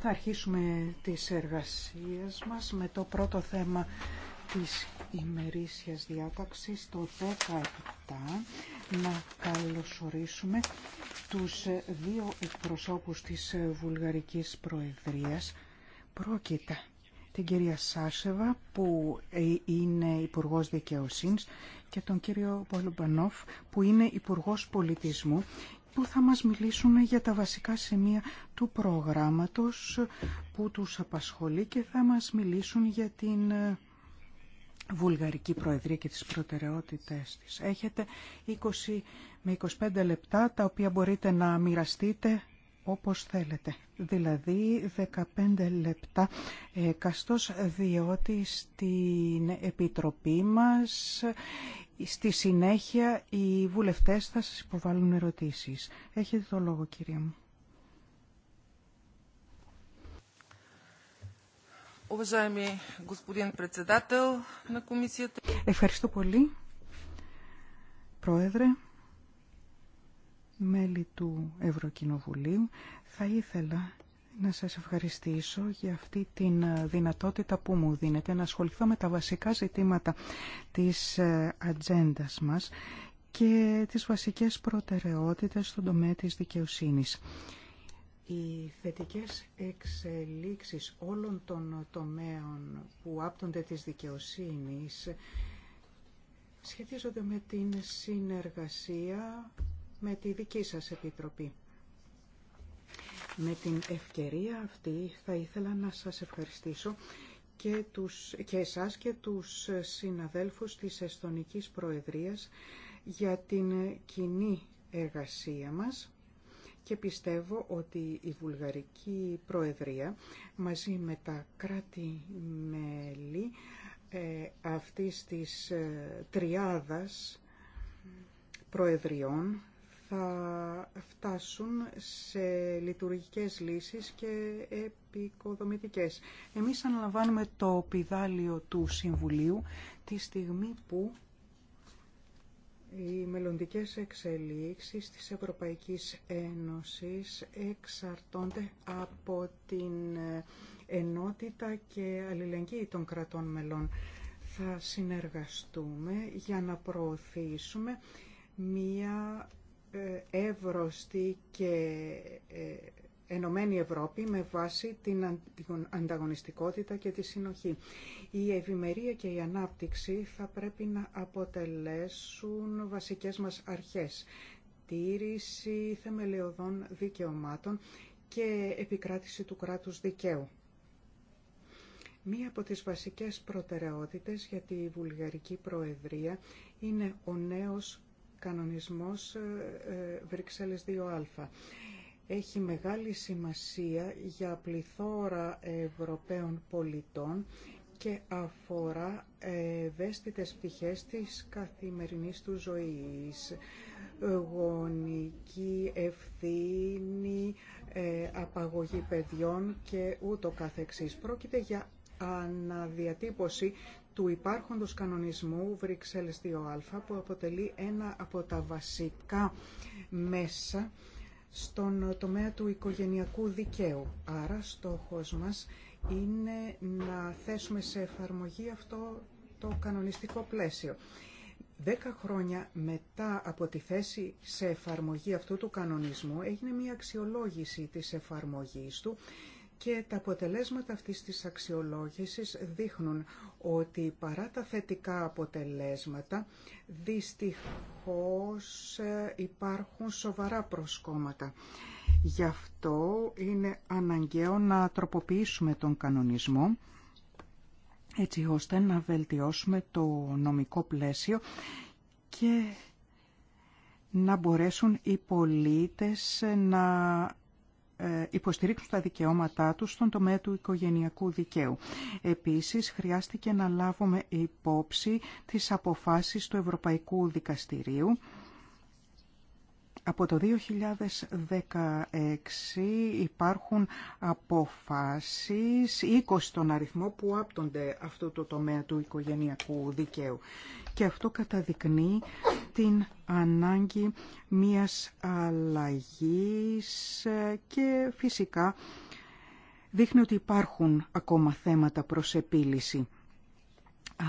Θα αρχίσουμε τις εργασίες μας με το πρώτο θέμα της ημερήσιας διάταξης, το 17, να καλωσορίσουμε τους δύο εκπροσώπους της Βουλγαρικής Προεδρίας. Πρόκειται την κυρία Σάσεβα που ε, είναι Υπουργός Δικαιοσύνης και τον κύριο Πολουμπανόφ που είναι Υπουργός Πολιτισμού που θα μας μιλήσουν για τα βασικά σημεία του προγράμματος που τους απασχολεί και θα μας μιλήσουν για την ε, Βουλγαρική Προεδρία και τις προτεραιότητες της. Έχετε 20 με 25 λεπτά τα οποία μπορείτε να μοιραστείτε όπως θέλετε. Δηλαδή 15 λεπτά ε, καστός διότι στην Επιτροπή μας στη συνέχεια οι βουλευτές θα σας υποβάλουν ερωτήσεις. Έχετε το λόγο κύριε μου. Ευχαριστώ πολύ, Πρόεδρε μέλη του Ευρωκοινοβουλίου. Θα ήθελα να σας ευχαριστήσω για αυτή την ε, δυνατότητα που μου δίνετε να ασχοληθώ με τα βασικά ζητήματα της ε, ατζέντα μας και τις βασικές προτεραιότητες στον τομέα της δικαιοσύνης. Οι θετικές εξελίξεις όλων των τομέων που άπτονται της δικαιοσύνης σχετίζονται με την συνεργασία με τη δική σας Επιτροπή. Με την ευκαιρία αυτή θα ήθελα να σας ευχαριστήσω και, τους, και εσάς και τους συναδέλφους της Εστονικής Προεδρίας για την κοινή εργασία μας και πιστεύω ότι η Βουλγαρική Προεδρία μαζί με τα κράτη-μέλη ε, αυτής της ε, τριάδας προεδριών θα φτάσουν σε λειτουργικές λύσεις και επικοδομητικές. Εμείς αναλαμβάνουμε το πιδάλιο του Συμβουλίου τη στιγμή που οι μελλοντικές εξελίξεις της Ευρωπαϊκής Ένωσης εξαρτώνται από την ενότητα και αλληλεγγύη των κρατών μελών. Θα συνεργαστούμε για να προωθήσουμε μία ε, εύρωστη και ε, Ενωμένη Ευρώπη με βάση την ανταγωνιστικότητα και τη συνοχή. Η ευημερία και η ανάπτυξη θα πρέπει να αποτελέσουν βασικές μας αρχές. Τήρηση θεμελιωδών δικαιωμάτων και επικράτηση του κράτους δικαίου. Μία από τις βασικές προτεραιότητες για τη Βουλγαρική Προεδρία είναι ο νέος κανονισμός ε, ε, Βρυξέλλες 2α. Έχει μεγάλη σημασία για πληθώρα Ευρωπαίων πολιτών και αφορά ευαίσθητες πτυχές της καθημερινής του ζωής. Γονική ευθύνη, ε, απαγωγή παιδιών και ούτω καθεξής. Πρόκειται για αναδιατύπωση του υπάρχοντος κανονισμού Βρυξέλλες 2α που αποτελεί ένα από τα βασικά μέσα στον τομέα του οικογενειακού δικαίου. Άρα στόχος μας είναι να θέσουμε σε εφαρμογή αυτό το κανονιστικό πλαίσιο. Δέκα χρόνια μετά από τη θέση σε εφαρμογή αυτού του κανονισμού έγινε μια αξιολόγηση της εφαρμογής του και τα αποτελέσματα αυτής της αξιολόγησης δείχνουν ότι παρά τα θετικά αποτελέσματα, δυστυχώς ε, υπάρχουν σοβαρά προσκόμματα. Γι' αυτό είναι αναγκαίο να τροποποιήσουμε τον κανονισμό, έτσι ώστε να βελτιώσουμε το νομικό πλαίσιο και να μπορέσουν οι πολίτες να ε, υποστηρίξουν τα δικαιώματά τους στον τομέα του οικογενειακού δικαίου. Επίσης, χρειάστηκε να λάβουμε υπόψη τις αποφάσεις του Ευρωπαϊκού Δικαστηρίου από το 2016 υπάρχουν αποφάσεις, 20 στον αριθμό που άπτονται αυτό το τομέα του οικογενειακού δικαίου. Και αυτό καταδεικνύει την ανάγκη μιας αλλαγής και φυσικά δείχνει ότι υπάρχουν ακόμα θέματα προς επίλυση.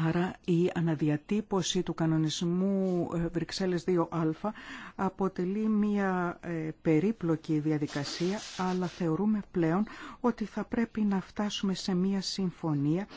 Άρα η αναδιατύπωση του κανονισμού ε, Βρυξέλλες 2α αποτελεί μια ε, περίπλοκη διαδικασία, αλλά θεωρούμε πλέον ότι θα πρέπει να φτάσουμε σε μια συμφωνία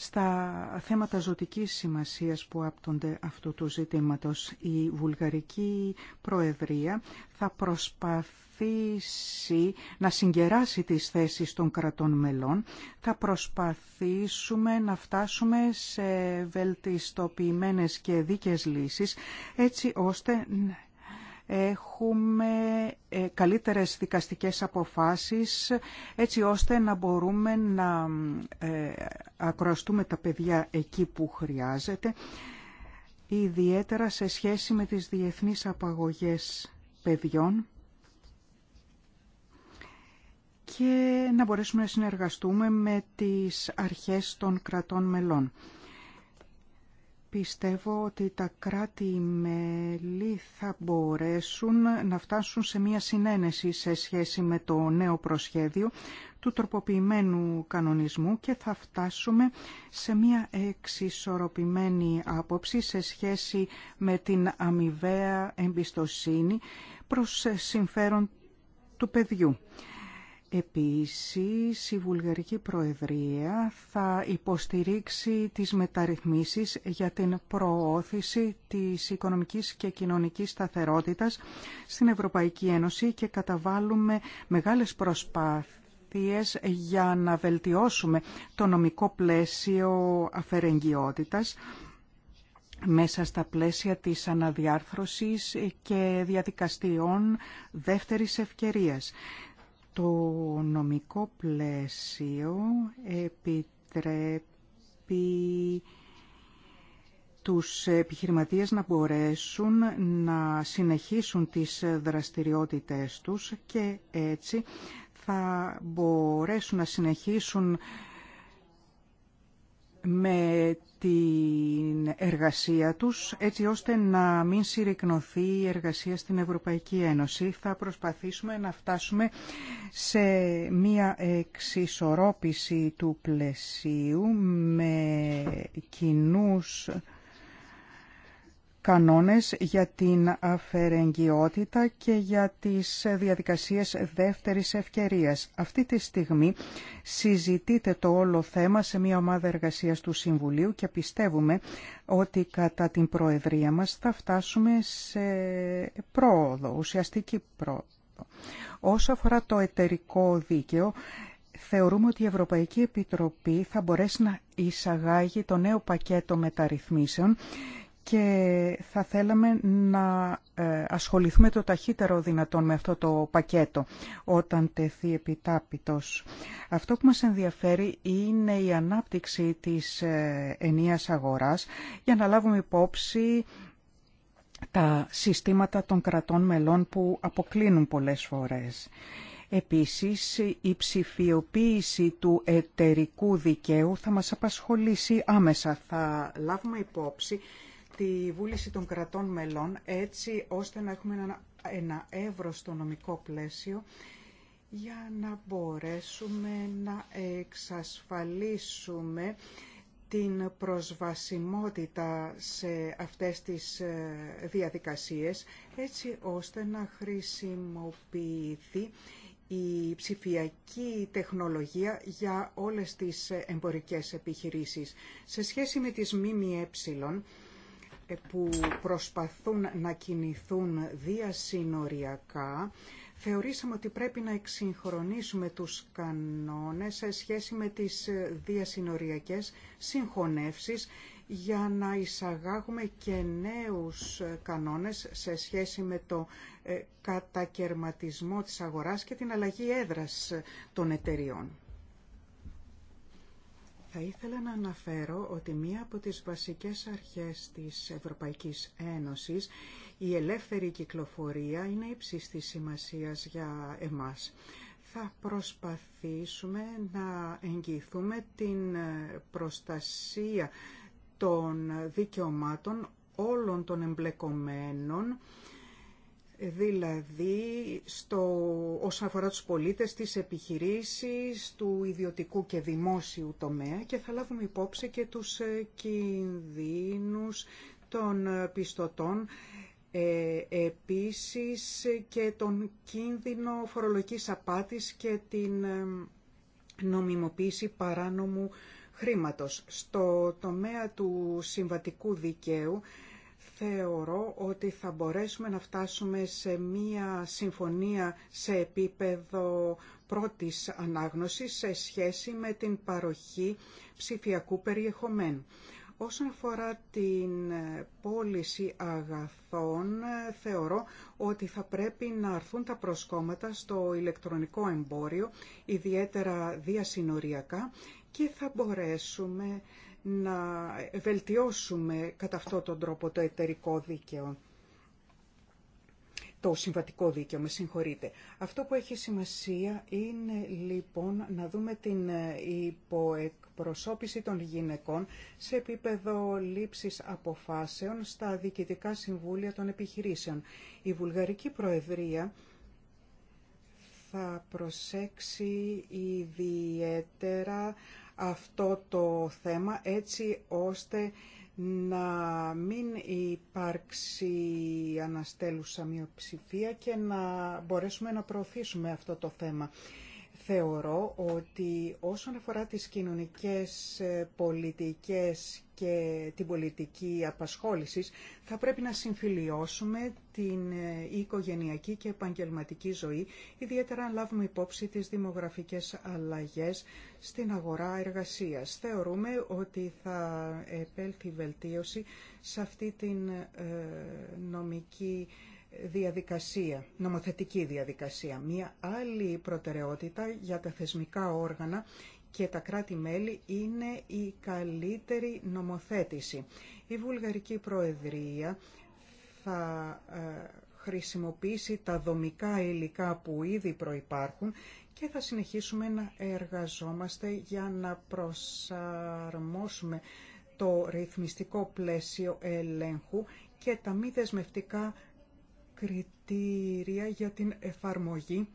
στα θέματα ζωτικής σημασίας που άπτονται αυτού του ζητήματος. Η Βουλγαρική Προεδρία θα προσπαθήσει να συγκεράσει τις θέσεις των κρατών μελών. Θα προσπαθήσουμε να φτάσουμε σε βελτιστοποιημένες και δίκες λύσεις έτσι ώστε έχουμε ε, καλύτερες δικαστικές αποφάσεις έτσι ώστε να μπορούμε να ε, ακροαστούμε τα παιδιά εκεί που χρειάζεται ιδιαίτερα σε σχέση με τις διεθνείς απαγωγές παιδιών και να μπορέσουμε να συνεργαστούμε με τις αρχές των κρατών μελών. Πιστεύω ότι τα κράτη-μέλη θα μπορέσουν να φτάσουν σε μία συνένεση σε σχέση με το νέο προσχέδιο του τροποποιημένου κανονισμού και θα φτάσουμε σε μία εξισορροπημένη άποψη σε σχέση με την αμοιβαία εμπιστοσύνη προς συμφέρον του παιδιού. Επίσης, η Βουλγαρική Προεδρία θα υποστηρίξει τις μεταρρυθμίσεις για την προώθηση της οικονομικής και κοινωνικής σταθερότητας στην Ευρωπαϊκή Ένωση και καταβάλουμε μεγάλες προσπάθειες για να βελτιώσουμε το νομικό πλαίσιο αφαιρεγγιότητας μέσα στα πλαίσια της αναδιάρθρωσης και διαδικαστιών δεύτερης ευκαιρίας. Το νομικό πλαίσιο επιτρέπει τους επιχειρηματίες να μπορέσουν να συνεχίσουν τις δραστηριότητες τους και έτσι θα μπορέσουν να συνεχίσουν με την εργασία τους έτσι ώστε να μην συρρυκνωθεί η εργασία στην Ευρωπαϊκή Ένωση. Θα προσπαθήσουμε να φτάσουμε σε μία εξισορρόπηση του πλαισίου με κοινούς κανόνες για την αφαιρεγγιότητα και για τις διαδικασίες δεύτερης ευκαιρίας. Αυτή τη στιγμή συζητείται το όλο θέμα σε μια ομάδα εργασίας του Συμβουλίου και πιστεύουμε ότι κατά την Προεδρία μας θα φτάσουμε σε πρόοδο, ουσιαστική πρόοδο. Όσο αφορά το εταιρικό δίκαιο, θεωρούμε ότι η Ευρωπαϊκή Επιτροπή θα μπορέσει να εισαγάγει το νέο πακέτο μεταρρυθμίσεων και θα θέλαμε να ε, ασχοληθούμε το ταχύτερο δυνατόν με αυτό το πακέτο όταν τεθεί επιτάπητος. Αυτό που μας ενδιαφέρει είναι η ανάπτυξη της ε, ενίας αγοράς για να λάβουμε υπόψη τα συστήματα των κρατών μελών που αποκλίνουν πολλές φορές. Επίσης, η ψηφιοποίηση του εταιρικού δικαίου θα μας απασχολήσει άμεσα. Θα λάβουμε υπόψη τη βούληση των κρατών μελών έτσι ώστε να έχουμε ένα, ένα στο νομικό πλαίσιο για να μπορέσουμε να εξασφαλίσουμε την προσβασιμότητα σε αυτές τις ε, διαδικασίες έτσι ώστε να χρησιμοποιηθεί η ψηφιακή τεχνολογία για όλες τις ε, εμπορικές επιχειρήσεις. Σε σχέση με τις ΜΜΕ, που προσπαθούν να κινηθούν διασυνοριακά, θεωρήσαμε ότι πρέπει να εξυγχρονίσουμε τους κανόνες σε σχέση με τις διασυνοριακές συγχωνεύσεις για να εισαγάγουμε και νέους κανόνες σε σχέση με το ε, κατακαιρματισμό της αγοράς και την αλλαγή έδρας των εταιριών. Θα ήθελα να αναφέρω ότι μία από τις βασικές αρχές της Ευρωπαϊκής Ένωσης, η ελεύθερη κυκλοφορία, είναι ύψης της σημασίας για εμάς. Θα προσπαθήσουμε να εγγυηθούμε την προστασία των δικαιωμάτων όλων των εμπλεκομένων δηλαδή στο, όσον αφορά τους πολίτες, τις επιχειρήσεις, του ιδιωτικού και δημόσιου τομέα και θα λάβουμε υπόψη και τους ε, κινδύνους των ε, πιστωτών, ε, επίσης και τον κίνδυνο φορολογικής απάτης και την ε, νομιμοποίηση παράνομου χρήματος. Στο τομέα του συμβατικού δικαίου θεωρώ ότι θα μπορέσουμε να φτάσουμε σε μία συμφωνία σε επίπεδο πρώτης ανάγνωσης σε σχέση με την παροχή ψηφιακού περιεχομένου. Όσον αφορά την πώληση αγαθών, θεωρώ ότι θα πρέπει να αρθούν τα προσκόμματα στο ηλεκτρονικό εμπόριο, ιδιαίτερα διασυνοριακά, και θα μπορέσουμε να βελτιώσουμε κατά αυτόν τον τρόπο το εταιρικό δίκαιο. Το συμβατικό δίκαιο, με συγχωρείτε. Αυτό που έχει σημασία είναι λοιπόν να δούμε την υποεκπροσώπηση των γυναικών σε επίπεδο λήψης αποφάσεων στα διοικητικά συμβούλια των επιχειρήσεων. Η Βουλγαρική Προεδρία θα προσέξει ιδιαίτερα αυτό το θέμα έτσι ώστε να μην υπάρξει αναστέλουσα μειοψηφία και να μπορέσουμε να προωθήσουμε αυτό το θέμα. Θεωρώ ότι όσον αφορά τις κοινωνικές ε, πολιτικές και την πολιτική απασχόλησης, θα πρέπει να συμφιλιώσουμε την ε, οικογενειακή και επαγγελματική ζωή, ιδιαίτερα αν λάβουμε υπόψη τις δημογραφικές αλλαγές στην αγορά εργασίας. Θεωρούμε ότι θα επέλθει βελτίωση σε αυτή την ε, νομική διαδικασία, νομοθετική διαδικασία. Μία άλλη προτεραιότητα για τα θεσμικά όργανα και τα κράτη-μέλη είναι η καλύτερη νομοθέτηση. Η Βουλγαρική Προεδρία θα ε, χρησιμοποιήσει τα δομικά υλικά που ήδη προϋπάρχουν και θα συνεχίσουμε να εργαζόμαστε για να προσαρμόσουμε το ρυθμιστικό πλαίσιο ελέγχου και τα μη δεσμευτικά κριτήρια για την εφαρμογή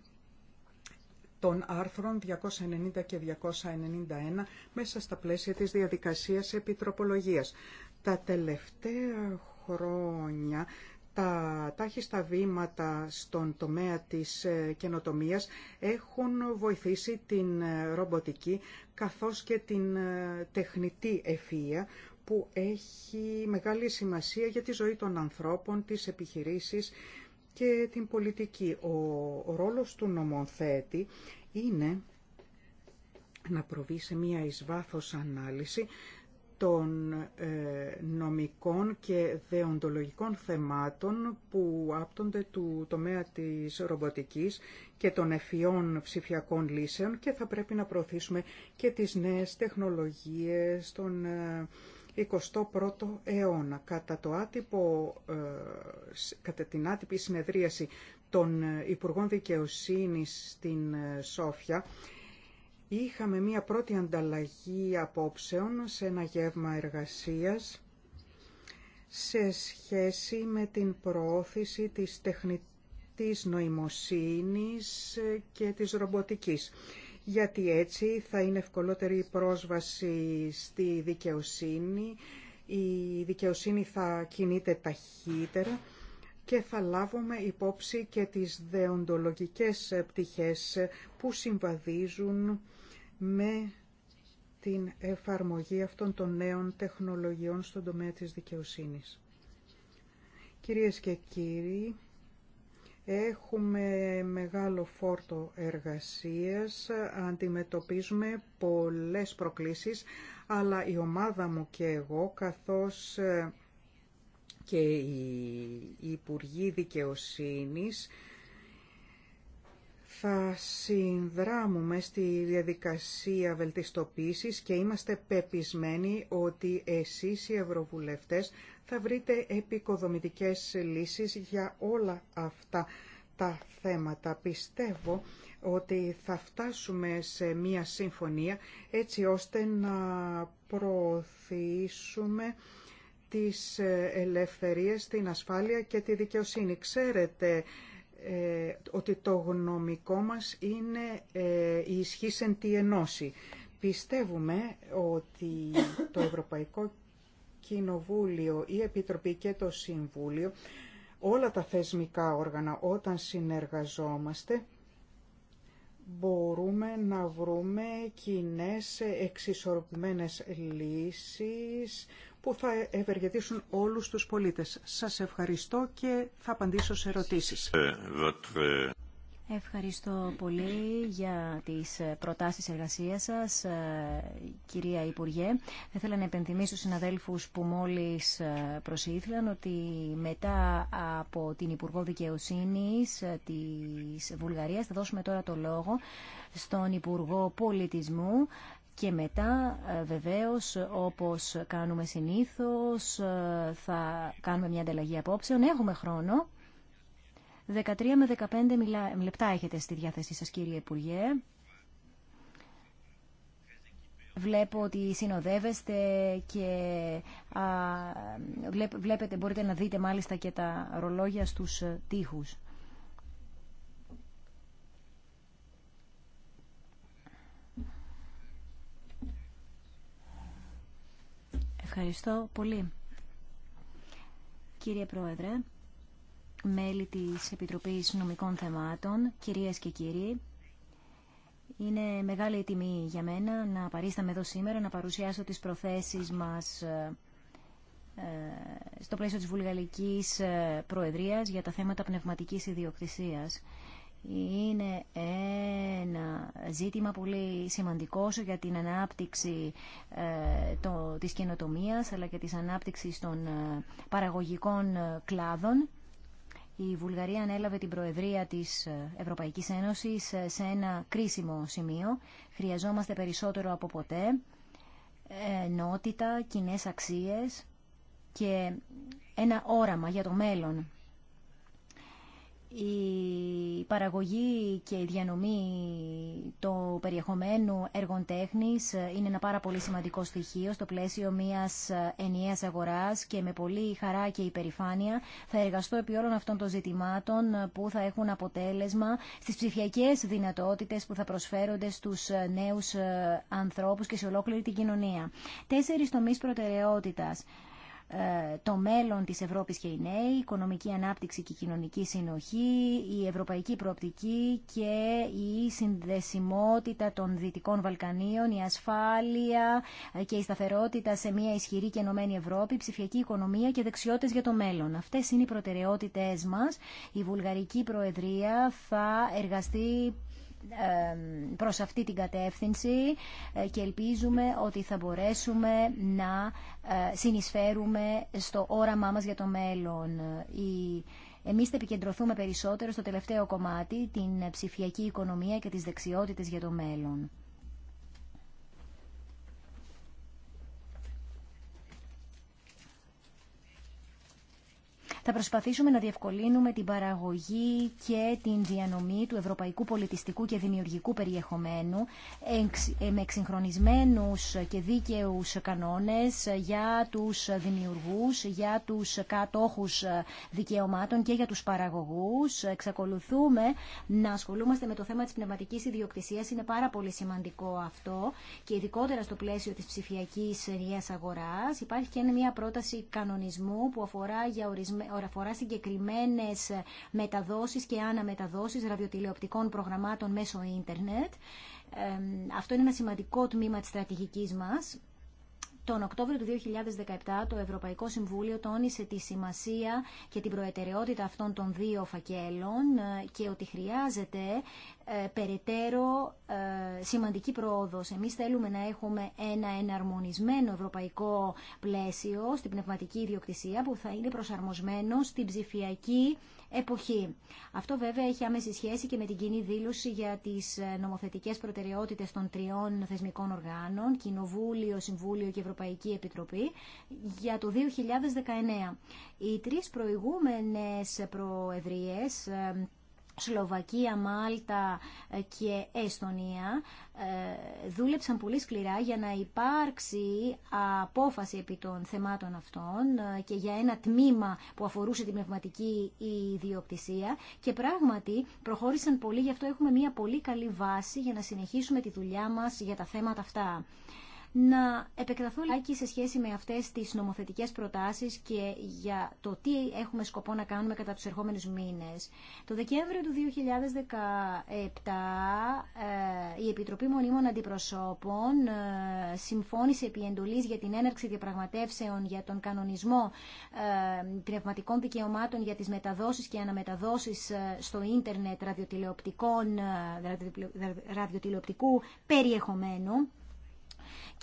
των άρθρων 290 και 291 μέσα στα πλαίσια της διαδικασίας επιτροπολογίας. Τα τελευταία χρόνια τα τάχιστα βήματα στον τομέα της ε, καινοτομίας έχουν βοηθήσει την ε, ρομποτική καθώς και την ε, τεχνητή ευφυΐα που έχει μεγάλη σημασία για τη ζωή των ανθρώπων, τις επιχειρήσεις και την πολιτική. Ο, ρόλος του νομοθέτη είναι να προβεί σε μία ισβάθως ανάλυση των ε, νομικών και δεοντολογικών θεμάτων που άπτονται του τομέα της ρομποτικής και των εφιών ψηφιακών λύσεων και θα πρέπει να προωθήσουμε και τις νέες τεχνολογίες, των... Ε, 21ο αιώνα. Κατά, το άτυπο, ε, κατά την άτυπη συνεδρίαση των ε, Υπουργών Δικαιοσύνης στην ε, Σόφια, είχαμε μία πρώτη ανταλλαγή απόψεων σε ένα γεύμα εργασίας σε σχέση με την προώθηση της τεχνητής νοημοσύνης και της ρομποτικής γιατί έτσι θα είναι ευκολότερη η πρόσβαση στη δικαιοσύνη, η δικαιοσύνη θα κινείται ταχύτερα και θα λάβουμε υπόψη και τις δεοντολογικές πτυχές που συμβαδίζουν με την εφαρμογή αυτών των νέων τεχνολογιών στον τομέα της δικαιοσύνης. Κυρίες και κύριοι, Έχουμε μεγάλο φόρτο εργασίας, αντιμετωπίζουμε πολλές προκλήσεις, αλλά η ομάδα μου και εγώ, καθώς ε, και οι Υπουργοί Δικαιοσύνης, θα συνδράμουμε στη διαδικασία βελτιστοποίησης και είμαστε πεπισμένοι ότι εσείς οι Ευρωβουλευτές θα βρείτε επικοδομητικές λύσεις για όλα αυτά τα θέματα. Πιστεύω ότι θα φτάσουμε σε μία συμφωνία έτσι ώστε να προωθήσουμε τις ελευθερίες, την ασφάλεια και τη δικαιοσύνη. Ξέρετε ε, ότι το γνωμικό μας είναι ε, η εν τη ενώση. Πιστεύουμε ότι το Ευρωπαϊκό Κοινοβούλιο, η Επιτροπή και το Συμβούλιο, όλα τα θεσμικά όργανα όταν συνεργαζόμαστε, μπορούμε να βρούμε κοινέ εξισορροπημένες λύσεις που θα ευεργετήσουν όλους τους πολίτες. Σας ευχαριστώ και θα απαντήσω σε ερωτήσεις. Ε, Ευχαριστώ πολύ για τις προτάσεις εργασίας σας, ε, κυρία Υπουργέ. Θα ήθελα να επενθυμίσω στους συναδέλφους που μόλις ε, προσήθλαν ότι μετά από την Υπουργό Δικαιοσύνης ε, της Βουλγαρίας θα δώσουμε τώρα το λόγο στον Υπουργό Πολιτισμού και μετά βεβαίως όπως κάνουμε συνήθως θα κάνουμε μια ανταλλαγή απόψεων. Έχουμε χρόνο 13 με 15 λεπτά έχετε στη διάθεσή σας κύριε Υπουργέ. Βλέπω ότι συνοδεύεστε και α, βλέπετε, μπορείτε να δείτε μάλιστα και τα ρολόγια στους ε, τοίχους. Ευχαριστώ πολύ. Κύριε Πρόεδρε, μέλη της Επιτροπής Νομικών Θεμάτων, κυρίες και κύριοι. Είναι μεγάλη τιμή για μένα να παρίσταμε εδώ σήμερα, να παρουσιάσω τις προθέσεις μας ε, ε, στο πλαίσιο της Βουλγαλικής ε, Προεδρίας για τα θέματα πνευματικής ιδιοκτησίας. Είναι ένα ζήτημα πολύ σημαντικό για την ανάπτυξη της καινοτομίας αλλά και της ανάπτυξης των παραγωγικών κλάδων η Βουλγαρία ανέλαβε την Προεδρία της ε, Ευρωπαϊκής Ένωσης ε, σε ένα κρίσιμο σημείο. Χρειαζόμαστε περισσότερο από ποτέ ε, ενότητα, κοινέ αξίες και ένα όραμα για το μέλλον η παραγωγή και η διανομή του περιεχομένου έργων τέχνης είναι ένα πάρα πολύ σημαντικό στοιχείο στο πλαίσιο μιας ενιαίας αγοράς και με πολύ χαρά και υπερηφάνεια θα εργαστώ επί όλων αυτών των ζητημάτων που θα έχουν αποτέλεσμα στις ψηφιακές δυνατότητες που θα προσφέρονται στους νέους ανθρώπους και σε ολόκληρη την κοινωνία. Τέσσερις τομείς προτεραιότητας. Ε, το μέλλον της Ευρώπης και οι νέοι, οικονομική ανάπτυξη και κοινωνική συνοχή, η ευρωπαϊκή προοπτική και η συνδεσιμότητα των Δυτικών Βαλκανίων, η ασφάλεια ε, και η σταθερότητα σε μια ισχυρή και ενωμένη Ευρώπη, ψηφιακή οικονομία και δεξιότητες για το μέλλον. Αυτές είναι οι προτεραιότητες μας. Η Βουλγαρική Προεδρία θα εργαστεί προς αυτή την κατεύθυνση ε, και ελπίζουμε ότι θα μπορέσουμε να ε, συνεισφέρουμε στο όραμά μας για το μέλλον. Εμείς θα επικεντρωθούμε περισσότερο στο τελευταίο κομμάτι, την ψηφιακή οικονομία και τις δεξιότητες για το μέλλον. Θα προσπαθήσουμε να διευκολύνουμε την παραγωγή και την διανομή του ευρωπαϊκού πολιτιστικού και δημιουργικού περιεχομένου ε, με εξυγχρονισμένους και δίκαιους κανόνες για τους δημιουργούς, για τους κατόχους δικαιωμάτων και για τους παραγωγούς. Εξακολουθούμε να ασχολούμαστε με το θέμα της πνευματικής ιδιοκτησίας. Είναι πάρα πολύ σημαντικό αυτό και ειδικότερα στο πλαίσιο της ψηφιακής ενιαίας αγοράς. Υπάρχει και μια πρόταση κανονισμού που αφορά για αφορά συγκεκριμένε μεταδόσεις και αναμεταδόσεις ραδιοτηλεοπτικών προγραμμάτων μέσω ίντερνετ. Αυτό είναι ένα σημαντικό τμήμα της στρατηγικής μας τον Οκτώβριο του 2017 το Ευρωπαϊκό Συμβούλιο τόνισε τη σημασία και την προεταιρεότητα αυτών των δύο φακέλων ε, και ότι χρειάζεται ε, περαιτέρω ε, σημαντική πρόοδος. Εμείς θέλουμε να έχουμε ένα εναρμονισμένο ευρωπαϊκό πλαίσιο στην πνευματική ιδιοκτησία που θα είναι προσαρμοσμένο στην ψηφιακή εποχή. Αυτό βέβαια έχει άμεση σχέση και με την κοινή δήλωση για τις ε, νομοθετικές προτεραιότητες των τριών θεσμικών οργάνων, Κοινοβούλιο, Συμβούλιο και Ευρωπαϊκή Επιτροπή, για το 2019. Οι τρεις προηγούμενες προεδρίες ε, Σλοβακία, Μάλτα ε, και Εστονία ε, δούλεψαν πολύ σκληρά για να υπάρξει απόφαση επί των θεμάτων αυτών ε, και για ένα τμήμα που αφορούσε την πνευματική ιδιοκτησία και πράγματι προχώρησαν πολύ, γι' αυτό έχουμε μια πολύ καλή βάση για να συνεχίσουμε τη δουλειά μας για τα θέματα αυτά να επεκταθώ λιγάκι σε σχέση με αυτές τις νομοθετικέ προτάσεις και για το τι έχουμε σκοπό να κάνουμε κατά του ερχόμενου μήνες. Το Δεκέμβριο του 2017 ε, η Επιτροπή Μονίμων Αντιπροσώπων ε, συμφώνησε επί εντολή για την έναρξη διαπραγματεύσεων για τον κανονισμό ε, πνευματικών δικαιωμάτων για τις μεταδόσεις και αναμεταδόσει στο ίντερνετ ραδιοτηλεοπτικών, ραδιοτηλεοπτικού περιεχομένου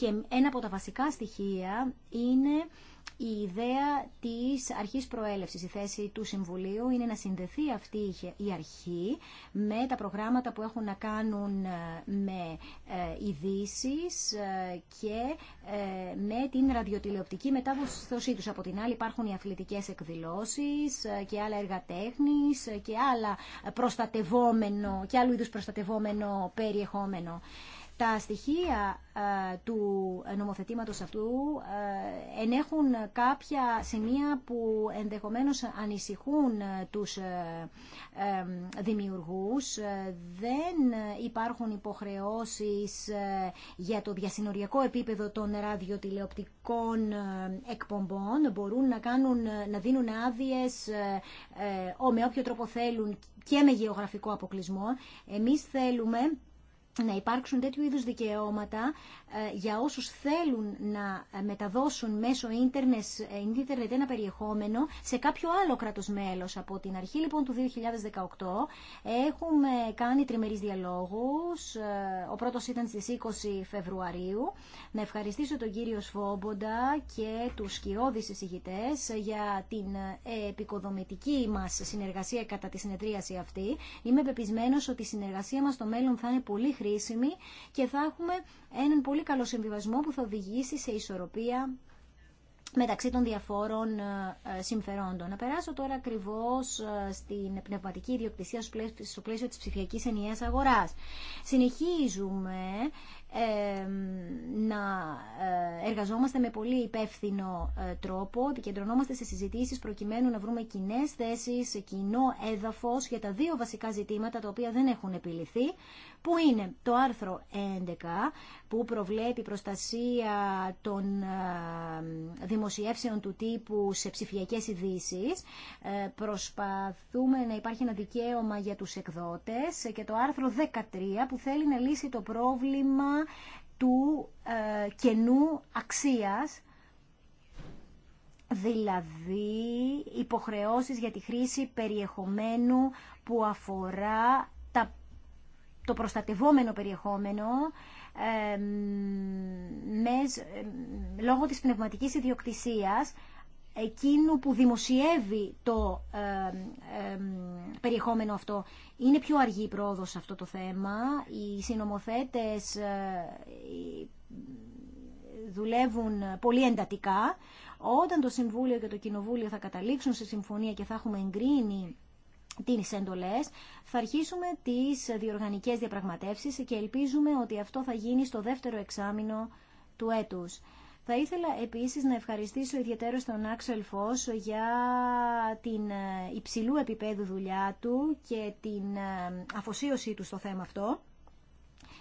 και ένα από τα βασικά στοιχεία είναι η ιδέα της αρχής προέλευσης. Η θέση του Συμβουλίου είναι να συνδεθεί αυτή η αρχή με τα προγράμματα που έχουν να κάνουν ε, με ε, ειδήσει ε, και με την ραδιοτηλεοπτική μετάδοσή τους. Από την άλλη υπάρχουν οι αθλητικές εκδηλώσεις και άλλα έργα και άλλα προστατευόμενο και άλλου είδους προστατευόμενο περιεχόμενο. Τα στοιχεία ε, του νομοθετήματος αυτού ε, ενέχουν κάποια σημεία που ενδεχομένως ανησυχούν ε, τους δημιουργούς. Δεν υπάρχουν υποχρεώσεις για το διασυνοριακό επίπεδο των ραδιοτηλεοπτικών εκπομπών. Μπορούν να, κάνουν, να δίνουν άδειες με όποιο τρόπο θέλουν και με γεωγραφικό αποκλεισμό. Εμείς θέλουμε να υπάρξουν τέτοιου είδους δικαιώματα ε, για όσους θέλουν να ε, μεταδώσουν μέσω ε, ίντερνετ ένα περιεχόμενο σε κάποιο άλλο κράτος μέλος. Από την αρχή λοιπόν του 2018 έχουμε κάνει τριμερείς διαλόγους. Ο πρώτος ήταν στις 20 Φεβρουαρίου. Να ευχαριστήσω τον κύριο Σφόμποντα και τους κυρώδεις εισηγητές για την επικοδομητική μας συνεργασία κατά τη συνεδρίαση αυτή. Είμαι πεπισμένος ότι η συνεργασία μας στο μέλλον θα είναι πολύ χρήσιμη και θα έχουμε έναν πολύ καλό συμβιβασμό που θα οδηγήσει σε ισορροπία μεταξύ των διαφόρων ε, ε, συμφερόντων. Να περάσω τώρα ακριβώ ε, στην πνευματική ιδιοκτησία στο πλαίσιο της ψηφιακής ενιαίας αγοράς. Συνεχίζουμε να εργαζόμαστε με πολύ υπεύθυνο τρόπο, επικεντρωνόμαστε σε συζητήσεις προκειμένου να βρούμε κοινέ θέσεις, κοινό έδαφος για τα δύο βασικά ζητήματα τα οποία δεν έχουν επιληθεί, που είναι το άρθρο 11 που προβλέπει προστασία των ε, δημοσιεύσεων του τύπου σε ψηφιακές ειδήσει. Ε, προσπαθούμε να υπάρχει ένα δικαίωμα για τους εκδότες και το άρθρο 13 που θέλει να λύσει το πρόβλημα του ε, κενού αξίας δηλαδή υποχρεώσεις για τη χρήση περιεχομένου που αφορά τα το προστατευόμενο περιεχόμενο ε, λόγω της πνευματικής ιδιοκτησίας εκείνου που δημοσιεύει το περιεχόμενο αυτό. Είναι πιο αργή η πρόοδος σε αυτό το θέμα. Οι συνομοθέτες ε, δουλεύουν πολύ εντατικά. Όταν το Συμβούλιο και το Κοινοβούλιο θα καταλήξουν σε συμφωνία και θα έχουμε εγκρίνει τις εντολές, θα αρχίσουμε τις διοργανικές διαπραγματεύσεις και ελπίζουμε ότι αυτό θα γίνει στο δεύτερο εξάμεινο του έτους. Θα ήθελα επίσης να ευχαριστήσω ιδιαίτερα τον Άξελ Φως για την ε, υψηλού επίπεδου δουλειά του και την ε, αφοσίωσή του στο θέμα αυτό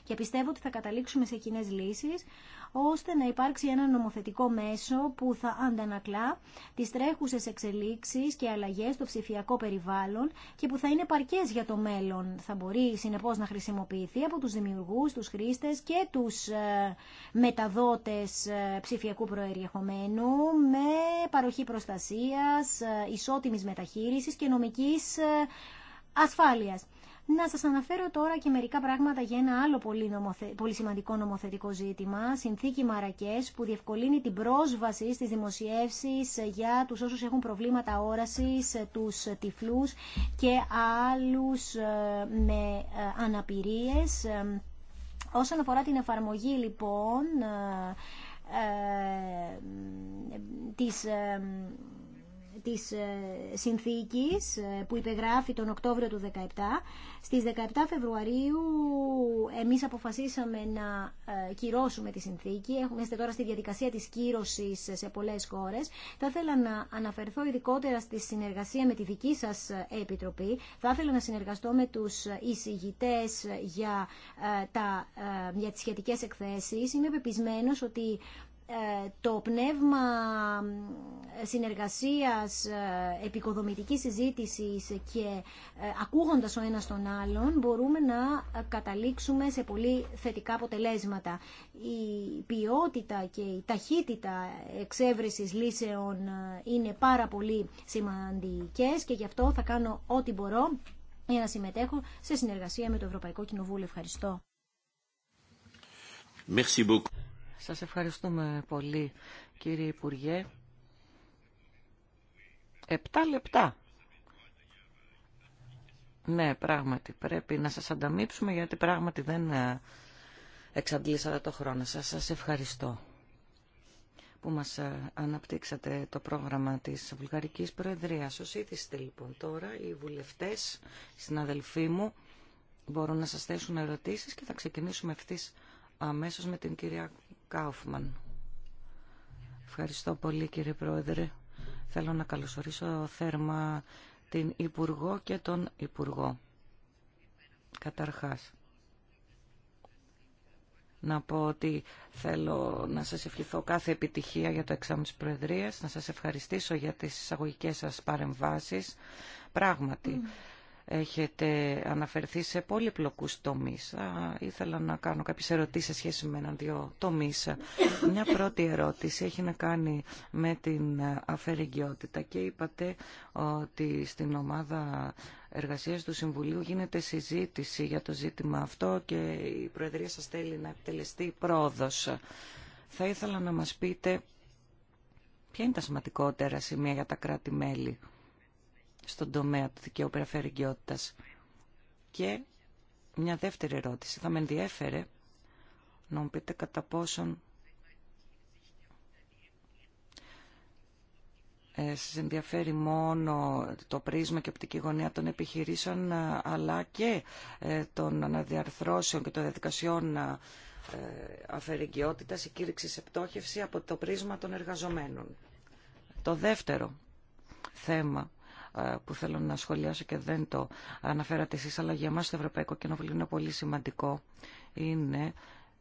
και πιστεύω ότι θα καταλήξουμε σε κοινέ λύσεις ώστε να υπάρξει ένα νομοθετικό μέσο που θα αντανακλά τις τρέχουσες εξελίξεις και αλλαγές στο ψηφιακό περιβάλλον και που θα είναι παρκές για το μέλλον. Θα μπορεί συνεπώς να χρησιμοποιηθεί από τους δημιουργούς, τους χρήστες και τους ε, μεταδότες ε, ψηφιακού προεριεχομένου με παροχή προστασίας, ε, ισότιμης μεταχείρισης και νομικής ασφάλειας. Να σας αναφέρω τώρα και μερικά πράγματα για ένα άλλο πολύ, σημαντικό νομοθετικό ζήτημα, συνθήκη Μαρακές, που διευκολύνει την πρόσβαση στις δημοσιεύσεις για τους όσους έχουν προβλήματα όρασης, τους τυφλούς και άλλους ε, με ε, αναπηρίες. Όσον αφορά την εφαρμογή λοιπόν, ε, της της ε, συνθήκης ε, που υπεγράφει τον Οκτώβριο του 2017. Στις 17 Φεβρουαρίου εμείς αποφασίσαμε να ε, κυρώσουμε τη συνθήκη. Είμαστε τώρα στη διαδικασία της κύρωσης σε πολλές χώρες. Θα ήθελα να αναφερθώ ειδικότερα στη συνεργασία με τη δική σας Επιτροπή. Θα ήθελα να συνεργαστώ με τους εισηγητές για, τα, για τις σχετικές εκθέσεις. Είμαι πεπισμένος ότι ε, το πνεύμα συνεργασίας, ε, επικοδομητικής συζήτηση και ε, ακούγοντας ο ένας τον άλλον μπορούμε να καταλήξουμε σε πολύ θετικά αποτελέσματα. Η ποιότητα και η ταχύτητα εξέβρεσης λύσεων είναι πάρα πολύ σημαντικές και γι' αυτό θα κάνω ό,τι μπορώ για να συμμετέχω σε συνεργασία με το Ευρωπαϊκό Κοινοβούλιο. Ευχαριστώ. Σας ευχαριστούμε πολύ κύριε Υπουργέ. Επτά λεπτά. Ναι, πράγματι πρέπει να σας ανταμείψουμε γιατί πράγματι δεν ε, εξαντλήσατε το χρόνο σας. Σας ευχαριστώ που μας ε, αναπτύξατε το πρόγραμμα της Βουλγαρικής Προεδρίας. Ως ήθιστε λοιπόν τώρα οι βουλευτές, οι συναδελφοί μου, μπορούν να σας θέσουν ερωτήσεις και θα ξεκινήσουμε ευθύ αμέσως με την κυρία Κάουφμαν. Ευχαριστώ πολύ κύριε Πρόεδρε. Θέλω να καλωσορίσω θέρμα την Υπουργό και τον Υπουργό. Καταρχάς, να πω ότι θέλω να σας ευχηθώ κάθε επιτυχία για το εξάμεινο της Προεδρίας, να σας ευχαριστήσω για τις εισαγωγικές σας παρεμβάσεις. Πράγματι, έχετε αναφερθεί σε πολύπλοκους τομείς. Ήθελα να κάνω κάποιες ερωτήσεις σε σχέση με έναν δύο τομείς. Μια πρώτη ερώτηση έχει να κάνει με την αφαιρεγγιότητα και είπατε ότι στην ομάδα εργασίας του Συμβουλίου γίνεται συζήτηση για το ζήτημα αυτό και η Προεδρία σας θέλει να επιτελεστεί πρόοδος. Θα ήθελα να μας πείτε ποια είναι τα σημαντικότερα σημεία για τα κράτη-μέλη στον τομέα του δικαίου περιφερειακότητας. Και μια δεύτερη ερώτηση. Θα με ενδιέφερε να μου πείτε κατά πόσον ε, ενδιαφέρει μόνο το πρίσμα και οπτική γωνία των επιχειρήσεων ε, αλλά και ε, των αναδιαρθρώσεων και των διαδικασιών ε, αφαιρεγκαιότητας η κήρυξη σε πτώχευση από το πρίσμα των εργαζομένων. Το δεύτερο θέμα ε, που θέλω να σχολιάσω και δεν το αναφέρατε εσείς, αλλά για μας το Ευρωπαϊκό Κοινοβουλίο είναι πολύ σημαντικό, είναι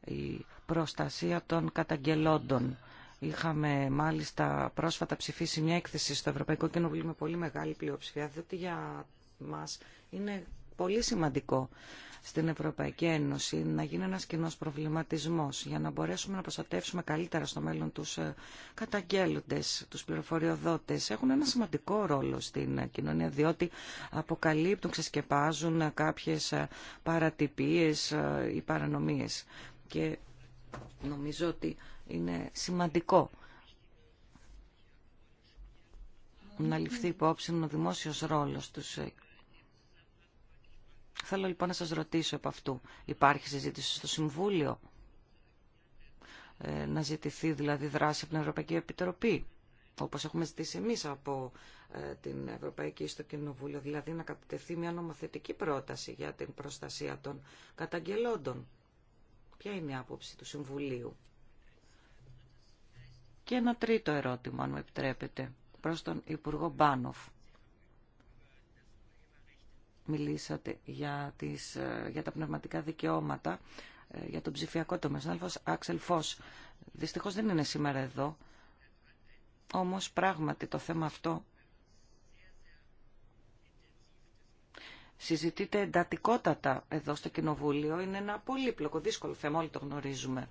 η προστασία των καταγγελόντων. Είχαμε μάλιστα πρόσφατα ψηφίσει μια έκθεση στο Ευρωπαϊκό Κοινοβούλιο με πολύ μεγάλη πλειοψηφία, διότι για μας είναι πολύ σημαντικό στην Ευρωπαϊκή Ένωση, να γίνει ένας κοινός προβληματισμός για να μπορέσουμε να προστατεύσουμε καλύτερα στο μέλλον τους ε, καταγγέλλοντες, τους πληροφοριοδότες. Έχουν ένα σημαντικό ρόλο στην ε, κοινωνία διότι αποκαλύπτουν, ξεσκεπάζουν ε, κάποιες παρατυπίες ή παρανομίες. Και νομίζω ότι είναι σημαντικό να ληφθεί υπόψη ο δημόσιος ρόλος τους Θέλω λοιπόν να σας ρωτήσω από αυτού. Υπάρχει συζήτηση στο Συμβούλιο ε, να ζητηθεί δηλαδή δράση από την Ευρωπαϊκή Επιτροπή όπως έχουμε ζητήσει εμείς από ε, την Ευρωπαϊκή στο δηλαδή να κατατεθεί μια νομοθετική πρόταση για την προστασία των καταγγελόντων. Ποια είναι η άποψη του Συμβουλίου. Και ένα τρίτο ερώτημα, αν μου επιτρέπετε, προς τον Υπουργό Μπάνοφ μιλήσατε για, τις, ε, για τα πνευματικά δικαιώματα, ε, για τον ψηφιακό τομέα. Συνάδελφος Άξελ Φως, δυστυχώς δεν είναι σήμερα εδώ, όμως πράγματι το θέμα αυτό συζητείται εντατικότατα εδώ στο Κοινοβούλιο. Είναι ένα πολύπλοκο, δύσκολο θέμα, όλοι το γνωρίζουμε.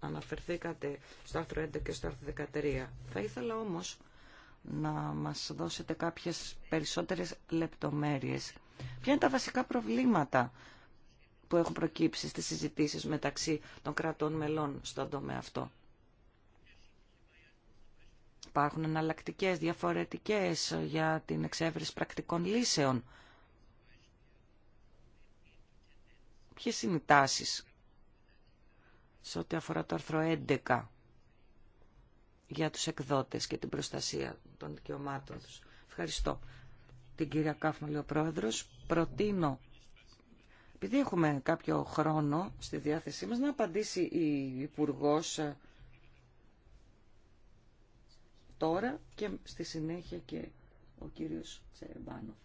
Αναφερθήκατε στο άρθρο 11 και στο άρθρο 13. Θα ήθελα όμως να μας δώσετε κάποιες περισσότερες λεπτομέρειες. Ποια είναι τα βασικά προβλήματα που έχουν προκύψει στις συζητήσεις μεταξύ των κρατών μελών στον τομέα αυτό. Υπάρχουν εναλλακτικέ διαφορετικές για την εξέβριση πρακτικών λύσεων. Ποιες είναι οι τάσεις σε ό,τι αφορά το άρθρο 11 για τους εκδότες και την προστασία των δικαιωμάτων τους. Ευχαριστώ την κυρία Κάφμα, ο Πρόεδρος. Προτείνω, επειδή έχουμε κάποιο χρόνο στη διάθεσή μας, να απαντήσει η υπουργό ε, τώρα και στη συνέχεια και ο κύριος Τσερεμπάνοφ.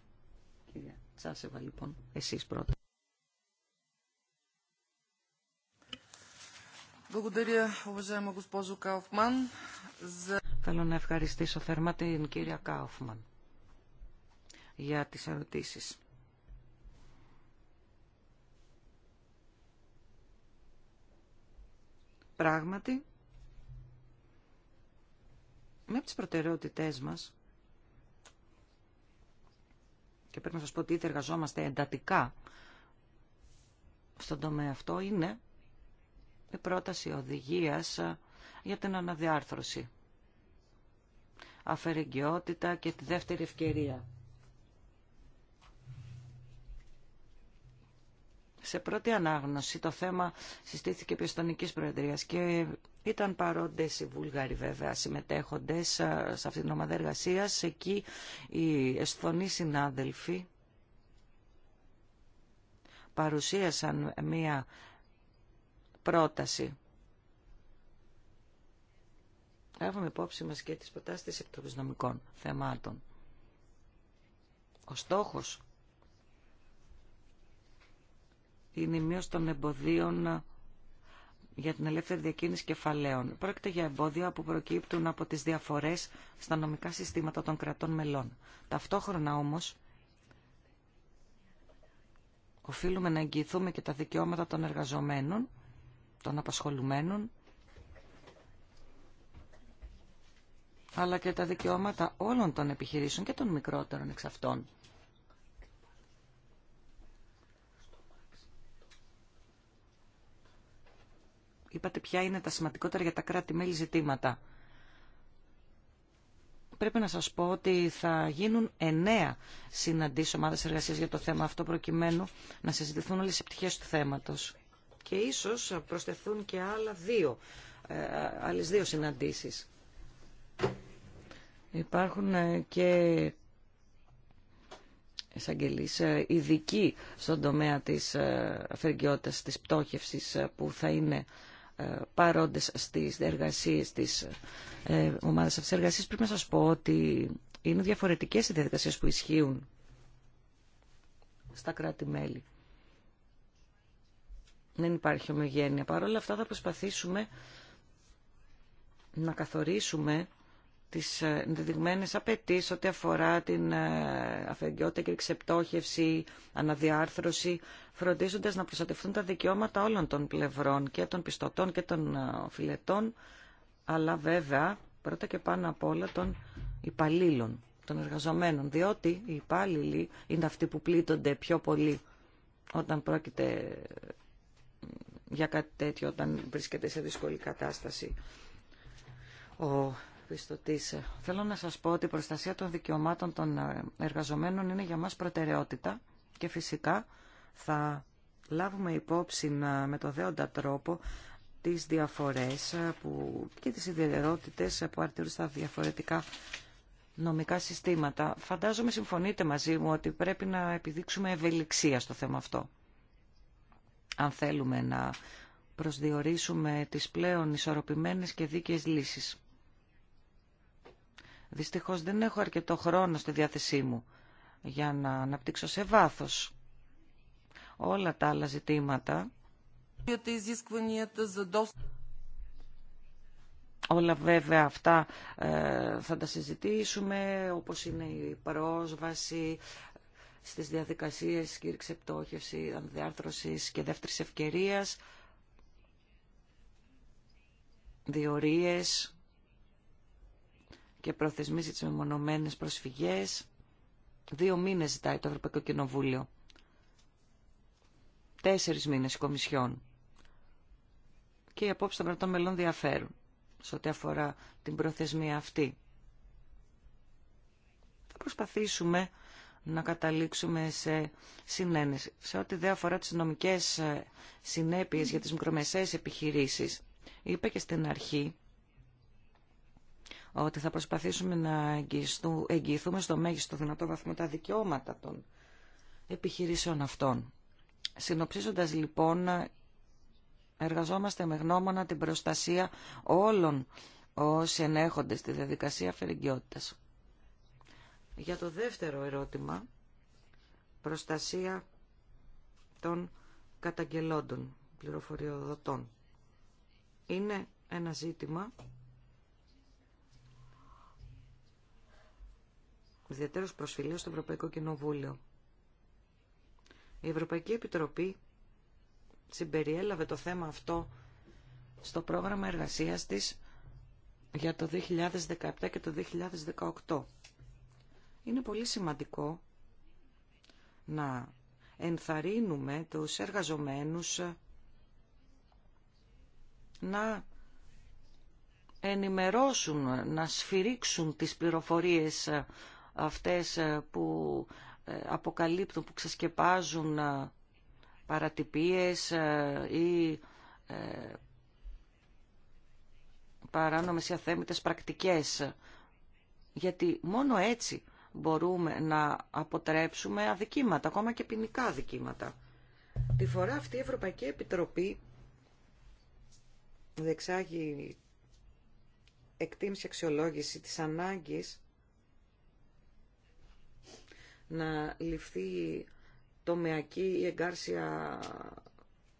Κυρία Τσάσεβα, λοιπόν, εσείς πρώτα. Благодаря, уважаема госпожо Кауфман. Θέλω να ευχαριστήσω θερμά την κυρία Κάουφμαν για τις ερωτήσεις. Πράγματι, μία τις προτεραιότητές μας, και πρέπει να σας πω ότι είτε εργαζόμαστε εντατικά στον τομέα αυτό, είναι η πρόταση οδηγίας για την αναδιάρθρωση. Αφαιρεγγιότητα και τη δεύτερη ευκαιρία. Σε πρώτη ανάγνωση το θέμα συστήθηκε επί Εστονικής Προεδρίας και ήταν παρόντες οι Βούλγαροι βέβαια συμμετέχοντες ε, σε αυτήν την ομάδα εργασία. Εκεί οι Εσθονοί συνάδελφοι παρουσίασαν μία πρόταση λάβουμε υπόψη μας και τις προτάσεις της Επιτροπής θεμάτων. Ο στόχος είναι η μείωση των εμποδίων για την ελεύθερη διακίνηση κεφαλαίων. Πρόκειται για εμπόδια που προκύπτουν από τις διαφορές στα νομικά συστήματα των κρατών μελών. Ταυτόχρονα όμως, οφείλουμε να εγγυηθούμε και τα δικαιώματα των εργαζομένων, των απασχολουμένων, αλλά και τα δικαιώματα όλων των επιχειρήσεων και των μικρότερων εξ αυτών. Είπατε ποια είναι τα σημαντικότερα για τα κράτη-μέλη ζητήματα. Πρέπει να σας πω ότι θα γίνουν εννέα συναντήσεις ομάδας εργασίας για το θέμα αυτό προκειμένου να συζητηθούν όλες οι πτυχές του θέματος. Και ίσως προσθεθούν και άλλα δύο, ε, άλλες δύο συναντήσεις. Υπάρχουν ε, και εισαγγελείς ε, ειδικοί στον τομέα της ε, αφεργιότητας, της πτώχευσης που θα είναι παρόντες στις εργασίες της ομάδας αυτής εργασίας. Πρέπει να σας πω ότι είναι διαφορετικές οι διαδικασίες που ισχύουν στα κράτη-μέλη. Δεν υπάρχει ομοιογένεια. Παρ' όλα αυτά θα προσπαθήσουμε να καθορίσουμε τις ε, ενδεδειγμένες απαιτήσει ό,τι αφορά την ε, αφεγγιότητα και ξεπτόχευση, αναδιάρθρωση, φροντίζοντας να προστατευτούν τα δικαιώματα όλων των πλευρών και των πιστωτών και των ε, φιλετών, αλλά βέβαια πρώτα και πάνω απ' όλα των υπαλλήλων, των εργαζομένων, διότι οι υπάλληλοι είναι αυτοί που πλήττονται πιο πολύ όταν πρόκειται για κάτι τέτοιο, όταν βρίσκεται σε δύσκολη κατάσταση ο Θέλω να σας πω ότι η προστασία των δικαιωμάτων των ε, εργαζομένων είναι για μας προτεραιότητα και φυσικά θα λάβουμε υπόψη ε, με το δέοντα τρόπο τις διαφορές ε, που, και τις ιδιαιτερότητες που αρτηρούν στα διαφορετικά νομικά συστήματα. Φαντάζομαι συμφωνείτε μαζί μου ότι πρέπει να επιδείξουμε ευελιξία στο θέμα αυτό. Αν θέλουμε να προσδιορίσουμε τις πλέον ισορροπημένες και δίκαιες λύσεις. Δυστυχώς δεν έχω αρκετό χρόνο στη διάθεσή μου για να αναπτύξω σε βάθος όλα τα άλλα ζητήματα. Όλα βέβαια αυτά ε, θα τα συζητήσουμε, όπως είναι η πρόσβαση στις διαδικασίες κήρυξη πτώχευση, ανδιάρθρωσης και δεύτερης ευκαιρίας, διορίες, και προθεσμίσει τι μεμονωμένες προσφυγές. Δύο μήνες ζητάει το Ευρωπαϊκό Κοινοβούλιο. Τέσσερις μήνες η Κομισιόν. Και οι απόψεις των κρατών μελών διαφέρουν σε ό,τι αφορά την προθεσμία αυτή. Θα προσπαθήσουμε να καταλήξουμε σε συνένεση. Σε ό,τι δεν αφορά τις νομικές ε, συνέπειες για τις μικρομεσαίες επιχειρήσεις, είπε και στην αρχή ότι θα προσπαθήσουμε να εγγυηθούμε στο μέγιστο δυνατό βαθμό τα δικαιώματα των επιχειρήσεων αυτών. Συνοψίζοντας λοιπόν, εργαζόμαστε με γνώμονα την προστασία όλων όσοι ενέχονται στη διαδικασία αφαιρεγγιότητας. Για το δεύτερο ερώτημα, προστασία των καταγγελόντων πληροφοριοδοτών. Είναι ένα ζήτημα ιδιαίτερος προσφυλίος στο Ευρωπαϊκό Κοινοβούλιο. Η Ευρωπαϊκή Επιτροπή συμπεριέλαβε το θέμα αυτό στο πρόγραμμα εργασίας της για το 2017 και το 2018. Είναι πολύ σημαντικό να ενθαρρύνουμε τους εργαζομένους να ενημερώσουν, να σφυρίξουν τις πληροφορίες αυτές ε, που ε, αποκαλύπτουν, που ξεσκεπάζουν ε, παρατυπίες ή παράνομες ή αθέμητες πρακτικές. Γιατί μόνο έτσι μπορούμε να αποτρέψουμε αδικήματα, ακόμα και ποινικά αδικήματα. Τη φορά αυτή η Ευρωπαϊκή Επιτροπή δεξάγει εκτίμηση αξιολόγηση της ανάγκης να ληφθεί τομεακή ή εγκάρσια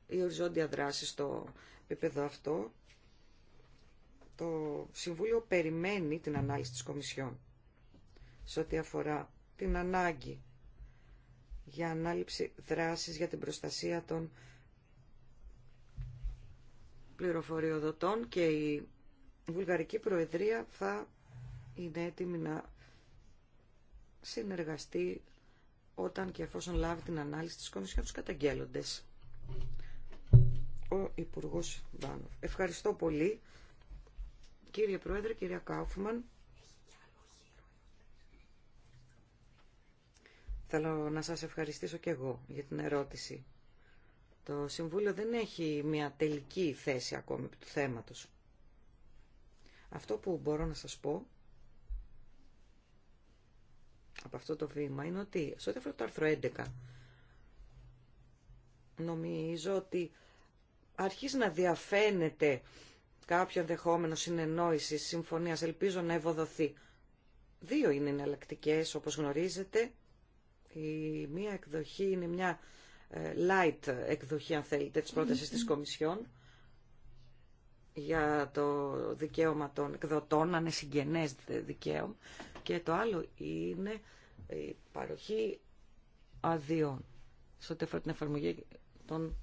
ή οριζόντια δράση στο επίπεδο αυτό. Το Συμβούλιο περιμένει την ανάλυση της Κομισιόν σε ό,τι αφορά την ανάγκη για ανάληψη δράσης για την προστασία των πληροφοριοδοτών και η Βουλγαρική Προεδρία θα είναι έτοιμη να συνεργαστεί όταν και εφόσον λάβει την ανάλυση της Κομισιόν τους καταγγέλλοντες. Ο Υπουργός Βάνο. Ευχαριστώ πολύ. Κύριε Πρόεδρε, κυρία Κάουφμαν. Θέλω να σας ευχαριστήσω και εγώ για την ερώτηση. Το Συμβούλιο δεν έχει μια τελική θέση ακόμη του θέματος. Αυτό που μπορώ να σας πω από αυτό το βήμα είναι ότι σε ό,τι το άρθρο 11 νομίζω ότι αρχίζει να διαφαίνεται κάποιο ενδεχόμενο συνεννόηση, συμφωνία, ελπίζω να ευοδοθεί. Δύο είναι εναλλακτικέ, όπω γνωρίζετε. Η μία εκδοχή είναι μια ε, light εκδοχή, αν θέλετε, τη πρόταση τη Κομισιόν για το δικαίωμα των εκδοτών, να είναι δικαίωμα. Και το άλλο είναι η παροχή αδειών, σε ό,τι αφορά την εφαρμογή των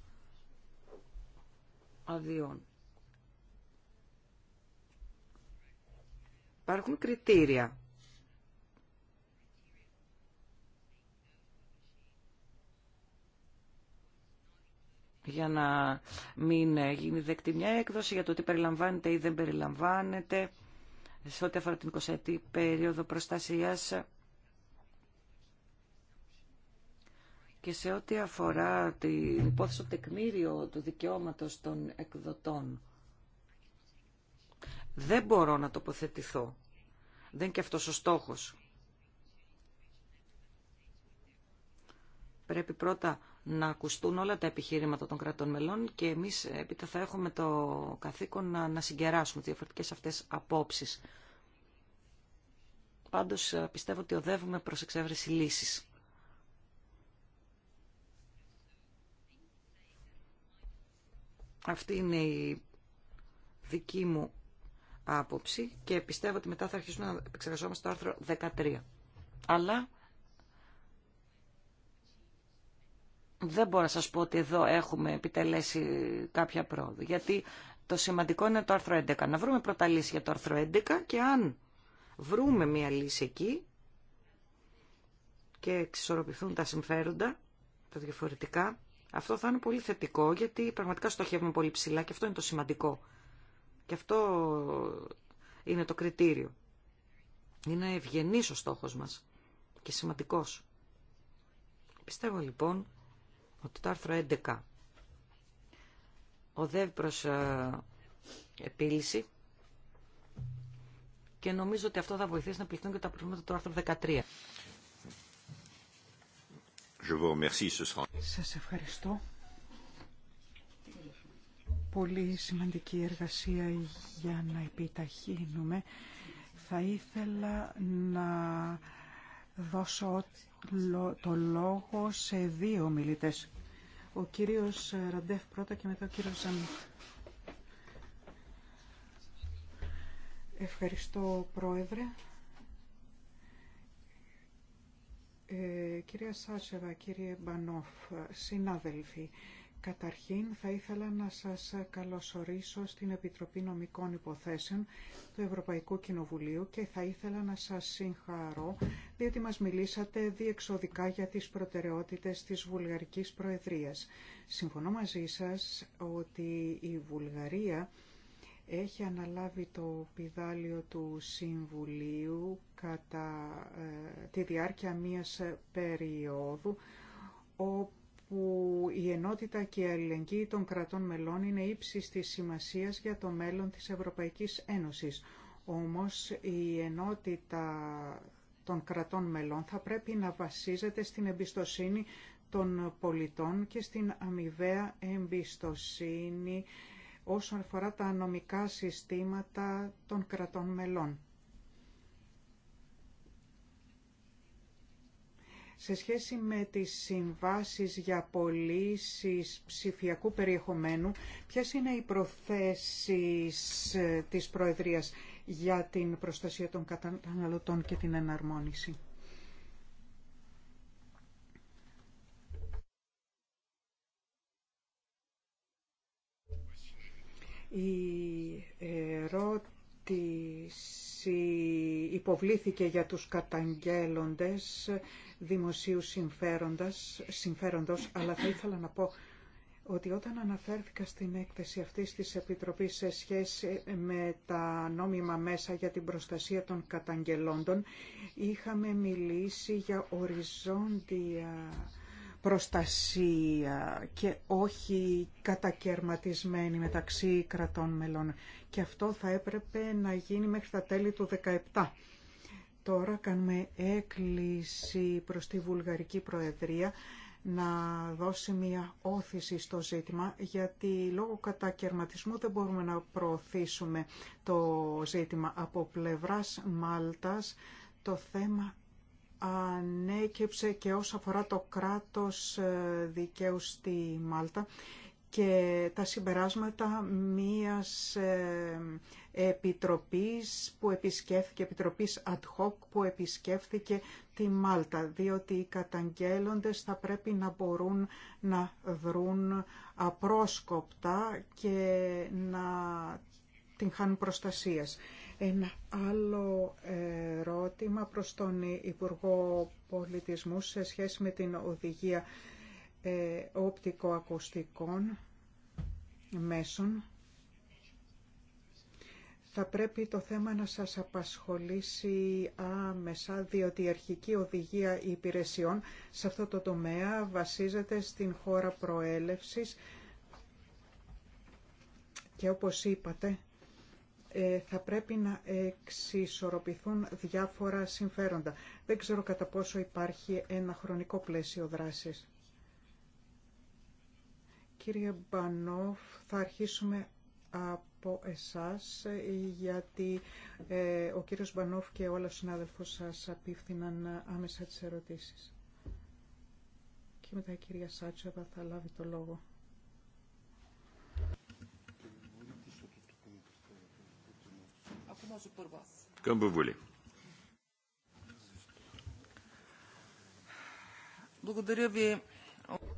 αδειών. Υπάρχουν κριτήρια. για να μην γίνει δεκτή μια έκδοση για το τι περιλαμβάνεται ή δεν περιλαμβάνεται σε ό,τι αφορά την 20η περίοδο προστασίας και σε ό,τι αφορά την υπόθεση του τεκμήριο του δικαιώματος των εκδοτών. Δεν μπορώ να τοποθετηθώ. Δεν και αυτός ο στόχος. Πρέπει πρώτα να ακουστούν όλα τα επιχείρηματα των κρατών μελών και εμείς έπειτα θα έχουμε το καθήκον να, να συγκεράσουμε τις διαφορετικές αυτές απόψεις. Πάντως πιστεύω ότι οδεύουμε προς εξέβρεση λύσης. Αυτή είναι η δική μου άποψη και πιστεύω ότι μετά θα αρχίσουμε να επεξεργαζόμαστε το άρθρο 13. Αλλά δεν μπορώ να σας πω ότι εδώ έχουμε επιτελέσει κάποια πρόοδο. Γιατί το σημαντικό είναι το άρθρο 11. Να βρούμε πρώτα λύση για το άρθρο 11 και αν βρούμε μία λύση εκεί και εξισορροπηθούν τα συμφέροντα, τα διαφορετικά, αυτό θα είναι πολύ θετικό γιατί πραγματικά στοχεύουμε πολύ ψηλά και αυτό είναι το σημαντικό. Και αυτό είναι το κριτήριο. Είναι ευγενής ο στόχος μας και σημαντικός. Πιστεύω λοιπόν ότι το άρθρο 11 οδεύει προς ε, επίλυση και νομίζω ότι αυτό θα βοηθήσει να πληθούν και τα προβλήματα του άρθρου 13. Σας ευχαριστώ. Πολύ σημαντική εργασία για να επιταχύνουμε. Θα ήθελα να δώσω το λόγο σε δύο μιλητές. Ο κύριος ε, Ραντεφ πρώτα και μετά ο κύριος Ζαμίχ. Ευχαριστώ πρόεδρε. Ε, κυρία Σάσεβα, κύριε Μπανόφ, συνάδελφοι, Καταρχήν θα ήθελα να σας καλωσορίσω στην Επιτροπή Νομικών Υποθέσεων του Ευρωπαϊκού Κοινοβουλίου και θα ήθελα να σας συγχαρώ διότι μας μιλήσατε διεξοδικά για τις προτεραιότητες της Βουλγαρικής Προεδρίας. Συμφωνώ μαζί σας ότι η Βουλγαρία έχει αναλάβει το πιδάλιο του Συμβουλίου κατά ε, τη διάρκεια μίας περίοδου που η ενότητα και η αλληλεγγύη των κρατών μελών είναι ύψης της σημασίας για το μέλλον της Ευρωπαϊκής Ένωσης. Όμως η ενότητα των κρατών μελών θα πρέπει να βασίζεται στην εμπιστοσύνη των πολιτών και στην αμοιβαία εμπιστοσύνη όσον αφορά τα νομικά συστήματα των κρατών μελών. Σε σχέση με τις συμβάσεις για πωλήσει ψηφιακού περιεχομένου, ποιες είναι οι προθέσεις ε, της Προεδρίας για την προστασία των καταναλωτών και την εναρμόνιση. Η ερώτηση υποβλήθηκε για τους καταγγέλλοντες δημοσίου συμφέροντας, συμφέροντος, αλλά θα ήθελα να πω ότι όταν αναφέρθηκα στην έκθεση αυτής της Επιτροπής σε σχέση με τα νόμιμα μέσα για την προστασία των καταγγελόντων, είχαμε μιλήσει για οριζόντια προστασία και όχι κατακαιρματισμένη μεταξύ κρατών μελών και αυτό θα έπρεπε να γίνει μέχρι τα τέλη του 2017. Τώρα κάνουμε έκκληση προς τη Βουλγαρική Προεδρία να δώσει μια όθηση στο ζήτημα, γιατί λόγω κατακαιρματισμού δεν μπορούμε να προωθήσουμε το ζήτημα. Από πλευράς Μάλτας το θέμα ανέκυψε και όσον αφορά το κράτος ε, δικαίου στη Μάλτα και τα συμπεράσματα μίας ε, επιτροπής που επισκέφθηκε, επιτροπής ad hoc που επισκέφθηκε τη Μάλτα, διότι οι καταγγέλλοντες θα πρέπει να μπορούν να δρουν απρόσκοπτα και να την χάνουν προστασίας. Ένα άλλο ερώτημα προς τον Υπουργό Πολιτισμού σε σχέση με την οδηγία οπτικοακουστικών ε, μέσων θα πρέπει το θέμα να σας απασχολήσει άμεσα, διότι η αρχική οδηγία υπηρεσιών σε αυτό το τομέα βασίζεται στην χώρα προέλευσης και όπως είπατε ε, θα πρέπει να εξισορροπηθούν διάφορα συμφέροντα. Δεν ξέρω κατά πόσο υπάρχει ένα χρονικό πλαίσιο δράσης. Κύριε Μπανόφ, θα αρχίσουμε από εσάς, γιατί ε, ο κύριος Μπανόφ και όλα ο συνάδελφος σας απίφθηναν άμεσα τις ερωτήσεις. Και μετά η κυρία Σάτσεβα θα λάβει το λόγο.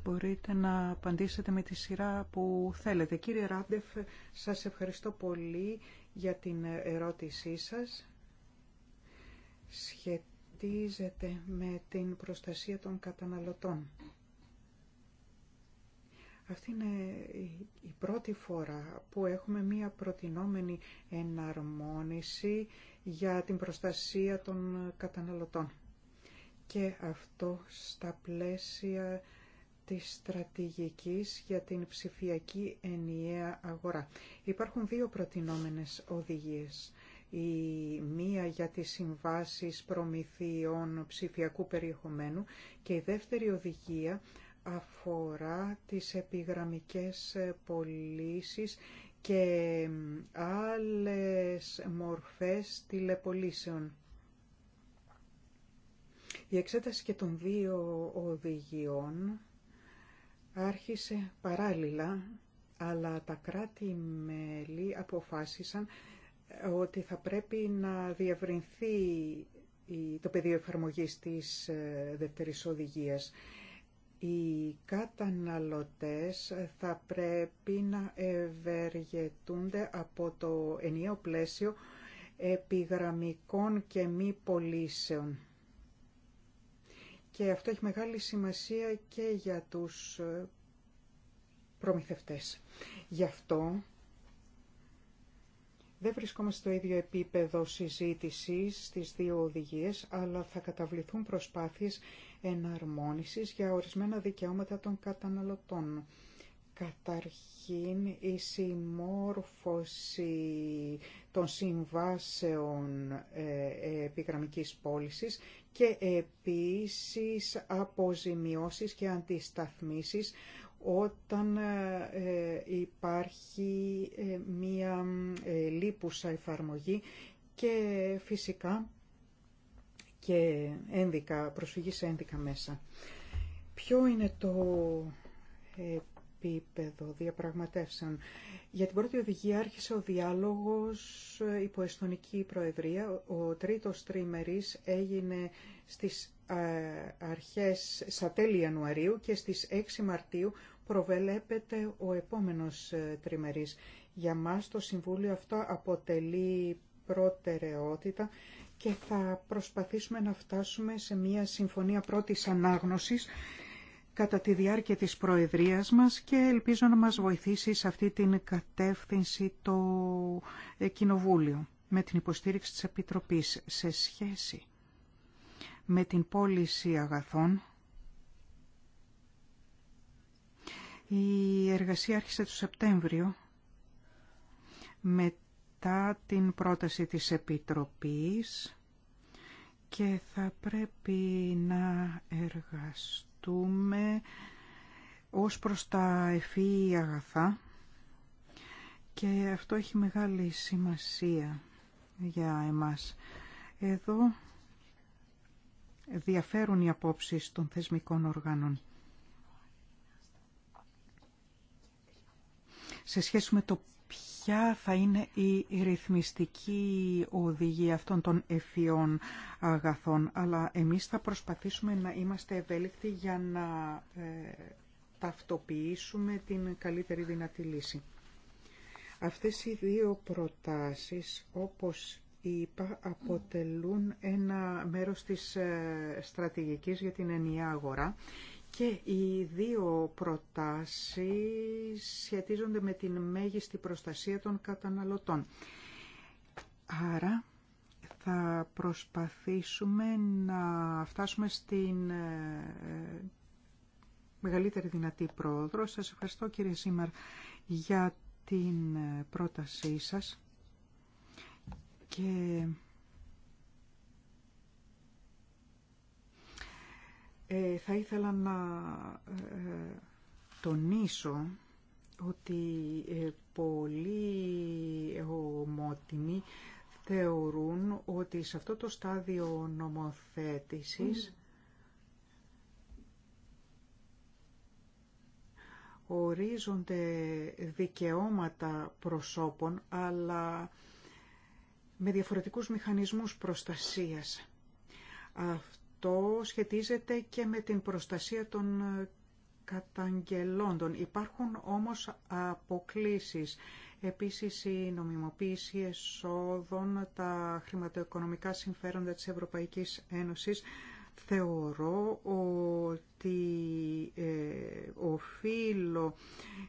Μπορείτε να απαντήσετε με τη σειρά που θέλετε. Κύριε Ράντεφ, σας ευχαριστώ πολύ για την ερώτησή σας. Σχετίζεται με την προστασία των καταναλωτών. Αυτή είναι η πρώτη φορά που έχουμε μία προτινόμενη εναρμόνιση για την προστασία των καταναλωτών. Και αυτό στα πλαίσια της στρατηγικής για την ψηφιακή ενιαία αγορά. Υπάρχουν δύο προτινόμενες οδηγίες. Η μία για τις συμβάσεις προμηθειών ψηφιακού περιεχομένου και η δεύτερη οδηγία αφορά τις επιγραμμικές πωλήσει και άλλες μορφές τηλεπολίσεων. Η εξέταση και των δύο οδηγιών άρχισε παράλληλα, αλλά τα κράτη-μέλη αποφάσισαν ε, ότι θα πρέπει να διευρυνθεί το πεδίο εφαρμογής της ε, δεύτερης οδηγίας. Οι καταναλωτές θα πρέπει να ευεργετούνται από το ενιαίο πλαίσιο επιγραμμικών και μη πωλήσεων και αυτό έχει μεγάλη σημασία και για τους ε, προμηθευτές. Γι' αυτό δεν βρισκόμαστε στο ίδιο επίπεδο συζήτησης στις δύο οδηγίες, αλλά θα καταβληθούν προσπάθειες εναρμόνισης για ορισμένα δικαιώματα των καταναλωτών. Καταρχήν, η συμμόρφωση των συμβάσεων ε, επιγραμμικής πώλησης και επίσης αποζημιώσεις και αντισταθμίσεις όταν ε, υπάρχει ε, μία ε, λίπουσα εφαρμογή και φυσικά και ένδικα, προσφυγή σε ένδικα μέσα. Ποιο είναι το ε, επίπεδο διαπραγματεύσεων. Για την πρώτη οδηγία άρχισε ο διάλογος ε, υπό Εστονική Προεδρία. Ο τρίτος τριμερής έγινε στις ε, αρχές, στα τέλη Ιανουαρίου και στις 6 Μαρτίου προβλέπεται ο επόμενος ε, τριμερής. Για μας το Συμβούλιο αυτό αποτελεί προτεραιότητα και θα προσπαθήσουμε να φτάσουμε σε μια συμφωνία πρώτης ανάγνωσης κατά τη διάρκεια της Προεδρίας μας και ελπίζω να μας βοηθήσει σε αυτή την κατεύθυνση το ε, Κοινοβούλιο με την υποστήριξη της Επιτροπής σε σχέση με την πώληση αγαθών. Η εργασία άρχισε το Σεπτέμβριο μετά την πρόταση της Επιτροπής και θα πρέπει να εργαστούμε συζητούμε ως προς τα ευφύ αγαθά και αυτό έχει μεγάλη σημασία για εμάς. Εδώ διαφέρουν οι απόψεις των θεσμικών οργάνων. Σε σχέση με το ποια θα είναι η ρυθμιστική οδηγία αυτών των ευφυών αγαθών, αλλά εμείς θα προσπαθήσουμε να είμαστε ευέλικτοι για να ε, ταυτοποιήσουμε την καλύτερη δυνατή λύση. Αυτές οι δύο προτάσεις, όπως είπα, αποτελούν ένα μέρος της ε, στρατηγικής για την ενιαία αγορά και οι δύο προτάσεις σχετίζονται με την μέγιστη προστασία των καταναλωτών. Άρα θα προσπαθήσουμε να φτάσουμε στην ε, μεγαλύτερη δυνατή πρόοδο. Σας ευχαριστώ κύριε Σίμαρ για την ε, πρότασή σας και Ε, θα ήθελα να ε, τονίσω ότι ε, πολλοί ομότιμοι θεωρούν ότι σε αυτό το στάδιο νομοθέτησης ορίζονται δικαιώματα προσώπων, αλλά με διαφορετικούς μηχανισμούς προστασίας. Αυτό το σχετίζεται και με την προστασία των ε, καταγγελόντων. Υπάρχουν όμως αποκλίσεις. Επίσης η νομιμοποίηση εσόδων, τα χρηματοοικονομικά συμφέροντα της Ευρωπαϊκής Ένωσης θεωρώ ότι ε, οφείλω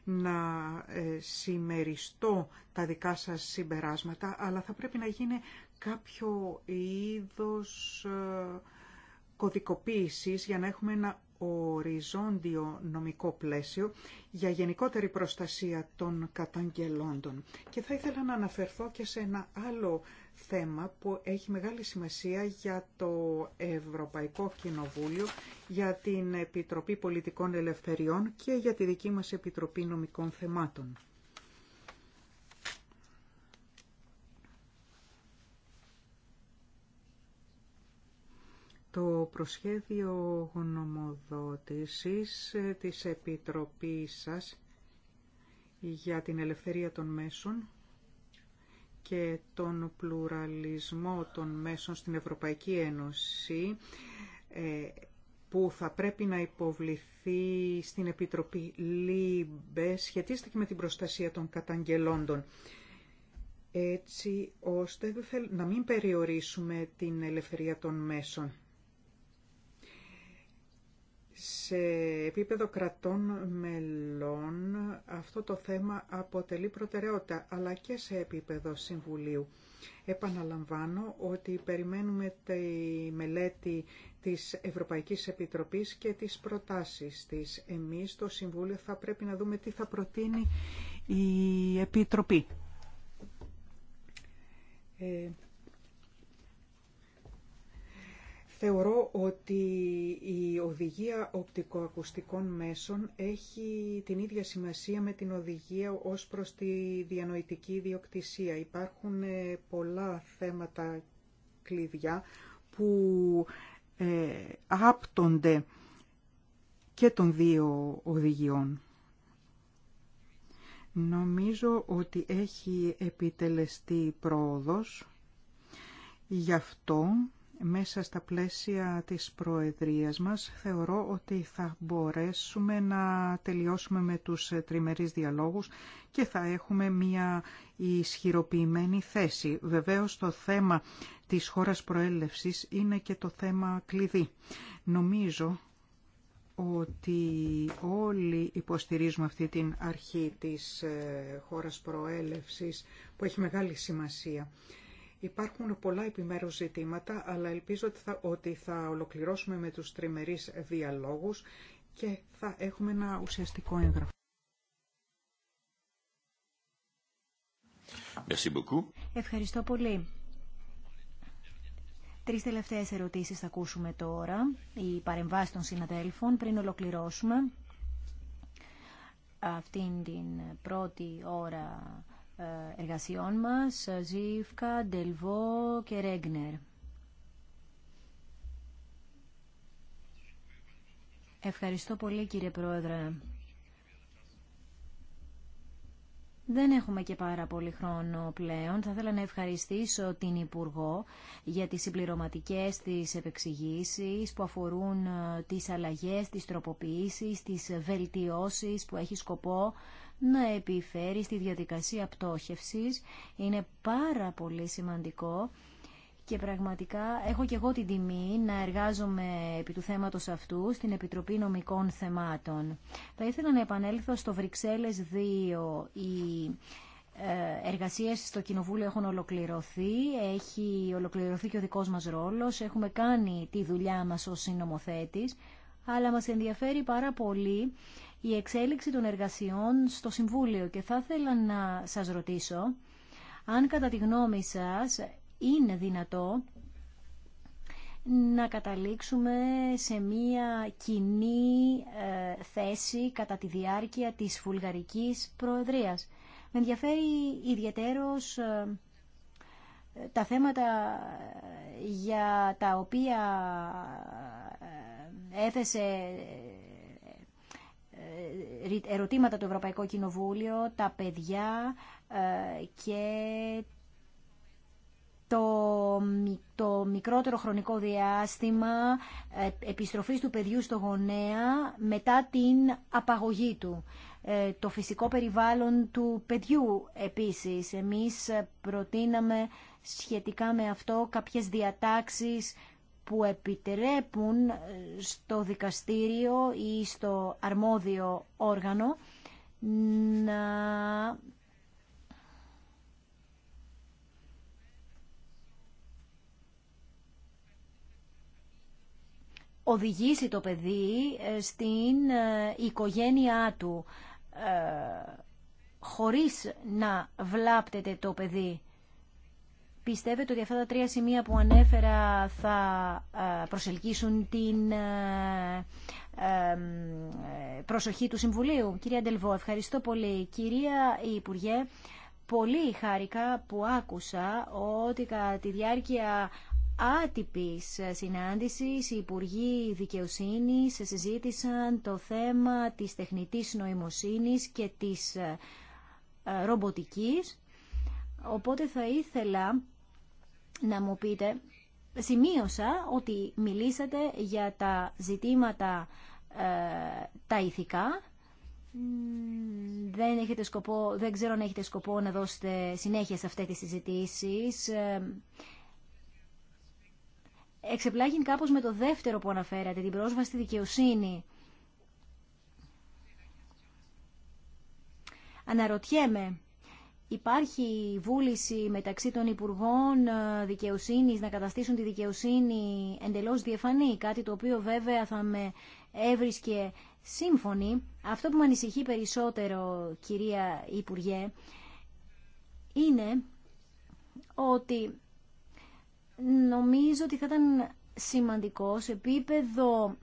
να ε, συμμεριστώ τα δικά σας συμπεράσματα, αλλά θα πρέπει να γίνει κάποιο είδος... Ε, κωδικοποίησης για να έχουμε ένα οριζόντιο νομικό πλαίσιο για γενικότερη προστασία των καταγγελόντων. Και θα ήθελα να αναφερθώ και σε ένα άλλο θέμα που έχει μεγάλη σημασία για το Ευρωπαϊκό Κοινοβούλιο, για την Επιτροπή Πολιτικών Ελευθεριών και για τη δική μας Επιτροπή Νομικών Θεμάτων. Το προσχέδιο γνωμοδότησης ε, της Επιτροπής σας για την ελευθερία των μέσων και τον πλουραλισμό των μέσων στην Ευρωπαϊκή Ένωση ε, που θα πρέπει να υποβληθεί στην Επιτροπή ΛΥΜΠΕ σχετίστηκε με την προστασία των καταγγελόντων έτσι ώστε να μην περιορίσουμε την ελευθερία των μέσων σε επίπεδο κρατών μελών αυτό το θέμα αποτελεί προτεραιότητα, αλλά και σε επίπεδο Συμβουλίου. Επαναλαμβάνω ότι περιμένουμε τη μελέτη της Ευρωπαϊκής Επιτροπής και τις προτάσεις της. Εμείς το Συμβούλιο θα πρέπει να δούμε τι θα προτείνει η Επιτροπή. Ε, Θεωρώ ότι η οδηγία οπτικοακουστικών μέσων έχει την ίδια σημασία με την οδηγία ως προς τη διανοητική ιδιοκτησία. Υπάρχουν ε, πολλά θέματα κλειδιά που ε, άπτονται και των δύο οδηγιών. Νομίζω ότι έχει επιτελεστεί πρόοδος, γι' αυτό μέσα στα πλαίσια της Προεδρίας μας θεωρώ ότι θα μπορέσουμε να τελειώσουμε με τους ε, τριμερείς διαλόγους και θα έχουμε μια ισχυροποιημένη θέση. Βεβαίως το θέμα της χώρας προέλευσης είναι και το θέμα κλειδί. Νομίζω ότι όλοι υποστηρίζουμε αυτή την αρχή της ε, χώρας προέλευσης που έχει μεγάλη σημασία Υπάρχουν πολλά επιμέρους ζητήματα, αλλά ελπίζω ότι θα, ότι θα ολοκληρώσουμε με τους τριμερείς διαλόγους και θα έχουμε ένα ουσιαστικό έγγραφο. Ευχαριστώ πολύ. Τρεις τελευταίες ερωτήσεις θα ακούσουμε τώρα, οι παρεμβάσεις των συναδέλφων, πριν ολοκληρώσουμε αυτήν την πρώτη ώρα εργασιών μας, Ζήφκα, Ντελβό και Ρέγνερ. Ευχαριστώ πολύ κύριε Πρόεδρε. Δεν έχουμε και πάρα πολύ χρόνο πλέον. Θα ήθελα να ευχαριστήσω την Υπουργό για τις συμπληρωματικές της επεξηγήσεις που αφορούν ε, τις αλλαγές, τις τροποποιήσεις, τις βελτιώσεις που έχει σκοπό να επιφέρει στη διαδικασία πτώχευσης. Είναι πάρα πολύ σημαντικό και πραγματικά έχω και εγώ την τιμή να εργάζομαι επί του θέματος αυτού στην Επιτροπή Νομικών Θεμάτων. Θα ήθελα να επανέλθω στο Βρυξέλλες 2. Οι ε, εργασίες στο Κοινοβούλιο έχουν ολοκληρωθεί, έχει ολοκληρωθεί και ο δικός μας ρόλος, έχουμε κάνει τη δουλειά μας ως συνομοθέτης, αλλά μας ενδιαφέρει πάρα πολύ η εξέλιξη των εργασιών στο Συμβούλιο και θα ήθελα να σας ρωτήσω αν κατά τη γνώμη σας είναι δυνατό να καταλήξουμε σε μία κοινή ε, θέση κατά τη διάρκεια της Φουλγαρικής Προεδρίας. Με ενδιαφέρει ιδιαίτερος ε, τα θέματα ε, για τα οποία έθεσε ερωτήματα του Ευρωπαϊκού Κοινοβούλιο, τα παιδιά ε, και το, το μικρότερο χρονικό διάστημα ε, επιστροφής του παιδιού στο γονέα μετά την απαγωγή του. Ε, το φυσικό περιβάλλον του παιδιού επίσης. Εμείς προτείναμε σχετικά με αυτό κάποιες διατάξεις που επιτρέπουν ε, στο δικαστήριο ή στο αρμόδιο όργανο να οδηγήσει το παιδί ε, στην ε, οικογένειά του χωρίς να βλάπτεται το παιδί. Πιστεύετε ότι αυτά τα τρία σημεία που ανέφερα θα ε, προσελκύσουν την ε, ε, προσοχή του Συμβουλίου. Κυρία Ντελβό, ευχαριστώ πολύ. Κυρία Υπουργέ, πολύ χάρηκα που άκουσα ότι κατά τη διάρκεια άτυπης συνάντησης οι Υπουργοί Δικαιοσύνης συζήτησαν το θέμα της τεχνητής νοημοσύνης και της ρομποτικής Οπότε θα ήθελα να μου πείτε, σημείωσα ότι μιλήσατε για τα ζητήματα ε, τα ηθικά. Δεν, έχετε σκοπό, δεν ξέρω αν έχετε σκοπό να δώσετε συνέχεια σε αυτές τις συζητήσεις. Ε, εξεπλάγει κάπως με το δεύτερο που αναφέρατε, την πρόσβαση στη δικαιοσύνη. Αναρωτιέμαι Υπάρχει βούληση μεταξύ των Υπουργών ε, Δικαιοσύνης να καταστήσουν τη δικαιοσύνη εντελώς διεφανή, κάτι το οποίο βέβαια θα με έβρισκε σύμφωνη. Αυτό που με ανησυχεί περισσότερο, κυρία Υπουργέ, είναι ότι νομίζω ότι θα ήταν σημαντικό σε επίπεδο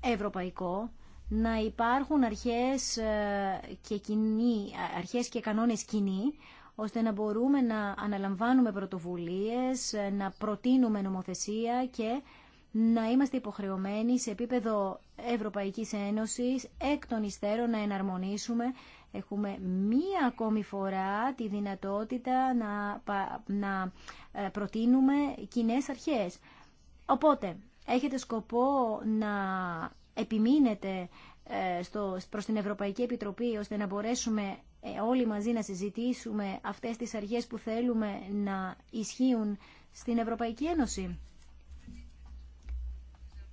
ευρωπαϊκό να υπάρχουν αρχές ε, και, κοινή, ε, αρχές και κανόνες κοινοί, ώστε να μπορούμε να αναλαμβάνουμε πρωτοβουλίες, ε, να προτείνουμε νομοθεσία και να είμαστε υποχρεωμένοι σε επίπεδο Ευρωπαϊκής Ένωσης εκ των υστέρων να εναρμονίσουμε. Έχουμε μία ακόμη φορά τη δυνατότητα να, να προτείνουμε κοινέ αρχές. Οπότε, έχετε σκοπό να Επιμείνεται ε, στο, προς την Ευρωπαϊκή Επιτροπή ώστε να μπορέσουμε ε, όλοι μαζί να συζητήσουμε αυτές τις αρχές που θέλουμε να ισχύουν στην Ευρωπαϊκή Ένωση.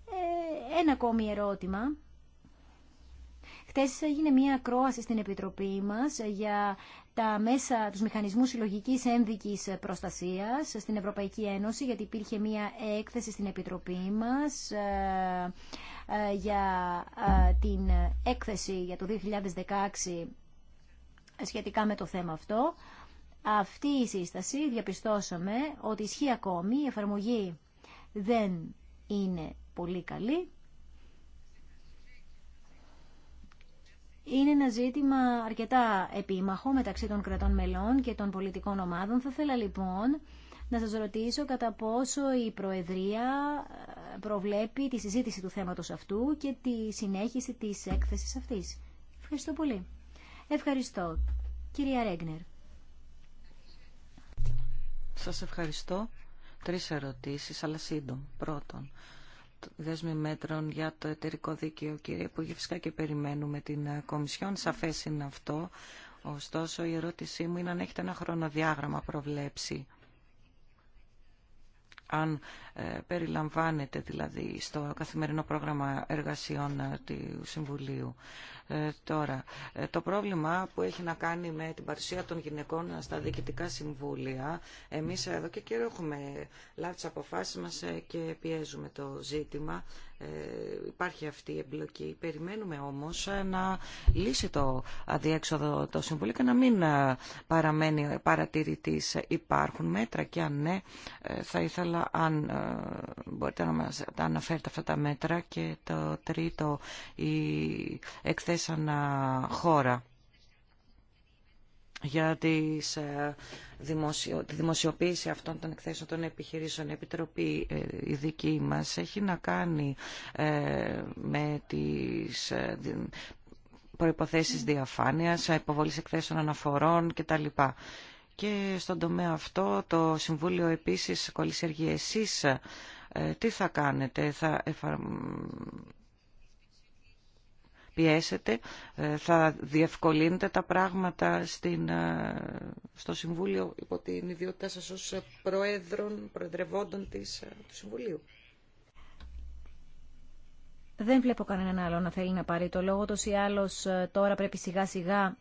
Ε, ένα ακόμη ερώτημα. Χθε έγινε μία ακρόαση στην Επιτροπή μας για τα μέσα, τους μηχανισμούς συλλογικής ένδικης προστασίας στην Ευρωπαϊκή Ένωση, γιατί υπήρχε μία έκθεση στην Επιτροπή μας ε, ε, για ε, την έκθεση για το 2016 σχετικά με το θέμα αυτό. Αυτή η σύσταση διαπιστώσαμε ότι ισχύει ακόμη, η εφαρμογή δεν είναι πολύ καλή είναι ένα ζήτημα αρκετά επίμαχο μεταξύ των κρατών μελών και των πολιτικών ομάδων. Θα ήθελα λοιπόν να σας ρωτήσω κατά πόσο η Προεδρία ε, προβλέπει τη συζήτηση του θέματος αυτού και τη συνέχιση της έκθεσης αυτής. Ευχαριστώ πολύ. Ευχαριστώ. Κυρία Ρέγνερ. Σας ευχαριστώ. Τρεις ερωτήσεις, αλλά σύντομα. Πρώτον, δέσμη μέτρων για το εταιρικό δίκαιο, κύριε που Φυσικά και περιμένουμε την ε, Κομισιόν. Σαφέ είναι αυτό. Ωστόσο, η ερώτησή μου είναι αν έχετε ένα χρονοδιάγραμμα προβλέψει αν ε, περιλαμβάνεται δηλαδή στο καθημερινό πρόγραμμα εργασιών ε, του Συμβουλίου. Ε, τώρα, το πρόβλημα που έχει να κάνει με την παρουσία των γυναικών στα διοικητικά συμβούλια, εμείς εδώ και καιρό έχουμε λάβει τις αποφάσεις μας και πιέζουμε το ζήτημα ε, υπάρχει αυτή η εμπλοκή. Περιμένουμε όμως να λύσει το αδιέξοδο το Συμβουλίο και να μην ε, παραμένει παρατηρητής. Υπάρχουν μέτρα και αν ναι, ε, θα ήθελα αν μπορείτε να μας αναφέρετε αυτά τα μέτρα. Και το τρίτο, η εκθέσανα χώρα για τις, ε, δημοσιο... τη δημοσιοποίηση αυτών των εκθέσεων των επιχειρήσεων. Η Επιτροπή ε, η δική μας έχει να κάνει ε, με τις προϋποθέσεις διαφάνειας, υποβολής εκθέσεων αναφορών κτλ. Και στον τομέα αυτό το Συμβούλιο επίσης κολλησιεργεί εσείς τι θα κάνετε, θα εφαρμόσετε πιέσετε, ε, θα διευκολύνετε τα πράγματα στην, ε, στο Συμβούλιο υπό την ιδιότητά σας ως προέδρων, προεδρευόντων της, ε, του Συμβουλίου. Δεν βλέπω κανέναν άλλο να θέλει να πάρει το λόγο. Τόσο ή άλλως τώρα πρέπει σιγά σιγά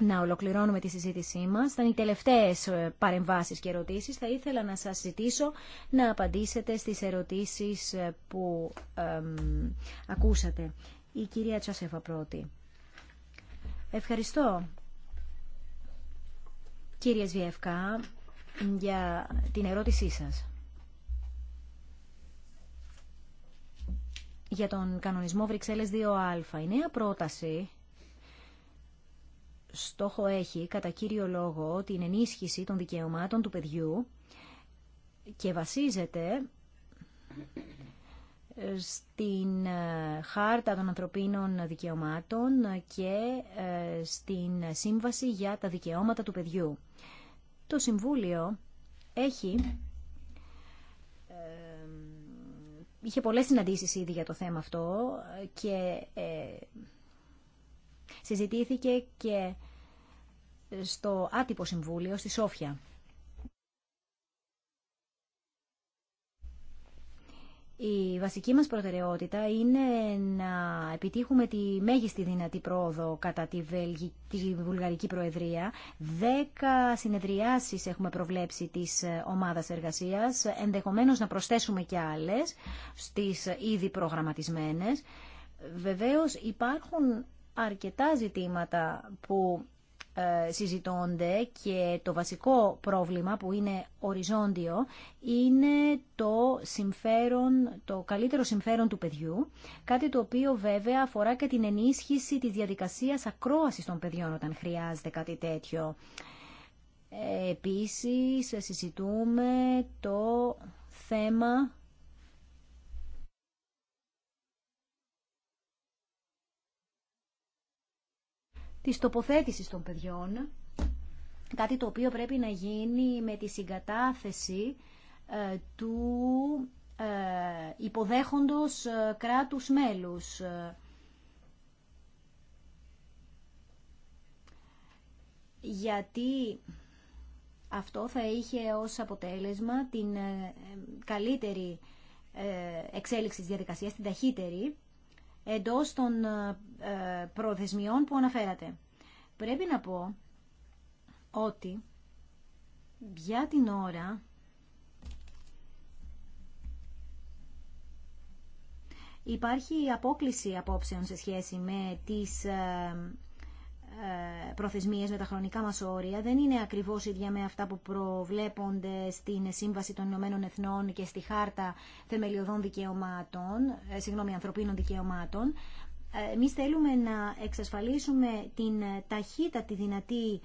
να ολοκληρώνουμε τη συζήτησή μας. Ήταν οι τελευταίες παρεμβάσεις και ερωτήσεις. Θα ήθελα να σας ζητήσω να απαντήσετε στις ερωτήσεις που ακούσατε. Η κυρία Τσασέφα πρώτη. Ευχαριστώ. Κύριε Σβιεύκα, για την ερώτησή σας. Για τον κανονισμό Βρυξέλλες 2α, η νέα πρόταση στόχο έχει κατά κύριο λόγο την ενίσχυση των δικαιωμάτων του παιδιού και βασίζεται στην ε, Χάρτα των Ανθρωπίνων Δικαιωμάτων και ε, στην Σύμβαση για τα Δικαιώματα του Παιδιού. Το Συμβούλιο έχει ε, είχε πολλές συναντήσεις ήδη για το θέμα αυτό και συζητήθηκε και στο άτυπο συμβούλιο στη Σόφια. Η βασική μας προτεραιότητα είναι να επιτύχουμε τη μέγιστη δυνατή πρόοδο κατά τη, βέλγη τη Βουλγαρική Προεδρία. Δέκα συνεδριάσεις έχουμε προβλέψει της ομάδας εργασίας, ενδεχομένως να προσθέσουμε και άλλες στις ήδη προγραμματισμένες. Βεβαίως υπάρχουν αρκετά ζητήματα που ε, συζητώνται και το βασικό πρόβλημα που είναι οριζόντιο είναι το συμφέρον, το καλύτερο συμφέρον του παιδιού, κάτι το οποίο βέβαια αφορά και την ενίσχυση της διαδικασίας ακρόασης των παιδιών όταν χρειάζεται κάτι τέτοιο. Ε, επίσης συζητούμε το θέμα της τοποθέτησης των παιδιών, κάτι το οποίο πρέπει να γίνει με τη συγκατάθεση ε, του ε, υποδέχοντος ε, κράτους μέλους. Γιατί αυτό θα είχε ως αποτέλεσμα την καλύτερη εξέλιξη της διαδικασίας, την ταχύτερη, εντός των ε, ε, προθεσμιών που αναφέρατε. Πρέπει να πω ότι για την ώρα υπάρχει απόκληση απόψεων σε σχέση με τις ε, ε, προθεσμίες με τα χρονικά μας όρια δεν είναι ακριβώς ίδια με αυτά που προβλέπονται στην Σύμβαση των Ηνωμένων Εθνών και στη Χάρτα Θεμελιωδών Δικαιωμάτων, ε, συγγνώμη, Ανθρωπίνων Δικαιωμάτων. Ε, εμείς θέλουμε να εξασφαλίσουμε την ταχύτατη δυνατή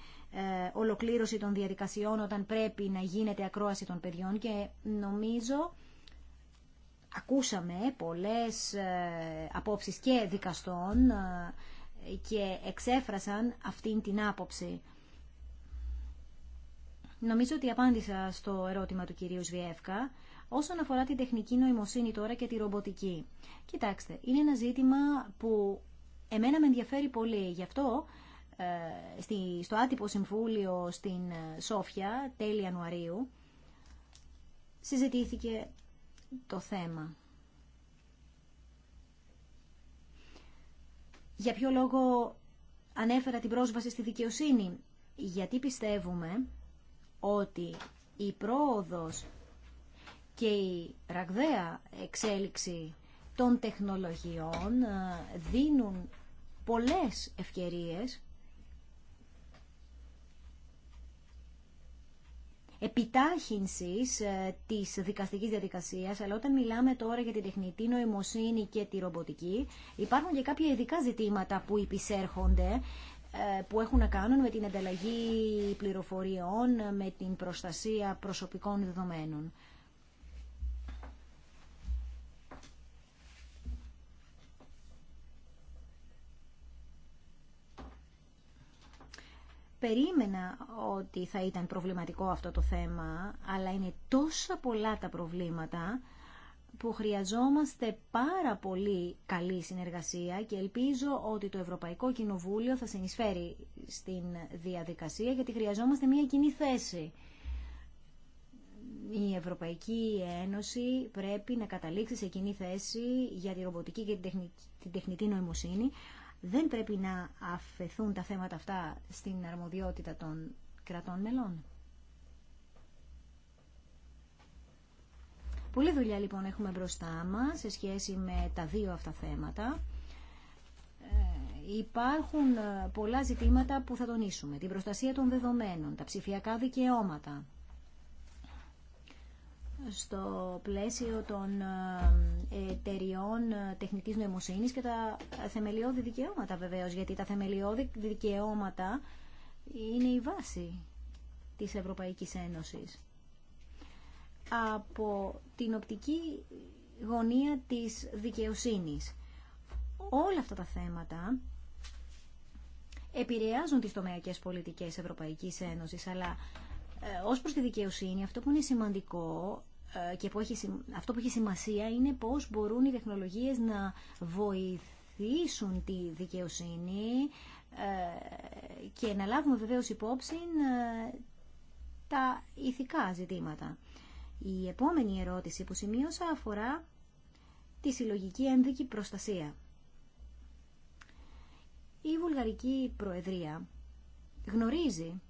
ολοκλήρωση των διαδικασιών όταν πρέπει να γίνεται ακρόαση των παιδιών και νομίζω ακούσαμε πολλές απόψεις και δικαστών και εξέφρασαν αυτήν την άποψη. Νομίζω ότι απάντησα στο ερώτημα του κυρίου Σβιεύκα όσον αφορά την τεχνική νοημοσύνη τώρα και τη ρομποτική. Κοιτάξτε, είναι ένα ζήτημα που εμένα με ενδιαφέρει πολύ. Γι' αυτό ε, στο άτυπο συμβούλιο στην ε, Σόφια τέλη Ιανουαρίου συζητήθηκε το θέμα. Για ποιο λόγο ανέφερα την πρόσβαση στη δικαιοσύνη. Γιατί πιστεύουμε ότι η πρόοδος και η ραγδαία εξέλιξη των τεχνολογιών ε, δίνουν πολλές ευκαιρίες επιτάχυνσης ε, της δικαστικής διαδικασίας, αλλά όταν μιλάμε τώρα για την τεχνητή νοημοσύνη και τη ρομποτική, υπάρχουν και κάποια ειδικά ζητήματα που υπησέρχονται, ε, που έχουν να κάνουν με την ανταλλαγή πληροφοριών, με την προστασία προσωπικών δεδομένων. περίμενα ότι θα ήταν προβληματικό αυτό το θέμα, αλλά είναι τόσα πολλά τα προβλήματα που χρειαζόμαστε πάρα πολύ καλή συνεργασία και ελπίζω ότι το Ευρωπαϊκό Κοινοβούλιο θα συνεισφέρει στην διαδικασία γιατί χρειαζόμαστε μια κοινή θέση. Η Ευρωπαϊκή Ένωση πρέπει να καταλήξει σε κοινή θέση για τη ρομποτική και την τεχνητή νοημοσύνη δεν πρέπει να αφαιθούν τα θέματα αυτά στην αρμοδιότητα των κρατών μελών. Πολύ δουλειά λοιπόν έχουμε μπροστά μας σε σχέση με τα δύο αυτά θέματα. Ε, υπάρχουν ε, πολλά ζητήματα που θα τονίσουμε. Την προστασία των δεδομένων, τα ψηφιακά δικαιώματα, στο πλαίσιο των ε, εταιριών ε, τεχνικής νοημοσύνης και τα θεμελιώδη δικαιώματα βεβαίως, γιατί τα θεμελιώδη δικαιώματα είναι η βάση της Ευρωπαϊκής Ένωσης. Από την οπτική γωνία της δικαιοσύνης. Όλα αυτά τα θέματα επηρεάζουν τις τομεακές πολιτικές Ευρωπαϊκής Ένωσης, αλλά ε, ως προς τη δικαιοσύνη αυτό που είναι σημαντικό ε, και που αυτό που έχει σημασία είναι πώς μπορούν οι τεχνολογίες να βοηθήσουν τη δικαιοσύνη ε, και να λάβουμε βεβαίως υπόψη ε, τα ηθικά ζητήματα. Η επόμενη ερώτηση που σημείωσα αφορά τη συλλογική ένδικη προστασία. Η Βουλγαρική Προεδρία γνωρίζει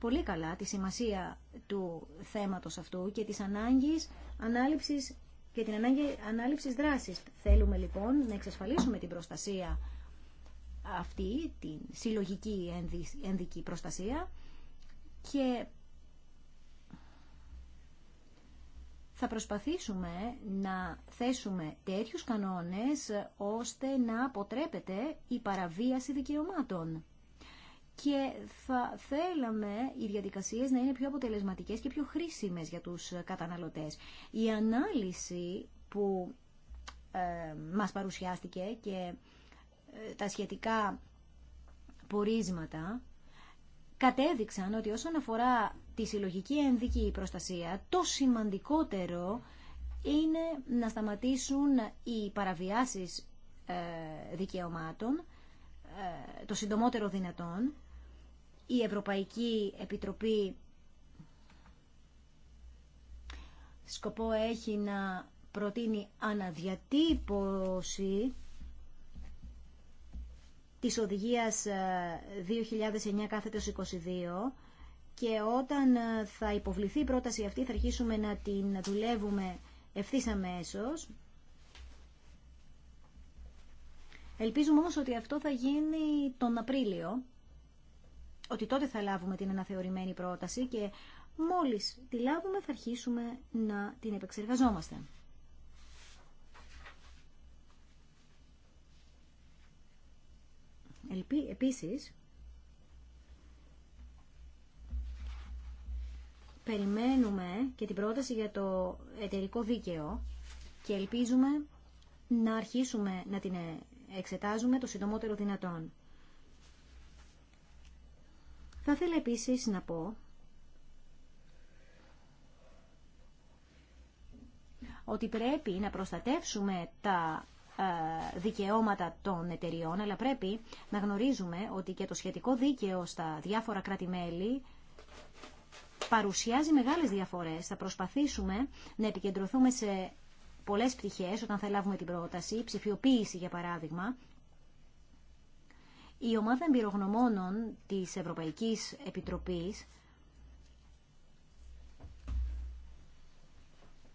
πολύ καλά τη σημασία του θέματος αυτού και της ανάγκης ανάληψης και την ανάγκη ανάληψης δράσης. Θέλουμε λοιπόν να εξασφαλίσουμε την προστασία αυτή, την συλλογική ενδική προστασία και θα προσπαθήσουμε να θέσουμε τέτοιους κανόνες ώστε να αποτρέπεται η παραβίαση δικαιωμάτων και θα θέλαμε οι διαδικασίες να είναι πιο αποτελεσματικές και πιο χρήσιμες για τους καταναλωτές. Η ανάλυση που ε, μας παρουσιάστηκε και ε, τα σχετικά πορίσματα κατέδειξαν ότι όσον αφορά τη συλλογική ενδική προστασία, το σημαντικότερο είναι να σταματήσουν οι παραβιάσεις ε, δικαιωμάτων το συντομότερο δυνατόν η Ευρωπαϊκή Επιτροπή σκοπό έχει να προτείνει αναδιατύπωση της οδηγίας 2009 ε, κάθετος 22 και όταν ε, θα υποβληθεί η πρόταση αυτή θα αρχίσουμε να την δουλεύουμε ευθύς αμέσως. Ελπίζουμε όμως ότι αυτό θα γίνει τον Απρίλιο ότι τότε θα λάβουμε την αναθεωρημένη πρόταση και μόλις τη λάβουμε θα αρχίσουμε να την επεξεργαζόμαστε. Επίσης, περιμένουμε και την πρόταση για το εταιρικό δίκαιο και ελπίζουμε να αρχίσουμε να την εξετάζουμε το συντομότερο δυνατόν. Θα ήθελα επίσης να πω ότι πρέπει να προστατεύσουμε τα ε, δικαιώματα των εταιριών, αλλά πρέπει να γνωρίζουμε ότι και το σχετικό δίκαιο στα διάφορα κράτη-μέλη παρουσιάζει μεγάλες διαφορές. Θα προσπαθήσουμε να επικεντρωθούμε σε πολλές πτυχές όταν θα λάβουμε την πρόταση, ψηφιοποίηση για παράδειγμα, η ομάδα εμπειρογνωμόνων της Ευρωπαϊκής Επιτροπής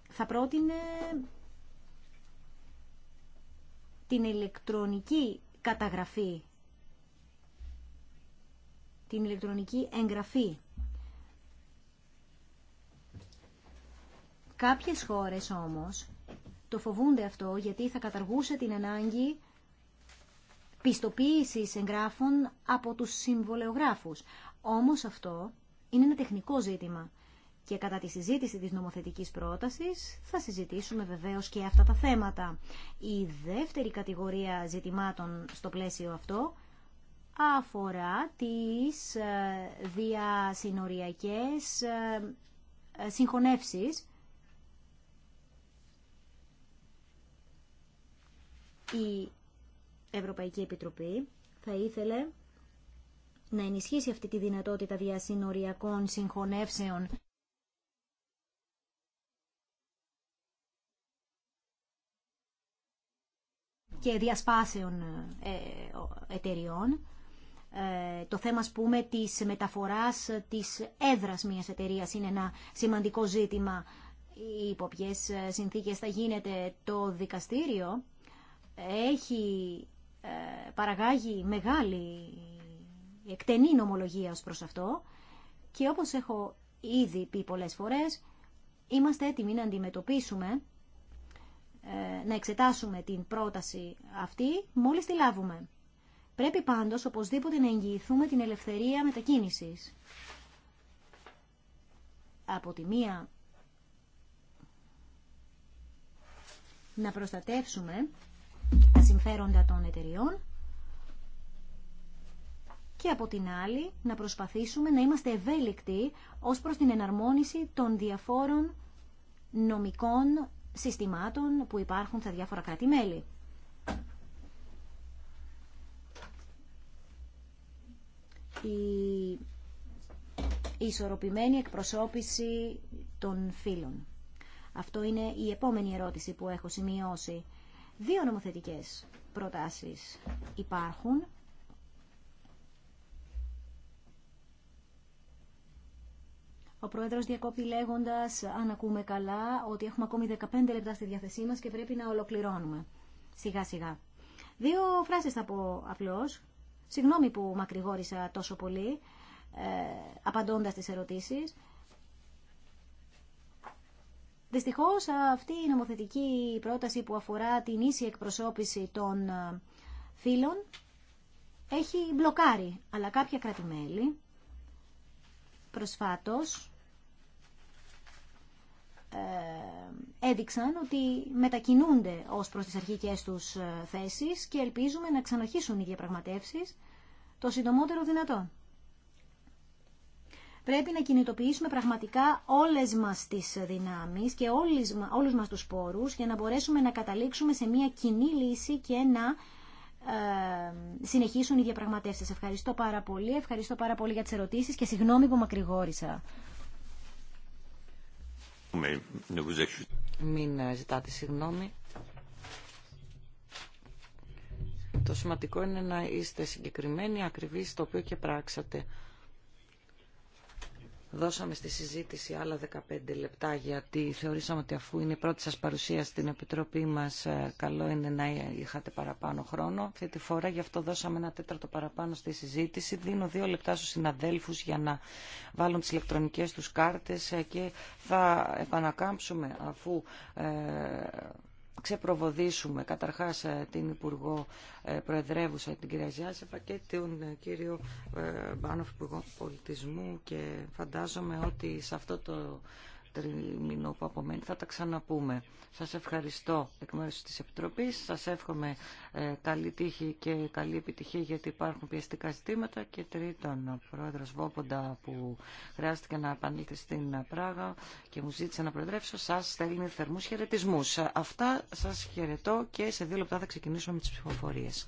θα πρότεινε την ηλεκτρονική καταγραφή, την ηλεκτρονική εγγραφή. Κάποιες χώρες όμως το φοβούνται αυτό γιατί θα καταργούσε την ανάγκη πιστοποίηση εγγράφων από τους συμβολεογράφους. Όμως αυτό είναι ένα τεχνικό ζήτημα. Και κατά τη συζήτηση της νομοθετικής πρότασης θα συζητήσουμε βεβαίως και αυτά τα θέματα. Η δεύτερη κατηγορία ζητημάτων στο πλαίσιο αυτό αφορά τις ε, διασυνοριακές ε, ε, συγχωνεύσεις Ευρωπαϊκή Επιτροπή θα ήθελε να ενισχύσει αυτή τη δυνατότητα διασυνοριακών συγχωνεύσεων και διασπάσεων ε, εταιριών. Ε, το θέμα, ας πούμε, της μεταφοράς της έδρας μιας εταιρείας είναι ένα σημαντικό ζήτημα. Υπό ποιες συνθήκες θα γίνεται το δικαστήριο. Έχει ε, παραγάγει μεγάλη εκτενή νομολογία ως προς αυτό και όπως έχω ήδη πει πολλές φορές, είμαστε έτοιμοι να αντιμετωπίσουμε, ε, να εξετάσουμε την πρόταση αυτή μόλις τη λάβουμε. Πρέπει πάντως οπωσδήποτε να εγγυηθούμε την ελευθερία μετακίνησης. Από τη μία να προστατεύσουμε τα συμφέροντα των εταιριών και από την άλλη να προσπαθήσουμε να είμαστε ευέλικτοι ως προς την εναρμόνιση των διαφόρων νομικών συστημάτων που υπάρχουν στα διάφορα κράτη-μέλη. Η ισορροπημένη εκπροσώπηση των φύλων. Αυτό είναι η επόμενη ερώτηση που έχω σημειώσει. Δύο νομοθετικές προτάσεις υπάρχουν. Ο Πρόεδρος διακόπτει λέγοντας, αν ακούμε καλά, ότι έχουμε ακόμη 15 λεπτά στη διάθεσή μας και πρέπει να ολοκληρώνουμε. Σιγά σιγά. Δύο φράσεις θα πω απλώς. Συγγνώμη που μακρηγόρησα τόσο πολύ, ε, απαντώντας τις ερωτήσεις. Δυστυχώ, αυτή η νομοθετική πρόταση που αφορά την ίση εκπροσώπηση των ε, φύλων έχει μπλοκάρει, αλλά κρατημέλη κράτη-μέλη προσφάτως ε, έδειξαν ότι μετακινούνται ως προς τις αρχικές τους ε, θέσεις και ελπίζουμε να ξαναρχίσουν οι διαπραγματεύσεις το συντομότερο δυνατόν. Πρέπει να κινητοποιήσουμε πραγματικά όλες μας τις δυνάμεις και όλους, όλους μας τους πόρους για να μπορέσουμε να καταλήξουμε σε μια κοινή λύση και να ε, συνεχίσουν οι διαπραγματεύσεις. Ευχαριστώ πάρα πολύ. Ευχαριστώ πάρα πολύ για τις ερωτήσεις και συγγνώμη που μακρηγόρησα. Μην ε, ζητάτε συγγνώμη. Το σημαντικό είναι να είστε συγκεκριμένοι, ακριβείς, το οποίο και πράξατε. Δώσαμε στη συζήτηση άλλα 15 λεπτά γιατί θεωρήσαμε ότι αφού είναι η πρώτη σας παρουσία στην Επιτροπή μας ε, καλό είναι να είχατε παραπάνω χρόνο. Αυτή τη φορά γι' αυτό δώσαμε ένα τέταρτο παραπάνω στη συζήτηση. Δίνω δύο λεπτά στους συναδέλφους για να βάλουν τις ηλεκτρονικές τους κάρτες ε, και θα επανακάμψουμε αφού ε, ξεπροβοδίσουμε καταρχάς ε, την Υπουργό ε, Προεδρεύουσα, την κυρία Ζιάσεφα και τον ε, κύριο Μπάνοφ Υπουργό Πολιτισμού και φαντάζομαι ότι σε αυτό το τριμηνό που απομένει θα τα ξαναπούμε. Σας ευχαριστώ εκ μέρους της Επιτροπής. Σας εύχομαι ε, καλή τύχη και καλή επιτυχία γιατί υπάρχουν πιεστικά ζητήματα. Και τρίτον, ο πρόεδρος Βόποντα που χρειάστηκε να επανήλθει στην Πράγα και μου ζήτησε να προεδρεύσω, σας στέλνει θερμούς χαιρετισμούς. Αυτά σας χαιρετώ και σε δύο λεπτά θα ξεκινήσουμε με τις ψηφοφορίες.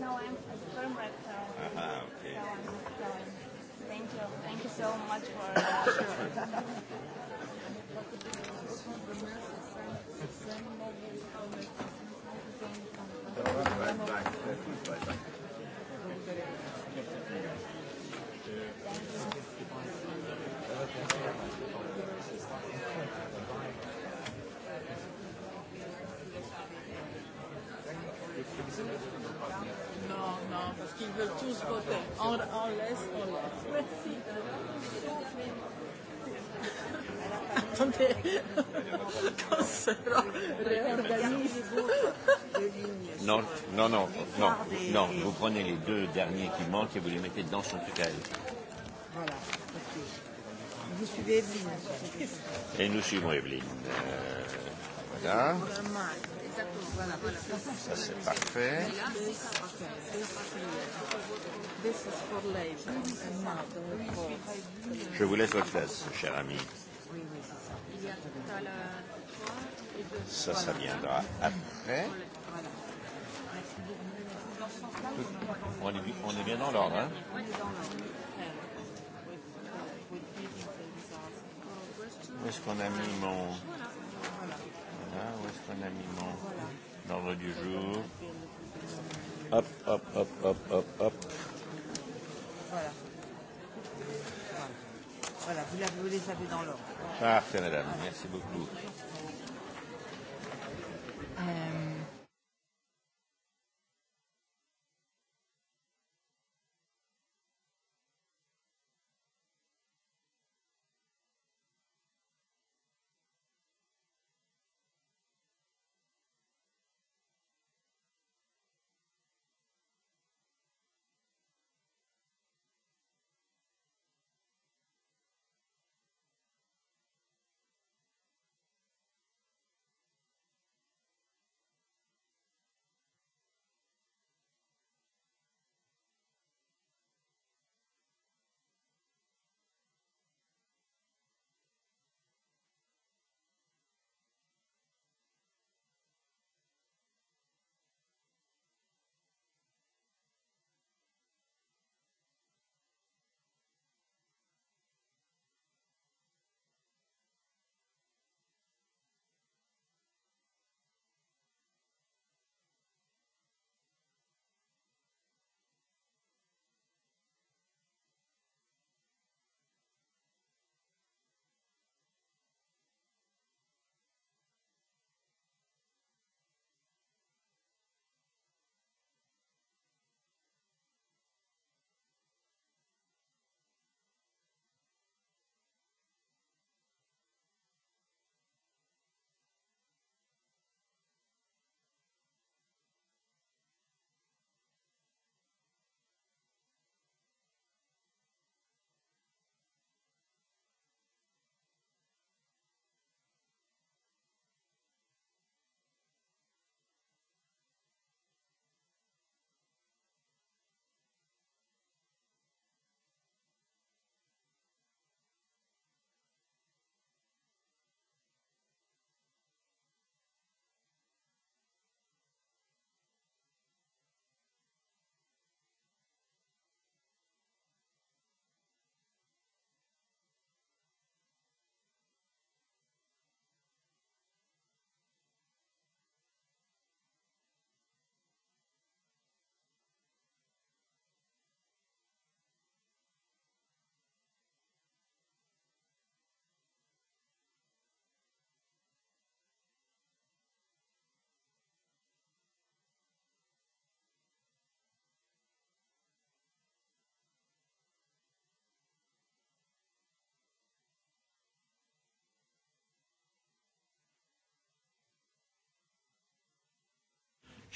No, I'm a firm so. Thank you. Thank you so much for. Thank you. qu'ils veulent tous voter. On, on laisse, on laisse. Merci. Attendez, Non, non, non, non, non. Vous prenez les deux derniers qui manquent et vous les mettez dedans son tout à Voilà. Vous suivez Evelyne. Et nous suivons Evelyne. Euh, voilà. Ça c'est parfait. Je vous laisse votre place, cher ami. Ça, ça viendra après. On est, on est bien dans l'ordre, hein Où est-ce qu'on a mis mon la ou où est-ce qu'on a mis mon ordre du jour Hop, hop, hop, hop, hop, hop. Voilà. Voilà, vous les avez dans l'ordre. Parfait, madame. Merci beaucoup.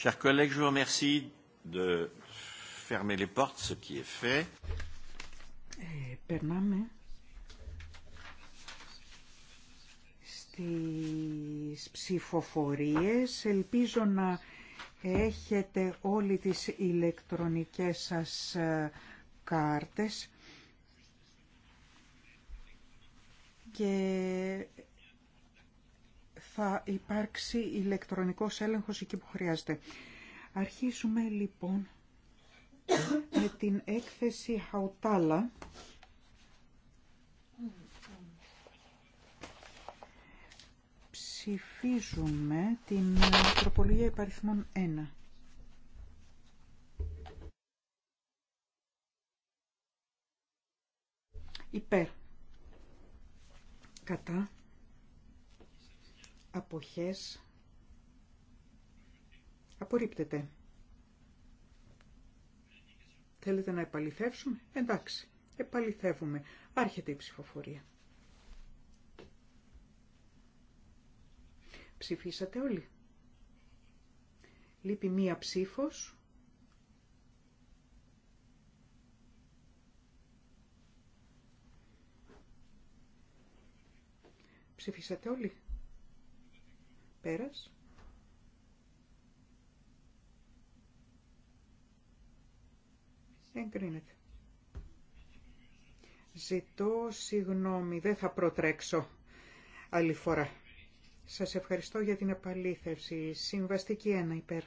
Chers collègues, je vous remercie de fermer les portes, ce qui est fait. Ε, περνάμε στις ψηφοφορίες. Ελπίζω να έχετε όλοι τις ηλεκτρονικές σας ε, κάρτες και θα υπάρξει ηλεκτρονικός έλεγχος εκεί που χρειάζεται. Αρχίσουμε λοιπόν με την έκθεση Χαουτάλα. Ψηφίζουμε την τροπολογία υπαριθμών 1. Υπέρ. Κατά αποχές απορρίπτεται. Θέλετε να επαληθεύσουμε. Εντάξει, επαληθεύουμε. Άρχεται η ψηφοφορία. Ψηφίσατε όλοι. Λείπει μία ψήφος. Ψηφίσατε όλοι. Πέρας. Εγκρίνεται. Ζητώ συγγνώμη, δεν θα προτρέξω άλλη φορά. Σας ευχαριστώ για την επαλήθευση. Συμβαστική ένα υπέρ.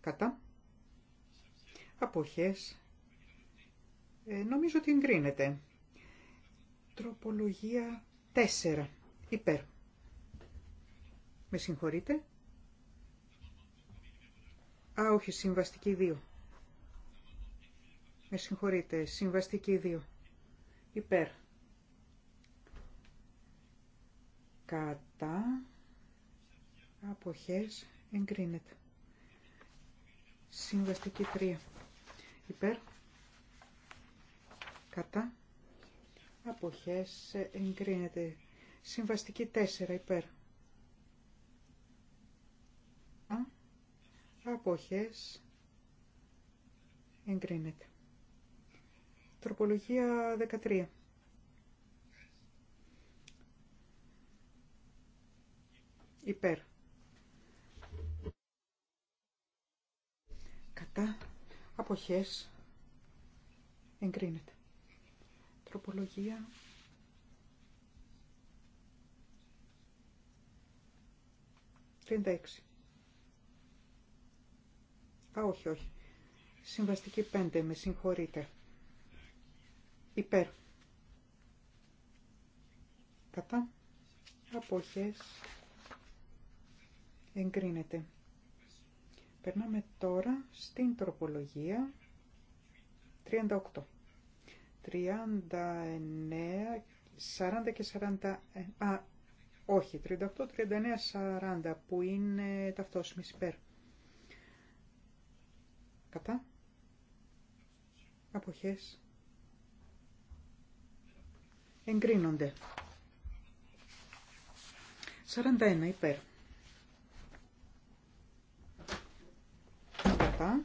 Κατά. Αποχές. Ε, νομίζω ότι εγκρίνεται. Τροπολογία 4. Υπέρ. Με συγχωρείτε. Α, όχι, συμβαστική 2. Με συγχωρείτε, συμβαστική 2. Υπέρ. Κατά. Αποχές. Εγκρίνεται. Συμβαστική 3. Υπέρ. Κατά αποχές ε, εγκρίνεται. Συμβαστική 4 υπέρ. αποχές εγκρίνεται. Τροπολογία 13. Υπέρ. Κατά αποχές εγκρίνεται. Τροπολογία 36. Α, όχι, όχι. Συμβαστική 5, με συγχωρείτε. Υπέρ. Κατά. Αποχές. Εγκρίνεται. Περνάμε τώρα στην τροπολογία 38. 39, 40 και 40, ε, α, όχι, 38, 39, 40 που είναι ταυτόσιμη υπέρ. Κατά. Αποχές. Εγκρίνονται. 41 υπέρ. Κατά.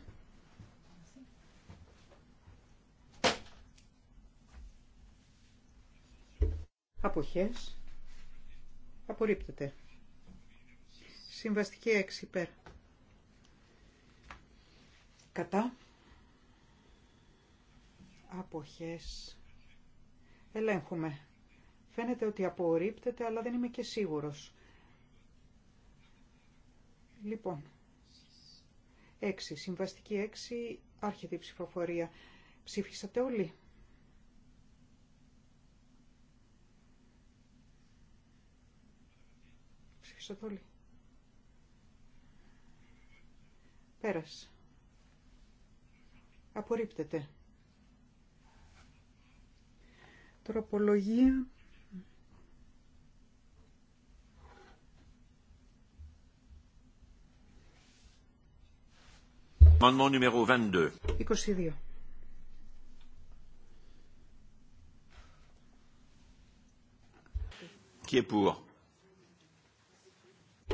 αποχές απορρίπτεται. Συμβαστική 6 υπέρ. Κατά αποχές ελέγχουμε. Φαίνεται ότι απορρίπτεται, αλλά δεν είμαι και σίγουρος. Λοιπόν, 6. Συμβαστική 6. Άρχεται η ψηφοφορία. Ψήφισατε όλοι. Ψήφισε πολύ. Πέρασε. Απορρίπτεται. Τροπολογία. Amendement numéro 22. 22. Qui est pour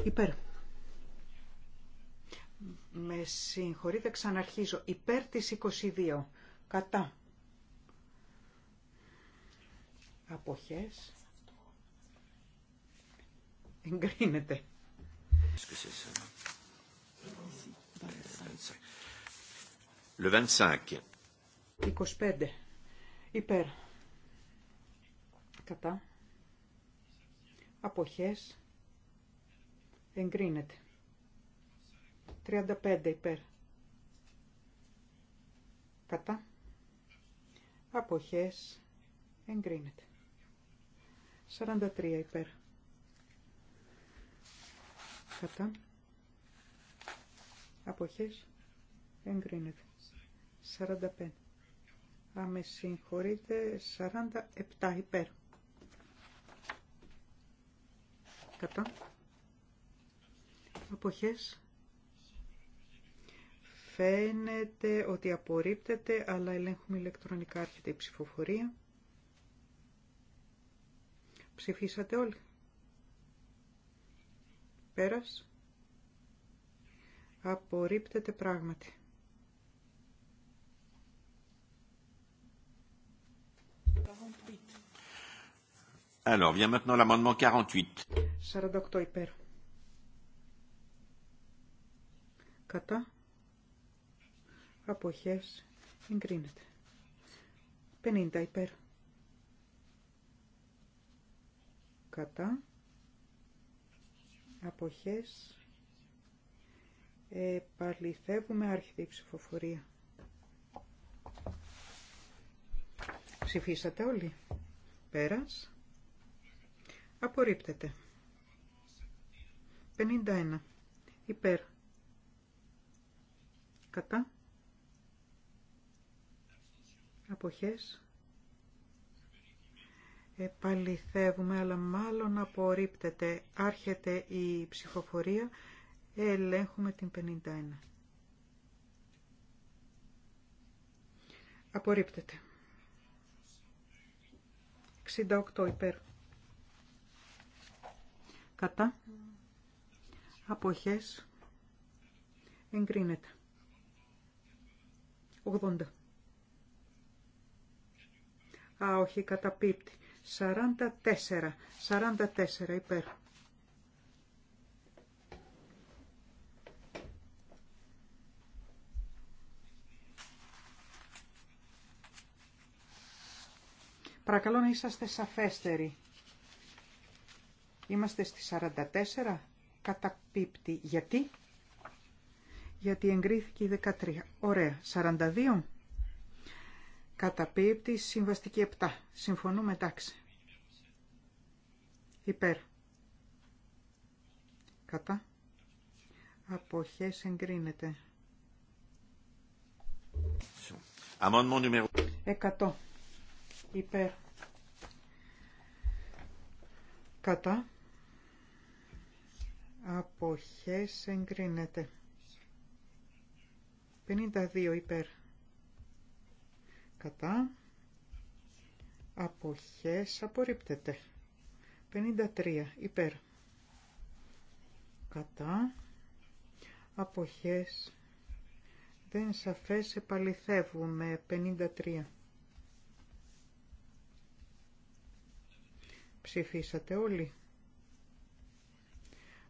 Υπέρ. Με συγχωρείτε, ξαναρχίζω. Υπέρ της 22. Κατά. Αποχές. Εγκρίνεται. Le 25. 25. Υπέρ. Κατά. Αποχές. Εγκρίνεται. 35 υπέρ. Κατά. Αποχές. Εγκρίνεται. 43 υπέρ. Κατά. Αποχές. Εγκρίνεται. 45. Άμε συγχωρείτε. 47 υπέρ. Κατά αποχές φαίνεται ότι απορρίπτεται αλλά ελέγχουμε ηλεκτρονικά έρχεται η ψηφοφορία ψηφίσατε όλοι πέρας απορρίπτεται πράγματι Alors, vient maintenant l'amendement 48. 48 υπέρ. κατά αποχές εγκρίνεται 50 υπέρ κατά αποχές επαληθεύουμε άρχιδη ψηφοφορία ψηφίσατε όλοι πέρας απορρίπτεται 51 υπέρ κατά αποχές επαληθεύουμε αλλά μάλλον απορρίπτεται άρχεται η ψυχοφορία, ελέγχουμε την 51 απορρίπτεται 68 υπέρ κατά αποχές εγκρίνεται 80. Α, όχι, καταπίπτει. 44. 44 υπέρ. Παρακαλώ να είσαστε σαφέστεροι. Είμαστε στη 44. Καταπίπτει. Γιατί? γιατί εγκρίθηκε η 13. Ωραία. 42. Καταπίπτει συμβαστική 7. Συμφωνούμε εντάξει. Υπέρ. Κατά. Αποχές εγκρίνεται. 100. Υπέρ. Κατά. Αποχές εγκρίνεται. 52 υπέρ κατά αποχές απορρίπτεται 53 υπέρ κατά αποχές δεν σαφές επαληθεύουμε 53 ψηφίσατε όλοι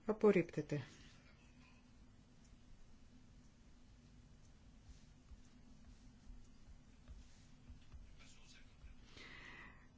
απορρίπτεται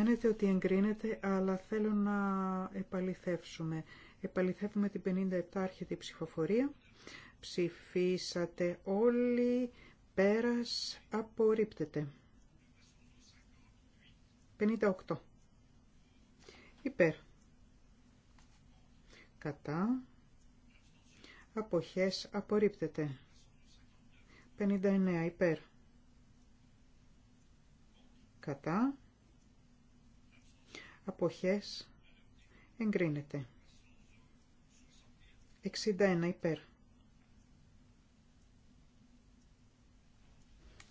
Φαίνεται ότι εγκρίνεται, αλλά θέλω να επαληθεύσουμε. Επαληθεύουμε την 57 άρχεται η ψηφοφορία. Ψηφίσατε όλοι. Πέρας απορρίπτεται. 58. Υπέρ. Κατά. Αποχές απορρίπτεται. 59. Υπέρ. Κατά αποχές εγκρίνεται. 61 υπέρ.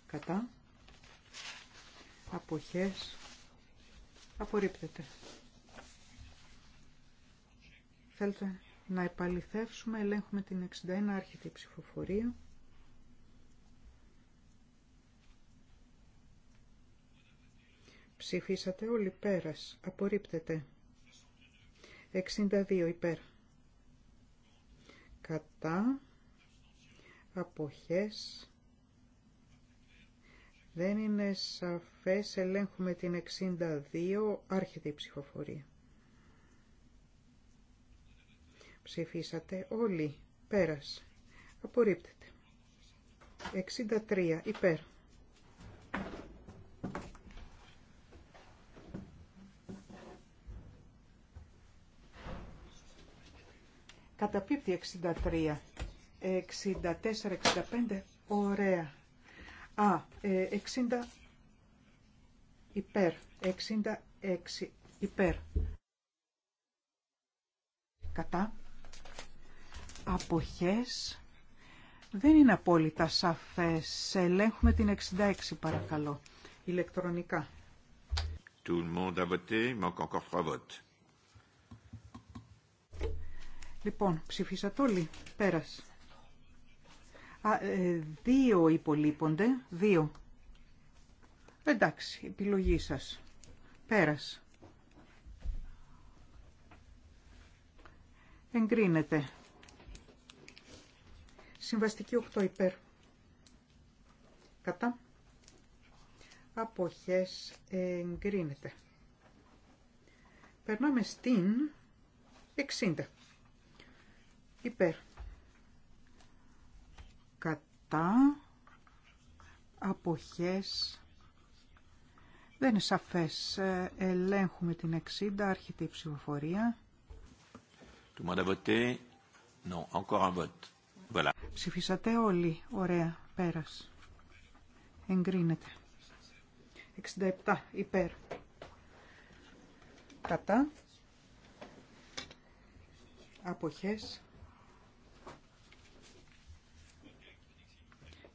Κατά. Αποχές. Απορρίπτεται. Θέλετε να επαληθεύσουμε, ελέγχουμε την 61 άρχεται η ψηφοφορία. Ψηφίσατε όλοι πέρας. Απορρίπτεται. 62 υπέρ. Κατά. Αποχές. Δεν είναι σαφές. Ελέγχουμε την 62. Άρχεται η ψηφοφορία. Ψηφίσατε όλοι. Πέρας. Απορρίπτεται. 63 υπέρ. Καταπίπτει 63. 64, 65. Ωραία. Α, 60 ε, υπέρ. 66 υπέρ. Κατά. Αποχές. Δεν είναι απόλυτα σαφές. Ελέγχουμε την 66 παρακαλώ. Ηλεκτρονικά. Tout le monde a voté, manque encore trois votes. Λοιπόν, ψηφίσατε όλοι. Πέρας. Α, ε, δύο υπολείπονται. Δύο. Εντάξει, επιλογή σας. Πέρας. Εγκρίνεται. Συμβαστική 8 υπέρ. Κατά. Αποχές εγκρίνεται. Περνάμε στην 60 υπέρ κατά αποχές δεν είναι σαφές ε, ελέγχουμε την 60 άρχεται η ψηφοφορία Του βοτ. Ψηφίσατε όλοι. Ωραία. Πέρας. Εγκρίνεται. 67. Υπέρ. Κατά. Αποχές.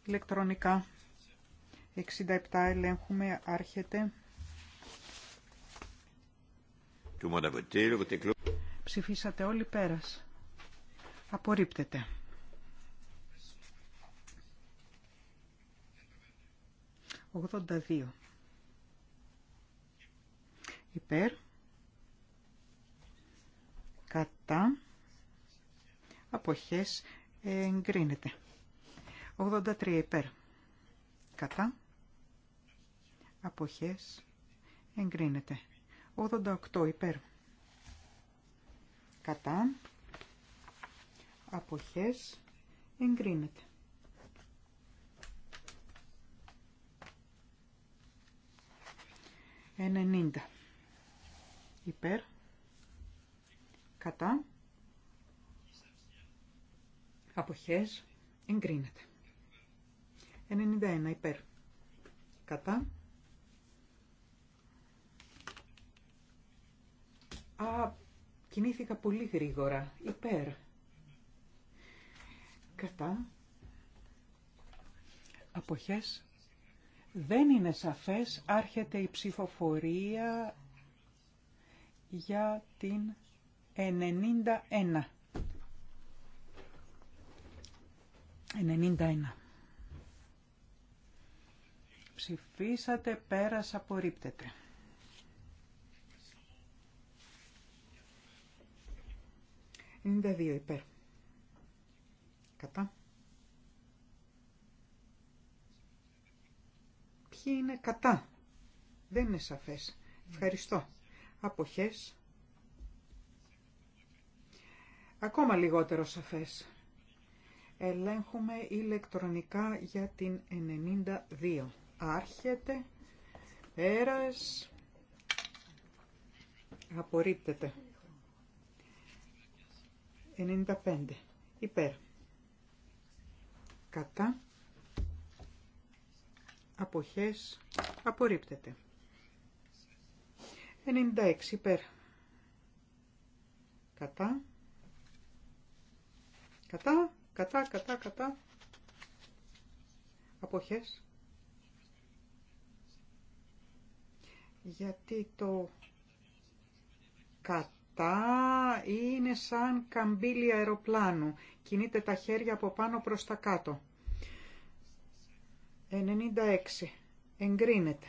ηλεκτρονικά. 67 ελέγχουμε, άρχεται. Ψηφίσατε όλοι πέρας. Απορρίπτεται. 82. Υπέρ. Κατά. Αποχές εγκρίνεται. 83 υπέρ. Κατά. Αποχές. Εγκρίνεται. 88 υπέρ. Κατά. Αποχές. Εγκρίνεται. Ενενήντα. Υπέρ. Κατά. Αποχές εγκρίνεται. 91 υπέρ. Κατά. Α, κινήθηκα πολύ γρήγορα. Υπέρ. Κατά. Αποχές. Δεν είναι σαφές. Άρχεται η ψηφοφορία για την 91. 91 ψηφίσατε, πέρας απορρίπτεται. 92 υπέρ. Κατά. Ποιοι είναι κατά. Δεν είναι σαφές. Ευχαριστώ. Αποχές. Ακόμα λιγότερο σαφές. Ελέγχουμε ηλεκτρονικά για την 92. Άρχεται. έρωες, Απορρίπτεται. 95. Υπέρ. Κατά. Αποχές. Απορρίπτεται. 96. Υπέρ. Κατά. Κατά. Κατά. Κατά. Κατά. Αποχές. γιατί το κατά είναι σαν καμπύλη αεροπλάνου. Κινείται τα χέρια από πάνω προς τα κάτω. 96. Εγκρίνεται.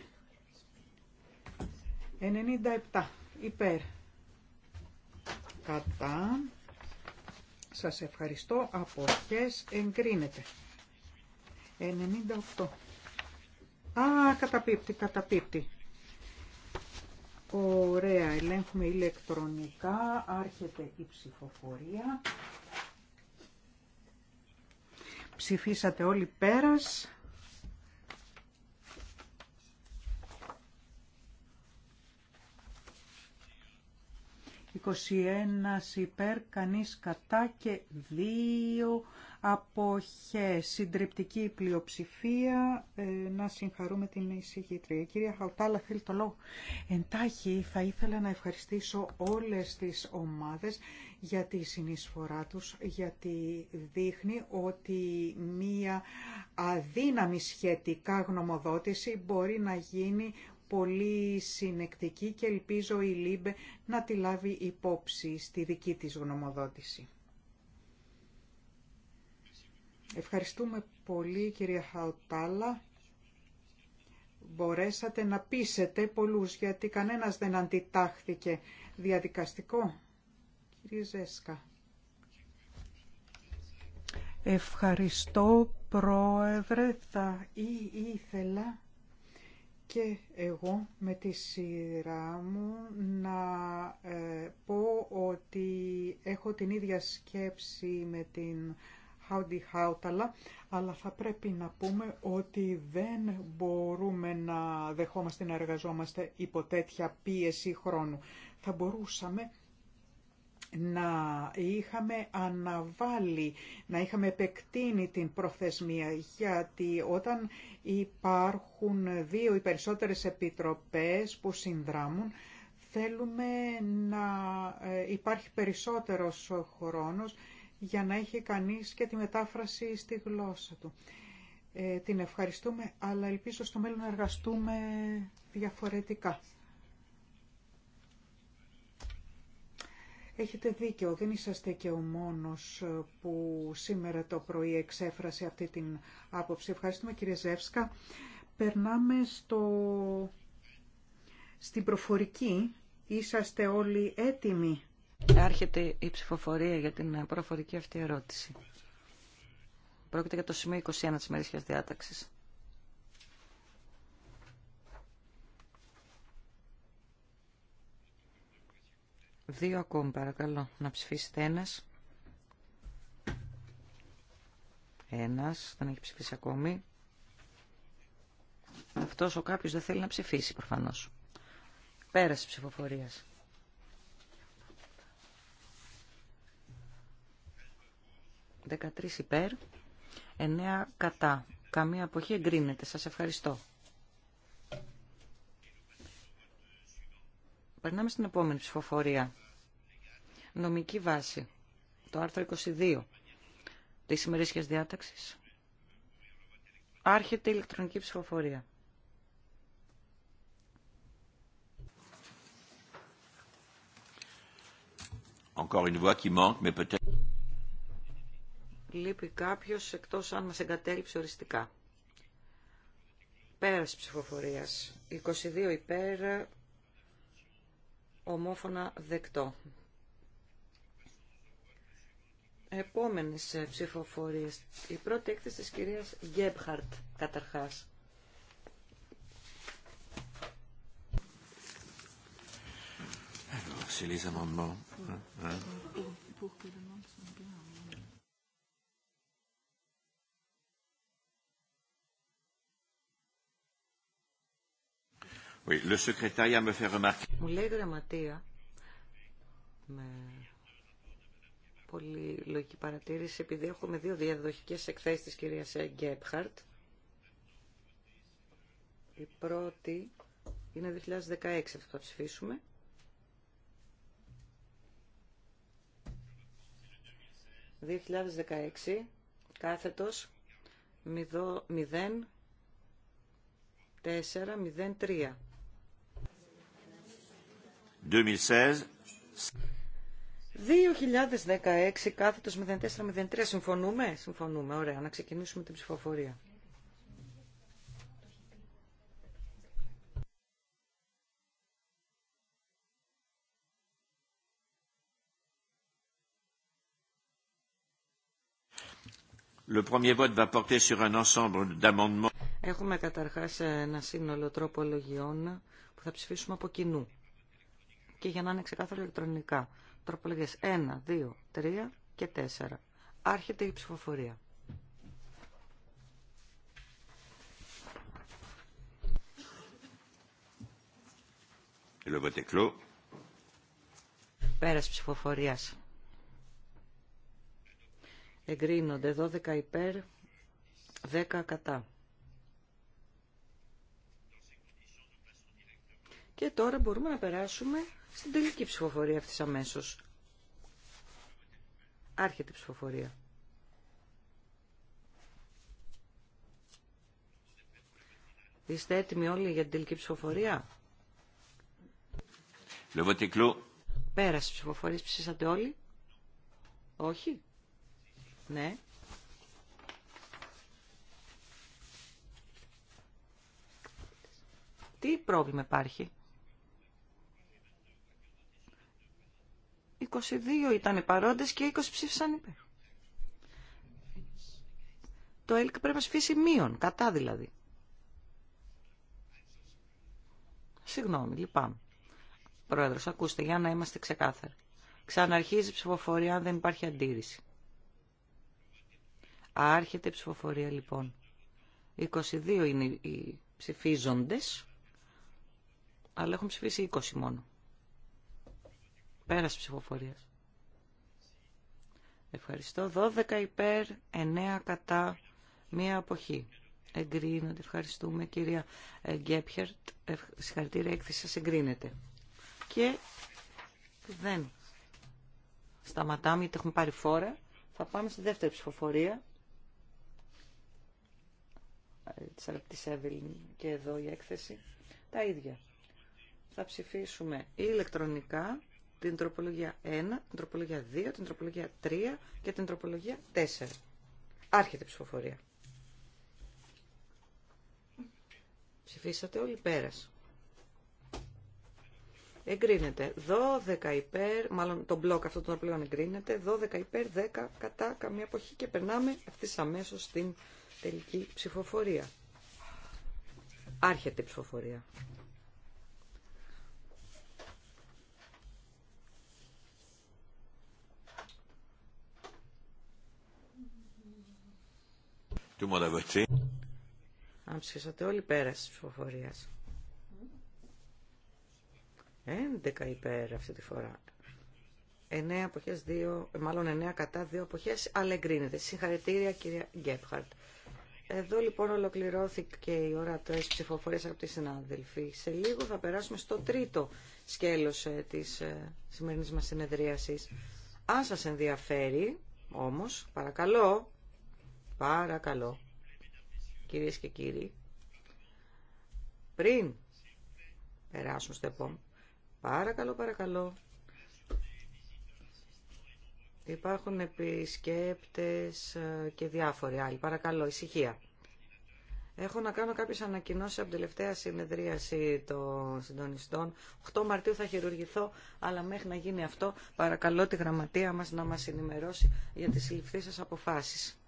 97. Υπέρ. Κατά. Σας ευχαριστώ. Αποχές εγκρίνεται. 98. Α, καταπίπτει, καταπίπτει. Ωραία, ελέγχουμε ηλεκτρονικά, άρχεται η ψηφοφορία. Ψηφίσατε όλοι πέρας. «21 υπέρ, κανείς κατά και δύο χέ συντριπτική πλειοψηφία. Ε, να συγχαρούμε την εισηγήτρια. κυρία Χαουτάλα θέλει το λόγο. Εντάχει, θα ήθελα να ευχαριστήσω όλες τις ομάδες για τη συνεισφορά τους, γιατί δείχνει ότι μία αδύναμη σχετικά γνωμοδότηση μπορεί να γίνει πολύ συνεκτική και ελπίζω η ΛΥΜΠΕ να τη λάβει υπόψη στη δική της γνωμοδότηση. Ευχαριστούμε πολύ κυρία Χαουτάλα. Μπορέσατε να πείσετε πολλούς γιατί κανένας δεν αντιτάχθηκε. Διαδικαστικό, κύριε Ζέσκα. Ευχαριστώ πρόεδρε, θα ή ήθελα και εγώ με τη σειρά μου να ε, πω ότι έχω την ίδια σκέψη με την Χάουντι Χάουταλα, αλλά θα πρέπει να πούμε ότι δεν μπορούμε να δεχόμαστε να εργαζόμαστε υπό τέτοια πίεση χρόνου. Θα μπορούσαμε να είχαμε αναβάλει, να είχαμε επεκτείνει την προθεσμία, γιατί όταν υπάρχουν δύο ή περισσότερες επιτροπές που συνδράμουν, θέλουμε να ε, υπάρχει περισσότερος χρόνος για να έχει κανείς και τη μετάφραση στη γλώσσα του. Ε, την ευχαριστούμε, αλλά ελπίζω στο μέλλον να εργαστούμε διαφορετικά. Έχετε δίκιο, δεν είσαστε και ο μόνος ε, που σήμερα το πρωί εξέφρασε αυτή την άποψη. Ευχαριστούμε κύριε Ζεύσκα. Περνάμε στο... στην προφορική. Είσαστε όλοι έτοιμοι. Άρχεται η ψηφοφορία για την προφορική αυτή ερώτηση. Πρόκειται για το σημείο 21 της μερίσιας διάταξης. Δύο ακόμη παρακαλώ να ψηφίσετε ένας. Ένας, δεν έχει ψηφίσει ακόμη. Αυτός ο κάποιος δεν θέλει να ψηφίσει προφανώς. Πέρασε ψηφοφορίας. 13 υπέρ, 9 κατά. Καμία αποχή εγκρίνεται. Σας ευχαριστώ. Περνάμε στην επόμενη ψηφοφορία. Νομική βάση. Το άρθρο 22 της ημερήσιας διάταξης. Άρχεται η ηλεκτρονική ψηφοφορία. Encore une voix qui manque, mais peut-être... Λείπει κάποιος εκτός αν μας εγκατέλειψε οριστικά. Πέρας ψηφοφορίας. 22 υπέρ, ομόφωνα δεκτό. Επόμενες ψηφοφορίες. Η πρώτη έκθεση της κυρίας Γκέμπχαρτ, καταρχάς. Alors, les Μου λέει η γραμματεία με πολύ λογική παρατήρηση επειδή έχουμε δύο διαδοχικές εκθέσεις της κυρίας Γκέπχαρτ. Η πρώτη είναι 2016 αυτό θα ψηφίσουμε. ...2016, κάθετος 0403. 2016 κάθετος 0403 συμφωνούμε συμφωνούμε ωραία να ξεκινήσουμε την ψηφοφορία Le premier vote va porter sur un ensemble d'amendements. Έχουμε καταρχάς ένα σύνολο τρόπο λογιών που θα ψηφίσουμε από κοινού και για να είναι ξεκάθαρο ηλεκτρονικά. Τροπολογίες 1, 2, 3 και 4. Άρχεται η ψηφοφορία. Πέρας ψηφοφορίας. Εγκρίνονται 12 υπέρ, 10 κατά. Και τώρα μπορούμε να περάσουμε στην τελική ψηφοφορία αυτής αμέσως. Άρχεται η ψηφοφορία. Είστε έτοιμοι όλοι για την τελική ψηφοφορία. Πέρασε ψηφοφορία. ψήσατε όλοι. Όχι. Ναι. Τι πρόβλημα υπάρχει. 22 ήταν οι παρόντες και 20 ψήφισαν υπέρ. Το ΕΛΚ πρέπει να σφίσει μείον, κατά δηλαδή. Συγγνώμη, λυπάμαι. Πρόεδρος, ακούστε, για να είμαστε ξεκάθαροι. Ξαναρχίζει η ψηφοφορία αν δεν υπάρχει αντίρρηση. Άρχεται η ψηφοφορία λοιπόν. 22 είναι οι ψηφίζοντες, αλλά έχουν ψηφίσει 20 μόνο. Πέρας ψηφοφορία. Ευχαριστώ. 12 υπέρ, 9 κατά, μία αποχή. Εγκρίνονται. Ευχαριστούμε κυρία ε, Γκέπχερτ. Συγχαρητήρια έκθεση σας εγκρίνεται. Και δεν σταματάμε γιατί έχουμε πάρει φόρα. Θα πάμε στη δεύτερη ψηφοφορία. Ε, Τη αγαπητή Εύελιν και εδώ η έκθεση. Τα ίδια. Θα ψηφίσουμε ηλεκτρονικά την τροπολογία 1, την τροπολογία 2, την τροπολογία 3 και την τροπολογία 4. Άρχεται η ψηφοφορία. Ψηφίσατε όλοι πέρα. Εγκρίνεται 12 υπέρ, μάλλον τον μπλοκ αυτό των τροπολογιών εγκρίνεται, 12 υπέρ, 10 κατά καμία εποχή και περνάμε αυτή αμέσως στην τελική ψηφοφορία. Άρχεται η ψηφοφορία. Αν ψηφίσατε όλοι πέρα τη ψηφοφορία. 11 υπέρ αυτή τη φορά. 9 αποχές, 2, μάλλον 9 κατά, 2 αποχές, αλλά εγκρίνεται. Συγχαρητήρια κυρία Γκέπχαρτ. Εδώ λοιπόν ολοκληρώθηκε η ώρα τη ψηφοφορία από τη συνάδελφη. Σε λίγο θα περάσουμε στο τρίτο σκέλος ε, της ε, σημερινή μα συνεδρίασης. Αν σα ενδιαφέρει, όμω, παρακαλώ, Παρακαλώ, κυρίες και κύριοι, πριν περάσουν στο επόμενο, παρακαλώ, παρακαλώ, υπάρχουν επισκέπτες ε, και διάφοροι άλλοι. Παρακαλώ, ησυχία. Έχω να κάνω κάποιες ανακοινώσεις από την τελευταία συνεδρίαση των συντονιστών. 8 Μαρτίου θα χειρουργηθώ, αλλά μέχρι να γίνει αυτό παρακαλώ τη γραμματεία μας να μας ενημερώσει για τις ληφθείς αποφάσεις.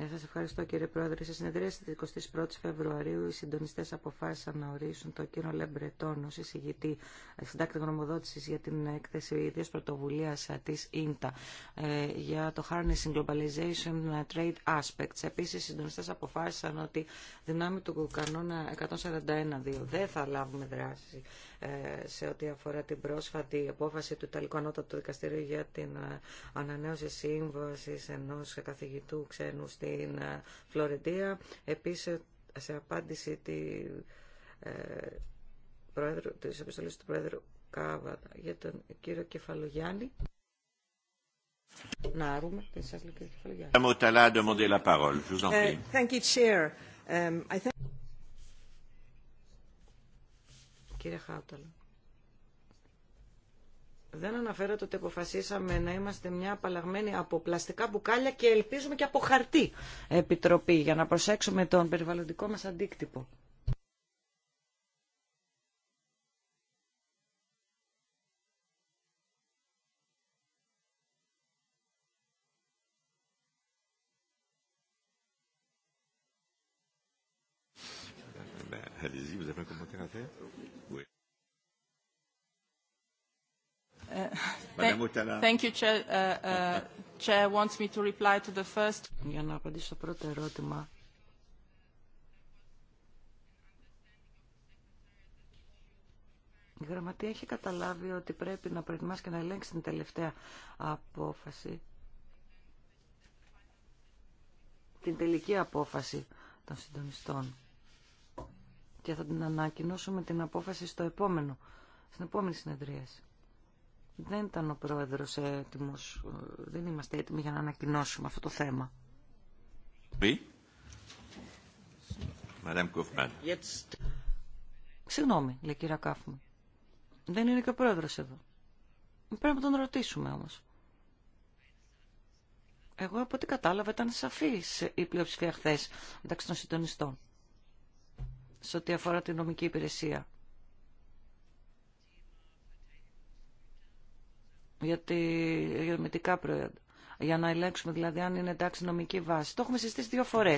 Ε, σας ευχαριστώ κύριε Πρόεδρε. Σε συνεδρίαση της 21ης Φεβρουαρίου οι συντονιστές αποφάσισαν να ορίσουν το κύριο Λεμπρετόν ως εισηγητή ε, συντάκτη γνωμοδότησης για την έκθεση ίδιας πρωτοβουλίας ε, της ΙΝΤΑ ε, για το Harnessing Globalization Trade Aspects. Επίσης οι συντονιστές αποφάσισαν ότι δυνάμει του κανόνα 141-2 δεν θα λάβουμε δράση ε, σε ό,τι αφορά την πρόσφατη απόφαση του Ιταλικού Ανώτατου Δικαστηρίου για την ε, ανανέωση σύμβασης ενός καθηγητού ξένου στην ε, Φλωρεντία. Επίσης, σε απάντηση τη, ε, προέδρου, της επιστολής του Πρόεδρου Κάβατα για τον κύριο Κεφαλογιάννη. Να αρουμε την σας κύριο Κεφαλογιάννη. Thank you, Chair. I think... Κύριε Χάουταλο. Δεν αναφέρατε ότι αποφασίσαμε να είμαστε μια απαλλαγμένη από πλαστικά μπουκάλια και ελπίζουμε και από χαρτί επιτροπή για να προσέξουμε τον περιβαλλοντικό μας αντίκτυπο. Για να απαντήσω στο πρώτο ερώτημα. Η Γραμματεία έχει καταλάβει ότι πρέπει να προετοιμάσει και να ελέγξει την τελευταία απόφαση. Την τελική απόφαση των συντονιστών. Και θα την ανακοινώσουμε την απόφαση στο επόμενο, στην επόμενη συνεδρίαση. Δεν ήταν ο πρόεδρος έτοιμος, δεν είμαστε έτοιμοι για να ανακοινώσουμε αυτό το θέμα. Oui. Συγγνώμη, λέει κύριε Δεν είναι και ο πρόεδρος εδώ. Πρέπει να τον ρωτήσουμε όμως. Εγώ από ό,τι κατάλαβα ήταν σαφή η πλειοψηφία χθε μεταξύ των συντονιστών. Σε ό,τι αφορά την νομική υπηρεσία. για τη προϊόντα. Για να ελέγξουμε δηλαδή αν είναι εντάξει νομική βάση. Το έχουμε συζητήσει δύο φορέ.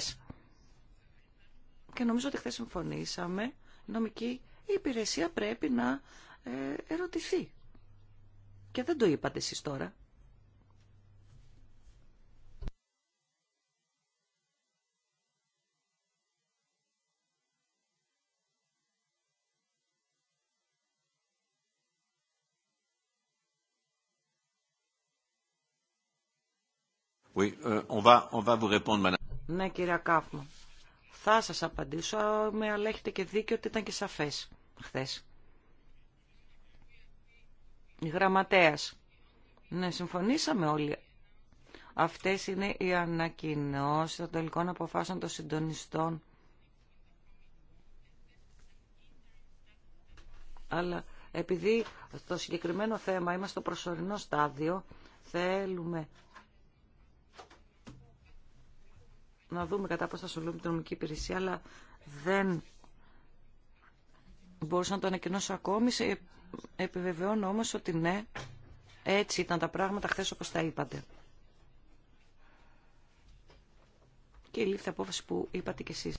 Και νομίζω ότι χθε συμφωνήσαμε. Η νομική υπηρεσία πρέπει να ε, ερωτηθεί. Και δεν το είπατε εσεί τώρα. Euh, ναι, κύριε Κάφμα. Θα σα απαντήσω, με, αλλά έχετε και δίκιο ότι ήταν και σαφές χθε. Η γραμματέα. Ναι, συμφωνήσαμε όλοι. Αυτέ είναι οι ανακοινώσει των τελικών αποφάσεων των συντονιστών. Αλλά επειδή στο συγκεκριμένο θέμα είμαστε στο προσωρινό στάδιο, θέλουμε να δούμε κατά πώς θα ασχολούμαι την νομική υπηρεσία, αλλά δεν μπορούσα να το ανακοινώσω ακόμη. Επιβεβαιώνω όμως ότι ναι, έτσι ήταν τα πράγματα χθες όπως τα είπατε. Και η λήφθη απόφαση που είπατε κι εσείς.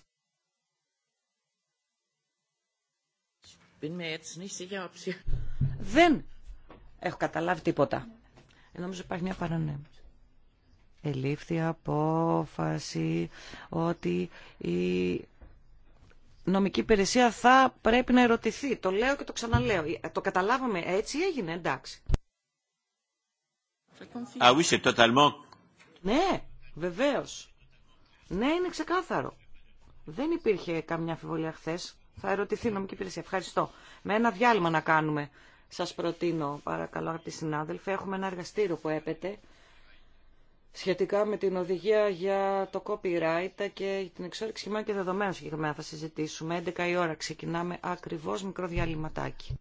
Δεν έχω καταλάβει τίποτα. Ε, νομίζω υπάρχει μια παρανέμηση ελήφθη απόφαση ότι η νομική υπηρεσία θα πρέπει να ερωτηθεί. Το λέω και το ξαναλέω. Το καταλάβαμε έτσι έγινε, εντάξει. α, ah oui, totalement... Ναι, βεβαίω. Ναι, είναι ξεκάθαρο. Δεν υπήρχε καμιά αμφιβολία χθε. Θα ερωτηθεί η νομική υπηρεσία. Ευχαριστώ. Με ένα διάλειμμα να κάνουμε. Σας προτείνω, παρακαλώ, αγαπητοί συνάδελφοι, έχουμε ένα εργαστήριο που έπεται σχετικά με την οδηγία για το copyright και την εξόρυξη χειμών και δεδομένων συγκεκριμένα θα συζητήσουμε. 11 η ώρα ξεκινάμε ακριβώς μικρό διαλυματάκι.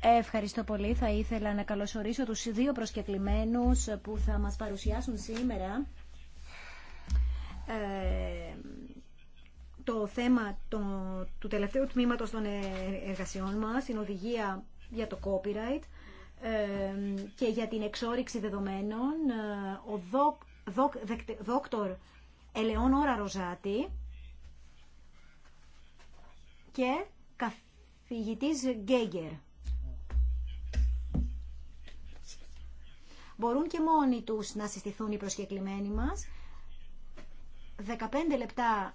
Ευχαριστώ πολύ. Θα ήθελα να καλωσορίσω τους δύο προσκεκλημένους που θα μας παρουσιάσουν σήμερα ε, το θέμα του τελευταίου τμήματος των ε, εργασιών μας, την οδηγία για το copyright ε, και για την εξόριξη δεδομένων, ο δόκτωρ Ελεών Ωρα Ροζάτη, και καθηγητής Γκέγκερ. Μπορούν και μόνοι τους να συστηθούν οι προσκεκλημένοι μας. 15 λεπτά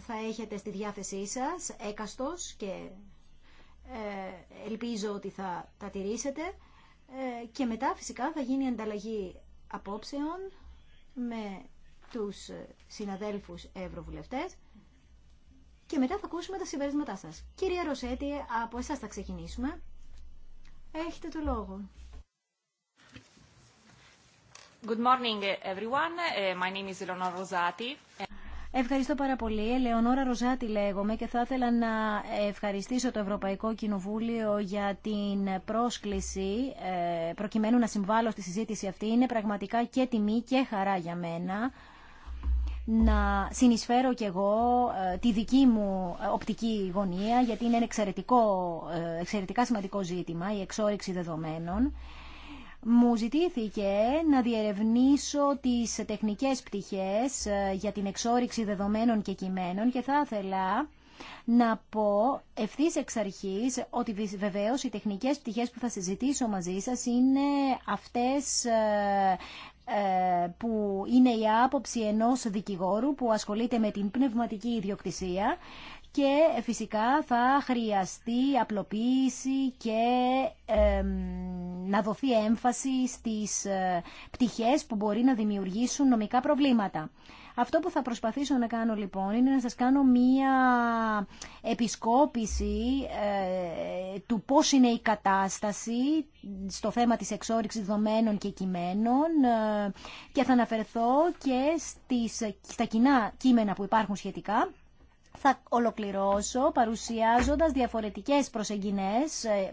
θα έχετε στη διάθεσή σας, έκαστος και ε, ελπίζω ότι θα τα τηρήσετε. Ε, και μετά φυσικά θα γίνει ανταλλαγή απόψεων με τους συναδέλφους ευρωβουλευτές και μετά θα ακούσουμε τα συμπερίσματά σας. Κυρία Ροσέτη, από εσάς θα ξεκινήσουμε. Έχετε το λόγο. Good morning everyone. Ε, my name is Eleonora Rosati. Ευχαριστώ πάρα πολύ. Ελεονόρα Ροζάτη λέγομαι και θα ήθελα να ευχαριστήσω το Ευρωπαϊκό Κοινοβούλιο για την πρόσκληση ε, προκειμένου να συμβάλλω στη συζήτηση αυτή. Είναι πραγματικά και τιμή και χαρά για μένα να συνεισφέρω κι εγώ ε, τη δική μου ε, οπτική γωνία, γιατί είναι ένα εξαιρετικό, ε, εξαιρετικά σημαντικό ζήτημα, η εξόριξη δεδομένων. Μου ζητήθηκε να διερευνήσω τις τεχνικές πτυχές για την εξόριξη δεδομένων και κειμένων και θα ήθελα να πω ευθύ εξ ότι βεβαίω οι τεχνικέ πτυχέ που θα συζητήσω μαζί σα είναι αυτέ ε, που είναι η άποψη ενός δικηγόρου που ασχολείται με την πνευματική ιδιοκτησία και ε, φυσικά θα χρειαστεί απλοποίηση και ε, να δοθεί έμφαση στις πτυχές που μπορεί να δημιουργήσουν νομικά προβλήματα. Αυτό που θα προσπαθήσω να κάνω λοιπόν είναι να σας κάνω μία επισκόπηση ε, του πώς είναι η κατάσταση στο θέμα της εξόριξης δομένων και κειμένων ε, και θα αναφερθώ και στις, στα κοινά κείμενα που υπάρχουν σχετικά θα ολοκληρώσω παρουσιάζοντας διαφορετικές ε,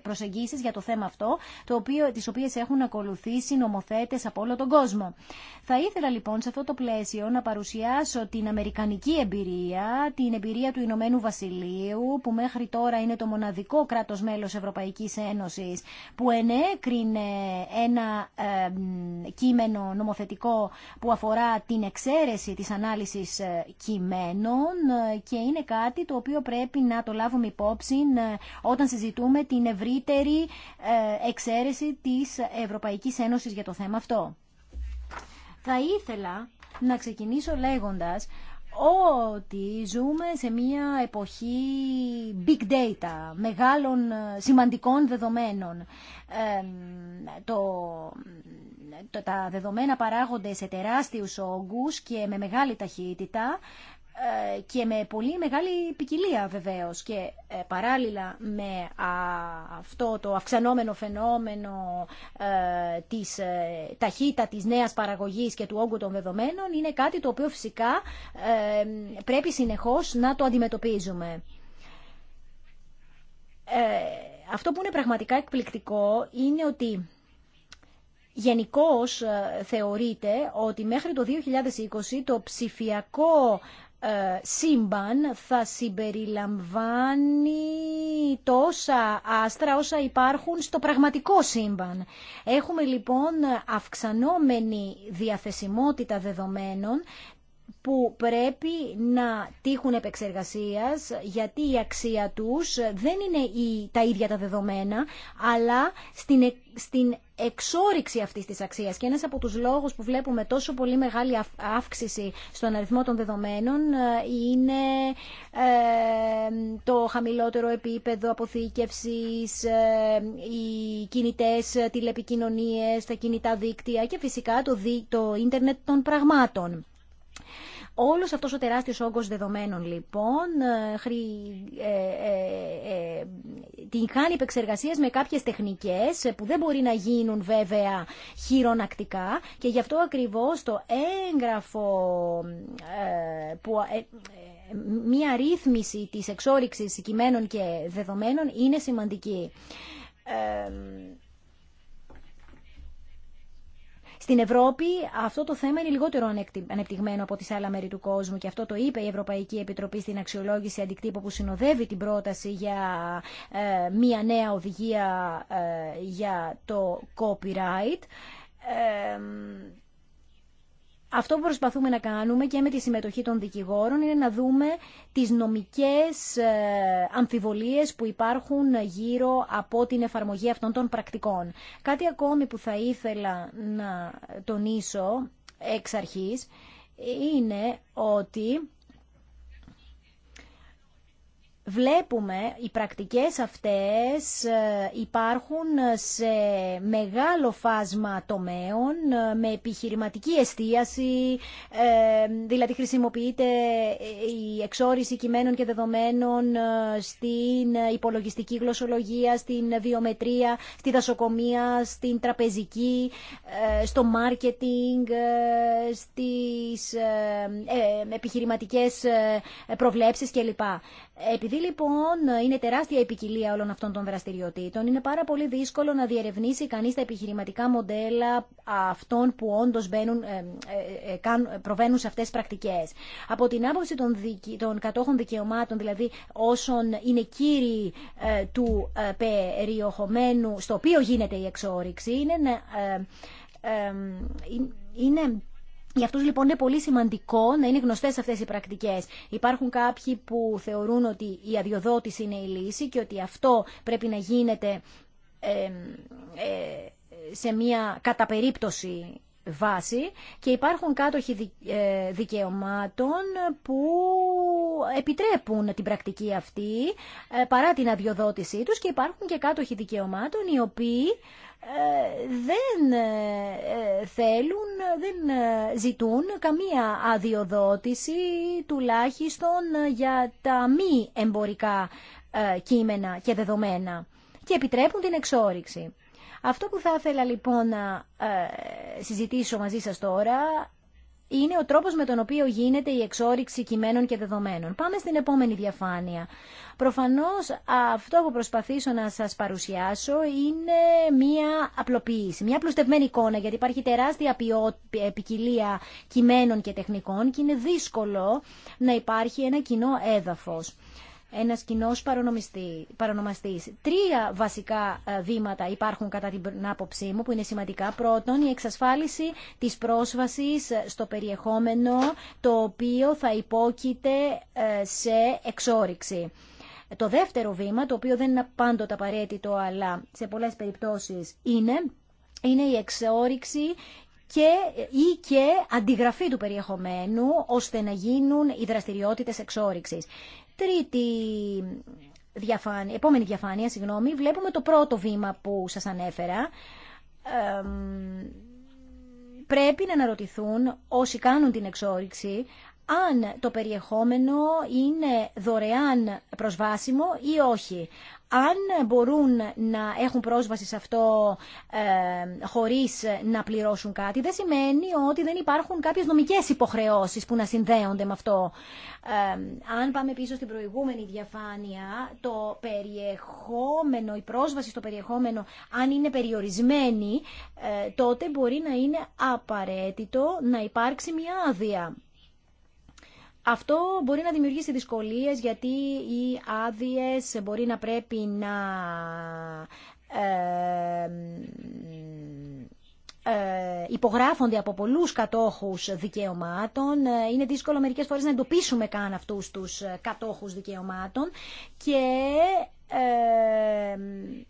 προσεγγίσεις για το θέμα αυτό, το οποίο, τις οποίες έχουν ακολουθήσει νομοθέτες από όλο τον κόσμο. Θα ήθελα λοιπόν σε αυτό το πλαίσιο να παρουσιάσω την αμερικανική εμπειρία, την εμπειρία του Ηνωμένου Βασιλείου, που μέχρι τώρα είναι το μοναδικό κράτος μέλος Ευρωπαϊκής Ένωσης, που ενέκρινε ένα κείμενο νομοθετικό που αφορά την εξαίρεση της ανάλυσης ε, κειμένων ε, και είναι κάτι το οποίο πρέπει να το λάβουμε υπόψη ε, όταν συζητούμε την ευρύτερη ε, εξαίρεση της Ευρωπαϊκής Ένωσης για το θέμα αυτό. Θα ήθελα να ξεκινήσω λέγοντας ότι ζούμε σε μια εποχή big data, μεγάλων ε, σημαντικών δεδομένων. το, τα δεδομένα παράγονται σε τεράστιους όγκους και με μεγάλη ταχύτητα. Ε, και με πολύ μεγάλη ποικιλία βεβαίως και ε, παράλληλα με αυτό το αυξανόμενο φαινόμενο ε, της ταχύτητα της νέας παραγωγής και του όγκου των δεδομένων είναι κάτι το οποίο φυσικά πρέπει συνεχώς να το αντιμετωπίζουμε. Αυτό που είναι πραγματικά εκπληκτικό είναι ότι Γενικώ θεωρείται ότι μέχρι το 2020 το ψηφιακό ε, σύμπαν θα συμπεριλαμβάνει τόσα άστρα όσα υπάρχουν στο πραγματικό σύμπαν. Έχουμε λοιπόν αυξανόμενη διαθεσιμότητα δεδομένων που πρέπει να τύχουν επεξεργασίας γιατί η αξία τους δεν είναι η, τα ίδια τα δεδομένα αλλά στην, ε, στην εξόριξη αυτής της αξίας και ένας από τους λόγους που βλέπουμε τόσο πολύ μεγάλη αύξηση στον αριθμό των δεδομένων ε, είναι ε, το χαμηλότερο επίπεδο αποθήκευσης, οι κινητές τηλεπικοινωνίες, τα κινητά δίκτυα και φυσικά το, το ίντερνετ των πραγμάτων. Όλο αυτός ο τεράστιο όγκος δεδομένων λοιπόν ε, χρη, ε, ε, την χάνει επεξεργασία με κάποιες τεχνικές που δεν μπορεί να γίνουν βέβαια χειρονακτικά και γι' αυτό ακριβώς το έγγραφο που μια ρύθμιση της εξόριξης κειμένων και δεδομένων είναι σημαντική. Στην Ευρώπη αυτό το θέμα είναι λιγότερο ανεπτυγμένο από τις άλλα μέρη του κόσμου και αυτό το είπε η Ευρωπαϊκή Επιτροπή στην αξιολόγηση αντικτύπου που συνοδεύει την πρόταση για ε, μία νέα οδηγία ε, για το copyright. Ε, αυτό που προσπαθούμε να κάνουμε και με τη συμμετοχή των δικηγόρων είναι να δούμε τις νομικές ε, αμφιβολίες που υπάρχουν γύρω από την εφαρμογή αυτών των πρακτικών. Κάτι ακόμη που θα ήθελα να τονίσω εξ αρχής είναι ότι βλέπουμε οι πρακτικές αυτές ε, υπάρχουν σε μεγάλο φάσμα τομέων ε, με επιχειρηματική εστίαση, ε, δηλαδή χρησιμοποιείται η εξόριση κειμένων και δεδομένων στην υπολογιστική γλωσσολογία, στην βιομετρία, στη δασοκομεία, στην τραπεζική, στο μάρκετινγκ, στις επιχειρηματικές προβλέψεις κλπ. Επειδή λοιπόν είναι τεράστια η ποικιλία όλων αυτών των δραστηριοτήτων, είναι πάρα πολύ δύσκολο να διερευνήσει κανείς τα επιχειρηματικά μοντέλα αυτών που όντως προβαίνουν σε αυτές τις πρακτικές. Από την άποψη των, κατόχων δικαιωμάτων, δηλαδή όσων είναι κύριοι του περιεχομένου στο οποίο γίνεται η εξόριξη, είναι, είναι για αυτούς λοιπόν είναι πολύ σημαντικό να είναι γνωστές αυτές οι πρακτικές. Υπάρχουν κάποιοι που θεωρούν ότι η αδειοδότηση είναι η λύση και ότι αυτό πρέπει να γίνεται ε, σε μια καταπερίπτωση βάση και υπάρχουν κάτοχοι ε, δικαιωμάτων που επιτρέπουν την πρακτική αυτή ε, παρά την αδειοδότησή τους και υπάρχουν και κάτοχοι δικαιωμάτων οι οποίοι δεν ε, θέλουν, δεν ε, ζητούν καμία αδειοδότηση τουλάχιστον ε, για τα μη εμπορικά κείμενα και δεδομένα και επιτρέπουν την εξόριξη. Αυτό που θα ήθελα λοιπόν να συζητήσω μαζί σας τώρα είναι ο τρόπος με τον οποίο γίνεται η εξόριξη κειμένων και δεδομένων. Πάμε στην επόμενη διαφάνεια. Προφανώς αυτό που προσπαθήσω να σας παρουσιάσω είναι μία απλοποίηση, μία απλουστευμένη εικόνα, γιατί υπάρχει τεράστια ποικιλία κειμένων και τεχνικών και είναι δύσκολο να υπάρχει ένα κοινό έδαφος ένας κοινό παρονομαστής. Τρία βασικά ε, βήματα υπάρχουν κατά την άποψή μου που είναι σημαντικά. Πρώτον, η εξασφάλιση της πρόσβασης ε, στο περιεχόμενο το οποίο θα υπόκειται ε, σε εξόριξη. Το δεύτερο βήμα, το οποίο δεν είναι πάντοτε απαραίτητο, αλλά σε πολλές περιπτώσεις είναι, είναι η εξόριξη και, ή και αντιγραφή του περιεχομένου, ώστε να γίνουν οι δραστηριότητες εξόριξης. Τρίτη διαφάνεια, επόμενη διαφάνεια, συγγνώμη, βλέπουμε το πρώτο βήμα που σας ανέφερα. πρέπει να αναρωτηθούν όσοι κάνουν την εξόριξη αν το περιεχόμενο είναι δωρεάν προσβάσιμο ή όχι. Αν μπορούν να έχουν πρόσβαση σε αυτό ε, χωρίς να πληρώσουν κάτι, δεν σημαίνει ότι δεν υπάρχουν κάποιες νομικές υποχρεώσεις που να συνδέονται με αυτό. Ε, αν πάμε πίσω στην προηγούμενη διαφάνεια, το περιεχόμενο, η πρόσβαση στο περιεχόμενο, αν είναι περιορισμένη, ε, τότε μπορεί να είναι απαραίτητο να υπάρξει μια άδεια. Αυτό μπορεί να δημιουργήσει δυσκολίες γιατί οι άδειες μπορεί να πρέπει να ε, υπογράφονται από πολλούς κατόχους δικαιωμάτων. Ε, είναι δύσκολο μερικές φορές να εντοπίσουμε καν αυτούς τους ε, κατόχους δικαιωμάτων και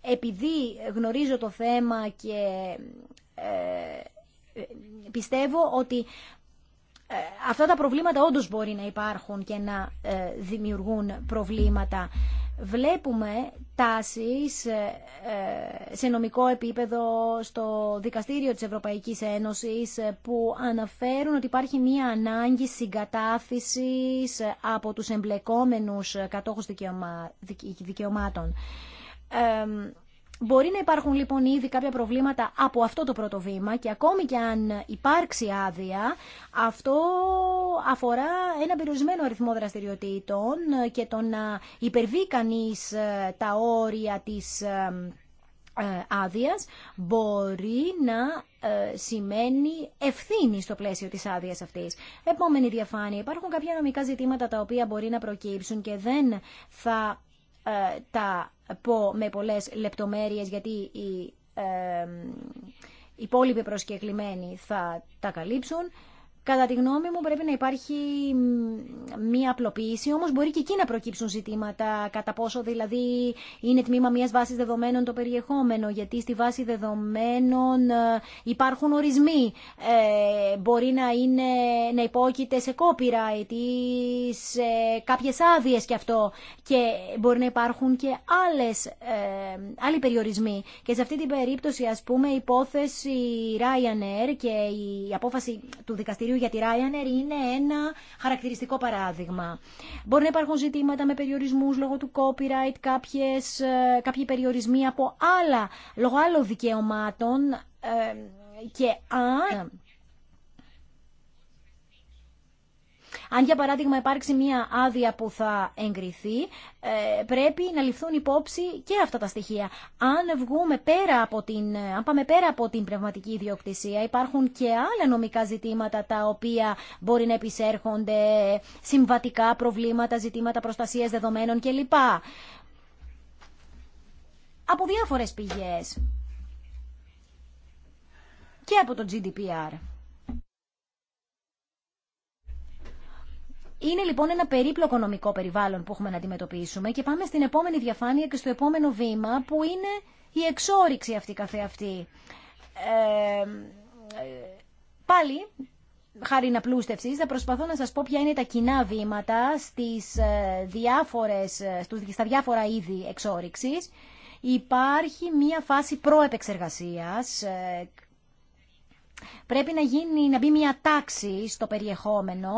επειδή γνωρίζω το θέμα και πιστεύω ότι ε, αυτά τα προβλήματα όντως μπορεί να υπάρχουν και να ε, δημιουργούν προβλήματα. Βλέπουμε τάσεις ε, σε νομικό επίπεδο στο Δικαστήριο της Ευρωπαϊκής Ένωσης που αναφέρουν ότι υπάρχει μία ανάγκη συγκατάθεσης από τους εμπλεκόμενους κατόχους δικαιωμάτων. Μπορεί να υπάρχουν λοιπόν ήδη κάποια προβλήματα από αυτό το πρώτο βήμα και ακόμη και αν υπάρξει άδεια, αυτό αφορά ένα περιορισμένο αριθμό δραστηριοτήτων και το να υπερβεί κανεί ε, τα όρια της ε, ε, άδεια μπορεί να σημαίνει ευθύνη στο πλαίσιο της άδεια αυτής. Επόμενη διαφάνεια. Υπάρχουν κάποια νομικά ζητήματα τα οποία μπορεί να προκύψουν και δεν θα τα πω με πολλές λεπτομέρειες γιατί οι ε, ε υπόλοιποι προσκεκλημένοι θα τα καλύψουν. Κατά τη γνώμη μου πρέπει να υπάρχει μία απλοποίηση, όμως μπορεί και εκεί να προκύψουν ζητήματα, κατά πόσο δηλαδή είναι τμήμα μιας βάσης δεδομένων το περιεχόμενο, γιατί στη βάση δεδομένων ε, υπάρχουν ορισμοί, ε, μπορεί να, είναι, να υπόκειται σε κόπηρα ή σε κάποιες άδειε και αυτό και μπορεί να υπάρχουν και άλλες, ε, άλλοι περιορισμοί. Και σε αυτή την περίπτωση ας πούμε η υπόθεση Ryanair και η απόφαση του δικαστηρίου για τη Ryanair είναι ένα χαρακτηριστικό παράδειγμα. Μπορεί να υπάρχουν ζητήματα με περιορισμούς λόγω του copyright, κάποιες, ε, κάποιοι περιορισμοί από άλλα, λόγω άλλων δικαιωμάτων ε, και αν Αν για παράδειγμα υπάρξει μία άδεια που θα εγκριθεί, ε, πρέπει να ληφθούν υπόψη και αυτά τα στοιχεία. Αν, βγούμε πέρα από την, ε, αν πάμε πέρα από την πνευματική ιδιοκτησία, υπάρχουν και άλλα νομικά ζητήματα τα οποία μπορεί να επισέρχονται, συμβατικά προβλήματα, ζητήματα προστασίας δεδομένων κλπ. Από διάφορες πηγές. Και από το GDPR. Είναι λοιπόν ένα περίπλοκο νομικό περιβάλλον που έχουμε να αντιμετωπίσουμε και πάμε στην επόμενη διαφάνεια και στο επόμενο βήμα που είναι η εξόριξη αυτή καθεαυτή. Ε, πάλι, χάρη πλούστευσης, θα προσπαθώ να σας πω ποια είναι τα κοινά βήματα στις ε, διάφορες, ε, στα διάφορα είδη εξόριξης. Υπάρχει μία φάση προεπεξεργασίας, ε, πρέπει να, γίνει, να μπει μία τάξη στο περιεχόμενο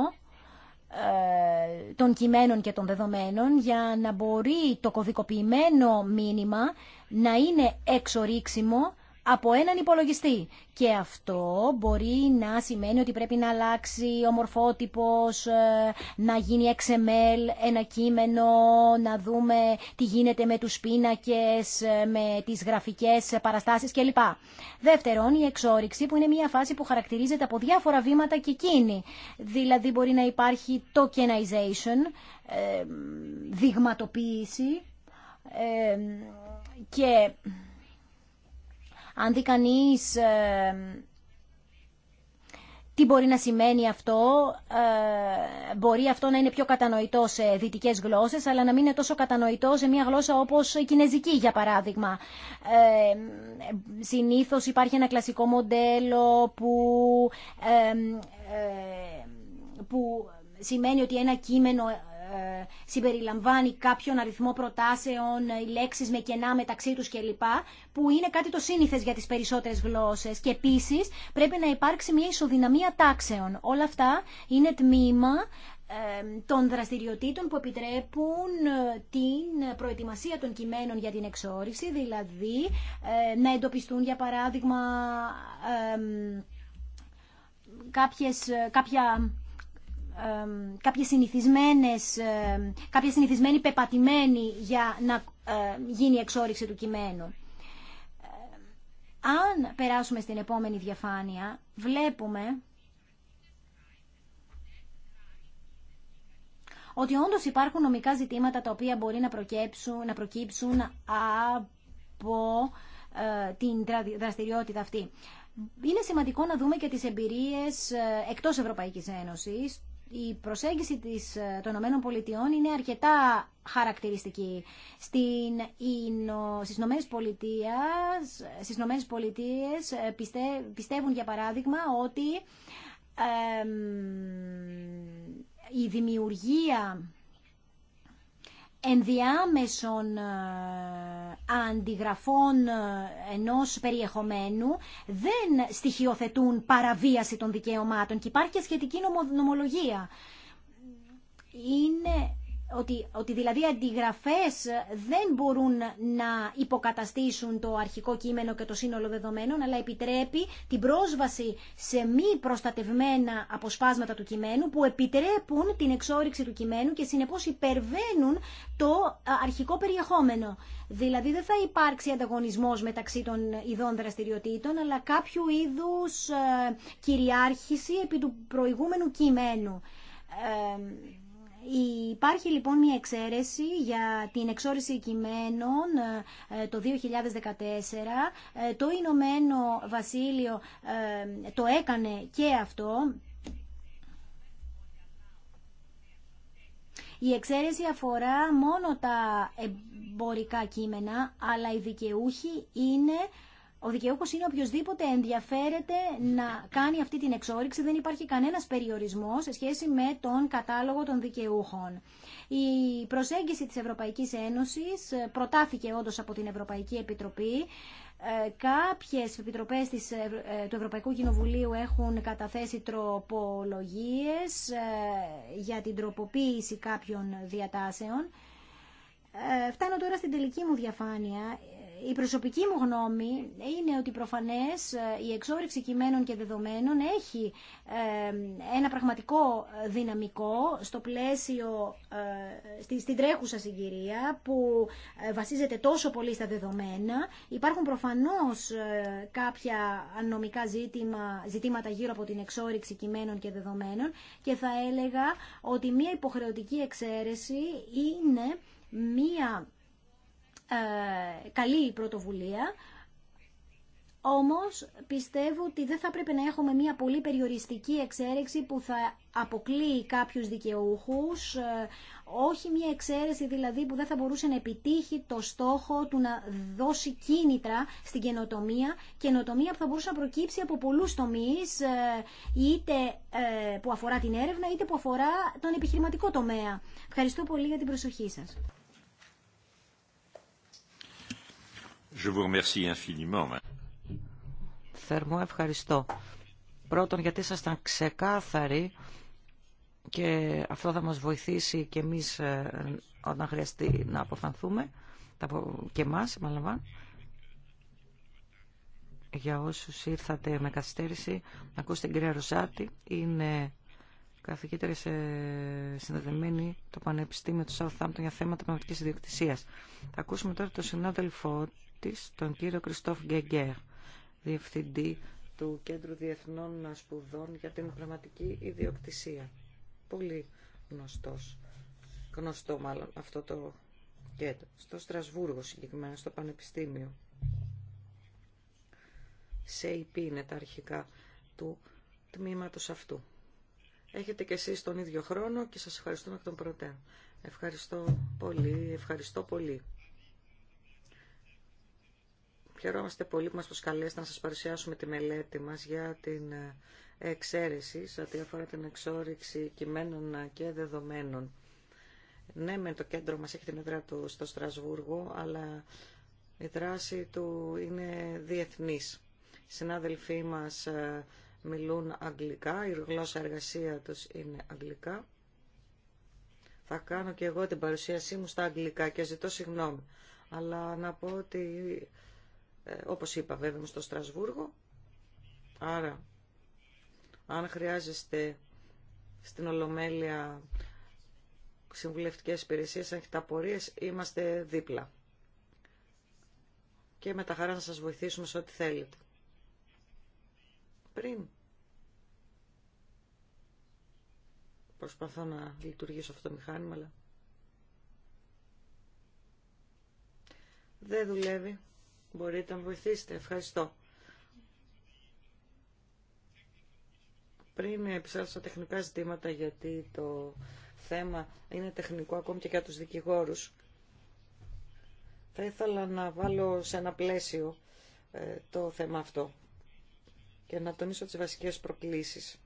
ε, των κειμένων και των δεδομένων για να μπορεί το κωδικοποιημένο μήνυμα να είναι εξορίξιμο από έναν υπολογιστή. Και αυτό μπορεί να σημαίνει ότι πρέπει να αλλάξει ο μορφότυπος, ε, να γίνει XML ένα κείμενο, να δούμε τι γίνεται με τους πίνακες, ε, με τις γραφικές παραστάσεις κλπ. Δεύτερον, η εξόριξη που είναι μια φάση που χαρακτηρίζεται από διάφορα βήματα και εκείνη. Δηλαδή μπορεί να υπάρχει tokenization, ε, δειγματοποίηση και αν δει κανείς ε, τι μπορεί να σημαίνει αυτό, ε, μπορεί αυτό να είναι πιο κατανοητό σε δυτικέ γλώσσε, αλλά να μην είναι τόσο κατανοητό σε μια γλώσσα όπω η κινέζικη, για παράδειγμα. Ε, Συνήθω υπάρχει ένα κλασικό μοντέλο που. Ε, ε που σημαίνει ότι ένα κείμενο ε, συμπεριλαμβάνει κάποιον αριθμό προτάσεων, ε, λέξεις με κενά μεταξύ τους κλπ. που είναι κάτι το σύνηθες για τις περισσότερες γλώσσες. Και επίσης πρέπει να υπάρξει μια ισοδυναμία τάξεων. Όλα αυτά είναι τμήμα ε, των δραστηριοτήτων που επιτρέπουν την προετοιμασία των κειμένων για την εξόριξη, δηλαδή να εντοπιστούν για παράδειγμα κάποιες, κάποια κάποιες συνηθισμένες, κάποια συνηθισμένη πεπατημένη για να γίνει η εξόριξη του κειμένου. Αν περάσουμε στην επόμενη διαφάνεια, βλέπουμε ότι όντως υπάρχουν νομικά ζητήματα τα οποία μπορεί να προκύψουν, να προκύψουν από ε, την δραστηριότητα αυτή. Είναι σημαντικό να δούμε και τις εμπειρίες ε, εκτός Ευρωπαϊκής Ένωσης η προσέγγιση της, ε, των ΗΠΑ είναι αρκετά χαρακτηριστική. Στην, στις Ηνωμένες Πολιτείες, στις Ηνωμένες Πολιτείες ε, πιστεύουν για παράδειγμα ότι η δημιουργία ενδιάμεσων ε, αντιγραφών ε, ενός περιεχομένου δεν στοιχειοθετούν παραβίαση των δικαιωμάτων και υπάρχει και σχετική νομολογία. Είναι ότι, ότι δηλαδή αντιγραφές δεν μπορούν να υποκαταστήσουν το αρχικό κείμενο και το σύνολο δεδομένων, αλλά επιτρέπει την πρόσβαση σε μη προστατευμένα αποσπάσματα του κειμένου που επιτρέπουν την εξόριξη του κειμένου και συνεπώς υπερβαίνουν το αρχικό περιεχόμενο. Δηλαδή δεν θα υπάρξει ανταγωνισμός μεταξύ των ειδών δραστηριοτήτων, αλλά κάποιου είδους ε, κυριάρχηση επί του προηγούμενου κειμένου. Ε, Υπάρχει λοιπόν μια εξαίρεση για την εξόριση κειμένων ε, το 2014. Ε, το Ηνωμένο Βασίλειο ε, το έκανε και αυτό. Η εξαίρεση αφορά μόνο τα εμπορικά κείμενα, αλλά οι δικαιούχοι είναι ο δικαιούχος είναι οποιοδήποτε ενδιαφέρεται να κάνει αυτή την εξόριξη. Δεν υπάρχει κανένας περιορισμός σε σχέση με τον κατάλογο των δικαιούχων. Η προσέγγιση της Ευρωπαϊκής Ένωσης ε, προτάθηκε όντως από την Ευρωπαϊκή Επιτροπή. Ε, κάποιες επιτροπές ε, του Ευρωπαϊκού Κοινοβουλίου έχουν καταθέσει τροπολογίες για την τροποποίηση κάποιων διατάσεων. Φτάνω τώρα στην τελική μου διαφάνεια η προσωπική μου γνώμη είναι ότι προφανές ε, η εξόρυξη κειμένων και δεδομένων έχει ε, ένα πραγματικό δυναμικό στο πλαίσιο, ε, στην τρέχουσα συγκυρία που βασίζεται τόσο πολύ στα δεδομένα. Υπάρχουν προφανώς κάποια νομικά ζήτημα, ζητήματα γύρω από την εξόρυξη κειμένων και δεδομένων και θα έλεγα ότι μία υποχρεωτική εξαίρεση είναι μία ε, καλή πρωτοβουλία, όμως πιστεύω ότι δεν θα πρέπει να έχουμε μια πολύ περιοριστική εξαίρεξη που θα αποκλείει κάποιους δικαιούχους, ε, όχι μια εξαίρεση δηλαδή που δεν θα μπορούσε να επιτύχει το στόχο του να δώσει κίνητρα στην καινοτομία, καινοτομία που θα μπορούσε να προκύψει από πολλούς τομείς, ε, είτε που αφορά την έρευνα είτε που αφορά τον επιχειρηματικό τομέα. Ευχαριστώ πολύ για την προσοχή σας. Θερμό ευχαριστώ. Πρώτον γιατί ήσασταν ξεκάθαροι και αυτό θα μας βοηθήσει και εμείς ε, όταν χρειαστεί να αποφανθούμε και εμάς, μάλλον για όσους ήρθατε με καθυστέρηση να ακούσετε την κυρία Ροζάτη είναι καθηγήτρια σε συνδεδεμένη το Πανεπιστήμιο του Southampton για θέματα πνευματικής ιδιοκτησίας. Θα ακούσουμε τώρα τον συνάδελφό της, τον κύριο Κριστόφ Γκεγκέρ, Διευθυντή του Κέντρου Διεθνών Σπουδών για την Πραγματική Ιδιοκτησία. Πολύ γνωστός, γνωστό μάλλον αυτό το κέντρο, στο Στρασβούργο συγκεκριμένα, στο Πανεπιστήμιο. ΣΕΙΠ είναι τα αρχικά του τμήματος αυτού. Έχετε και εσείς τον ίδιο χρόνο και σας ευχαριστούμε εκ των προτέρων. Ευχαριστώ πολύ, ευχαριστώ πολύ. Χαιρόμαστε πολύ που μας προσκαλέσετε να σας παρουσιάσουμε τη μελέτη μας για την ε, εξαίρεση σε ό,τι αφορά την εξόριξη κειμένων ε, και δεδομένων. Ναι, με το κέντρο μας έχει την έδρα του στο Στρασβούργο, αλλά η δράση του είναι διεθνής. Οι συνάδελφοί μας ε, μιλούν αγγλικά, η γλώσσα εργασία τους είναι αγγλικά. Θα κάνω και εγώ την παρουσίασή μου στα αγγλικά και ζητώ συγγνώμη. Αλλά να πω ότι ε, όπως είπα βέβαια στο Στρασβούργο, άρα αν χρειάζεστε στην Ολομέλεια συμβουλευτικές υπηρεσίες, αν έχετε απορίες, είμαστε δίπλα. Και με τα χαρά να σας βοηθήσουμε σε ό,τι θέλετε. Πριν προσπαθώ να λειτουργήσω αυτό το μηχάνημα, αλλά δεν δουλεύει μπορείτε να βοηθήσετε. Ευχαριστώ. Πριν επισέλθω στα τεχνικά ζητήματα, γιατί το θέμα είναι τεχνικό ακόμη και για τους δικηγόρους, θα ήθελα να βάλω σε ένα πλαίσιο ε, το θέμα αυτό και να τονίσω τις βασικές προκλήσεις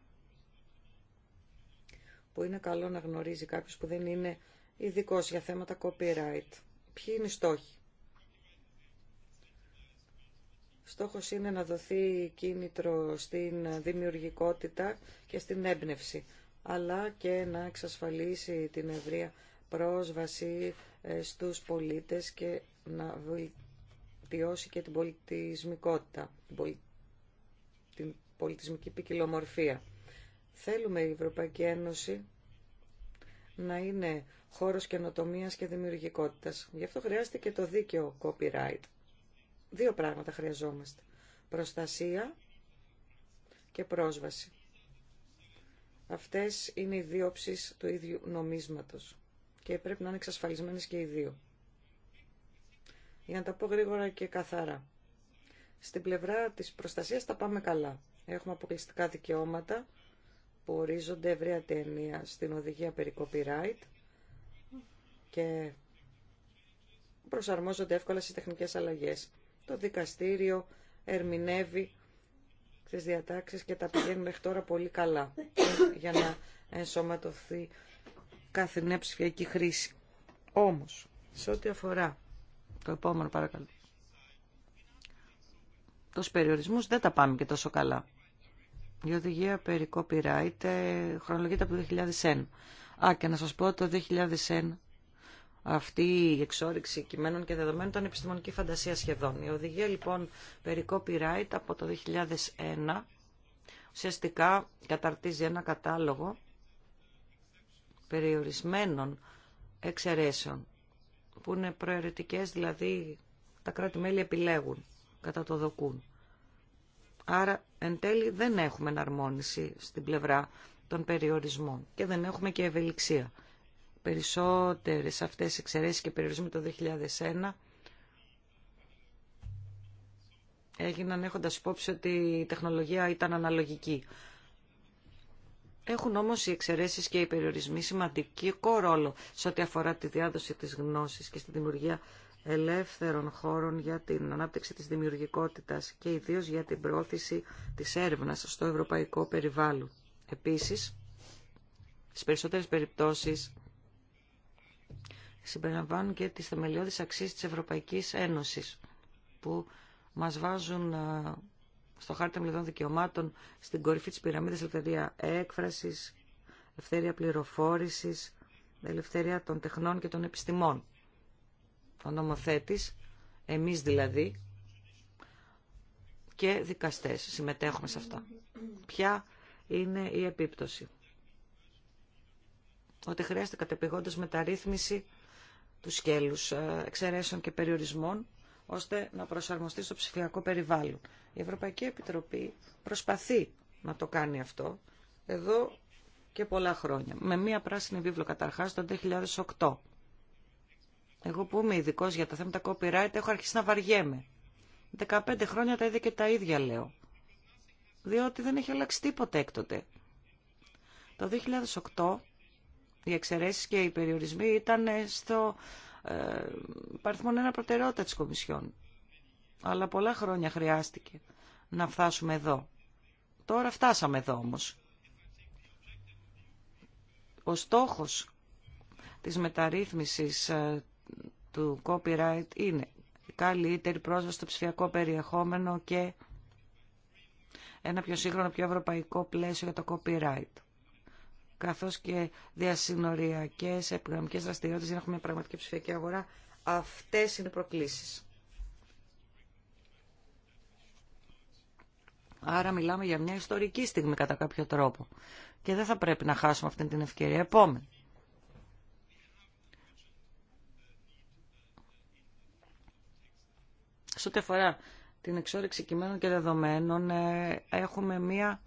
που είναι καλό να γνωρίζει κάποιος που δεν είναι ειδικό για θέματα copyright. Ποιοι είναι οι στόχοι. Στόχος είναι να δοθεί κίνητρο στην δημιουργικότητα και στην έμπνευση, αλλά και να εξασφαλίσει την ευρεία πρόσβαση ε, στους πολίτες και να βελτιώσει και την πολιτισμικότητα, την πολιτισμική ποικιλομορφία. Θέλουμε η Ευρωπαϊκή Ένωση να είναι χώρος καινοτομίας και δημιουργικότητας. Γι' αυτό χρειάζεται και το δίκαιο copyright. Δύο πράγματα χρειαζόμαστε. Προστασία και πρόσβαση. Αυτές είναι οι δύο του ίδιου νομίσματος και πρέπει να είναι εξασφαλισμένες και οι δύο. Για να τα πω γρήγορα και καθαρά. Στην πλευρά της προστασίας τα πάμε καλά. Έχουμε αποκλειστικά δικαιώματα που ορίζονται ευρεία ταινία στην οδηγία περί copyright και προσαρμόζονται εύκολα σε τεχνικές αλλαγές το δικαστήριο ερμηνεύει τις διατάξεις και τα πηγαίνει μέχρι τώρα πολύ καλά για να ενσωματωθεί κάθε νέα ψηφιακή χρήση. Όμως, σε ό,τι αφορά το επόμενο παρακαλώ, τους περιορισμούς δεν τα πάμε και τόσο καλά. Η οδηγία περί copyright ε, χρονολογείται από το 2001. Α, και να σας πω, το 2001 αυτή η εξόριξη κειμένων και δεδομένων ήταν επιστημονική φαντασία σχεδόν. Η οδηγία λοιπόν περί copyright από το 2001 ουσιαστικά καταρτίζει ένα κατάλογο περιορισμένων εξαιρέσεων που είναι προαιρετικές, δηλαδή τα κράτη-μέλη επιλέγουν κατά το δοκούν. Άρα εν τέλει δεν έχουμε εναρμόνιση στην πλευρά των περιορισμών και δεν έχουμε και ευελιξία περισσότερες αυτές εξαιρέσεις και περιορισμοί το 2001 έγιναν έχοντας υπόψη ότι η τεχνολογία ήταν αναλογική. Έχουν όμως οι εξαιρέσει και οι περιορισμοί σημαντικό ρόλο σε ό,τι αφορά τη διάδοση της γνώσης και στη δημιουργία ελεύθερων χώρων για την ανάπτυξη της δημιουργικότητας και ιδίως για την προώθηση της έρευνας στο ευρωπαϊκό περιβάλλον. Επίσης, στις περισσότερες περιπτώσεις συμπεριλαμβάνουν και τις θεμελιώδεις αξίες της Ευρωπαϊκής Ένωσης που μας βάζουν ε, στο χάρτη θεμελιωδών δικαιωμάτων στην κορυφή της πυραμίδας ελευθερία έκφρασης, ελευθερία πληροφόρησης, ελευθερία των τεχνών και των επιστημών. Ο νομοθέτης, εμείς δηλαδή, και δικαστές συμμετέχουμε σε αυτά. Ποια είναι η επίπτωση. Ότι χρειάζεται κατεπηγόντως μεταρρύθμιση του σκέλου ε, εξαιρέσεων και περιορισμών, ώστε να προσαρμοστεί στο ψηφιακό περιβάλλον. Η Ευρωπαϊκή Επιτροπή προσπαθεί να το κάνει αυτό εδώ και πολλά χρόνια. Με μία πράσινη βίβλο καταρχά το 2008. Εγώ που είμαι ειδικό για τα θέματα copyright έχω αρχίσει να βαριέμαι. 15 χρόνια τα είδε και τα ίδια λέω. Διότι δεν έχει αλλάξει τίποτα έκτοτε. Το 2008 οι εξαιρέσει και οι περιορισμοί ήταν στο ε, παριθμόν ένα προτεραιότητα της Κομισιόν. Αλλά πολλά χρόνια χρειάστηκε να φτάσουμε εδώ. Τώρα φτάσαμε εδώ όμως. Ο στόχος της μεταρρύθμισης ε, του copyright είναι καλύτερη πρόσβαση στο ψηφιακό περιεχόμενο και ένα πιο σύγχρονο, πιο ευρωπαϊκό πλαίσιο για το copyright καθώς και διασυνοριακές επιγραμμικές δραστηριότητες για να έχουμε πραγματική ψηφιακή αγορά. Αυτές είναι προκλήσεις. Άρα μιλάμε για μια ιστορική στιγμή κατά κάποιο τρόπο. Και δεν θα πρέπει να χάσουμε αυτή την ευκαιρία. Επόμενη. Σε ό,τι αφορά την εξόρυξη κειμένων και δεδομένων, ε, έχουμε μία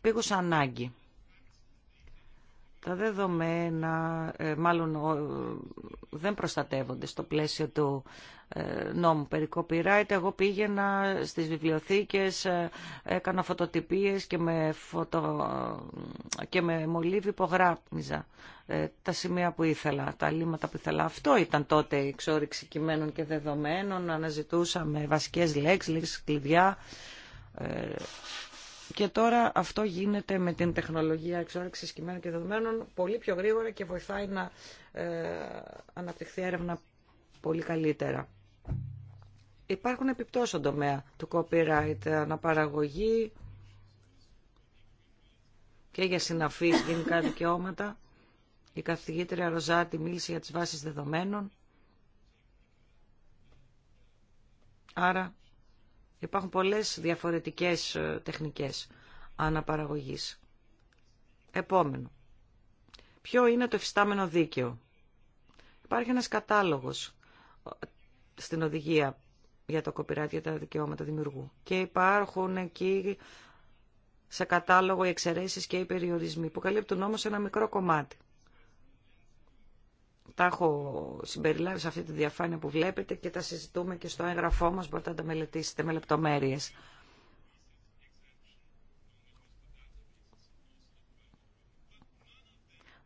πήγουσα ανάγκη τα δεδομένα ε, μάλλον δεν προστατεύονται στο πλαίσιο του ε, νόμου περί copyright. Εγώ πήγαινα στις βιβλιοθήκες, ε, έκανα φωτοτυπίες και με, φωτο... και με μολύβι υπογράμμιζα τα σημεία που ήθελα, τα λίμματα που ήθελα. Αυτό ήταν τότε η εξόριξη κειμένων και δεδομένων. Αναζητούσαμε βασικές λέξεις, λέξεις κλειδιά και τώρα αυτό γίνεται με την τεχνολογία εξόρυξης κειμένων και δεδομένων πολύ πιο γρήγορα και βοηθάει να ε, αναπτυχθεί έρευνα πολύ καλύτερα. Υπάρχουν επιπτώσεις στον τομέα του copyright, αναπαραγωγή και για συναφείς γενικά δικαιώματα. Η καθηγήτρια Ροζάτη μίλησε για τις βάσεις δεδομένων. Άρα Υπάρχουν πολλές διαφορετικές ε, τεχνικές αναπαραγωγής. Επόμενο. Ποιο είναι το εφιστάμενο δίκαιο. Υπάρχει ένας κατάλογος ε, στην οδηγία για το copyright, για τα δικαιώματα δημιουργού. Και υπάρχουν εκεί σε κατάλογο οι εξαιρέσεις και οι περιορισμοί που καλύπτουν όμως ένα μικρό κομμάτι. Τα έχω συμπεριλάβει σε αυτή τη διαφάνεια που βλέπετε και τα συζητούμε και στο έγγραφό μας, μπορείτε να τα μελετήσετε με λεπτομέρειες.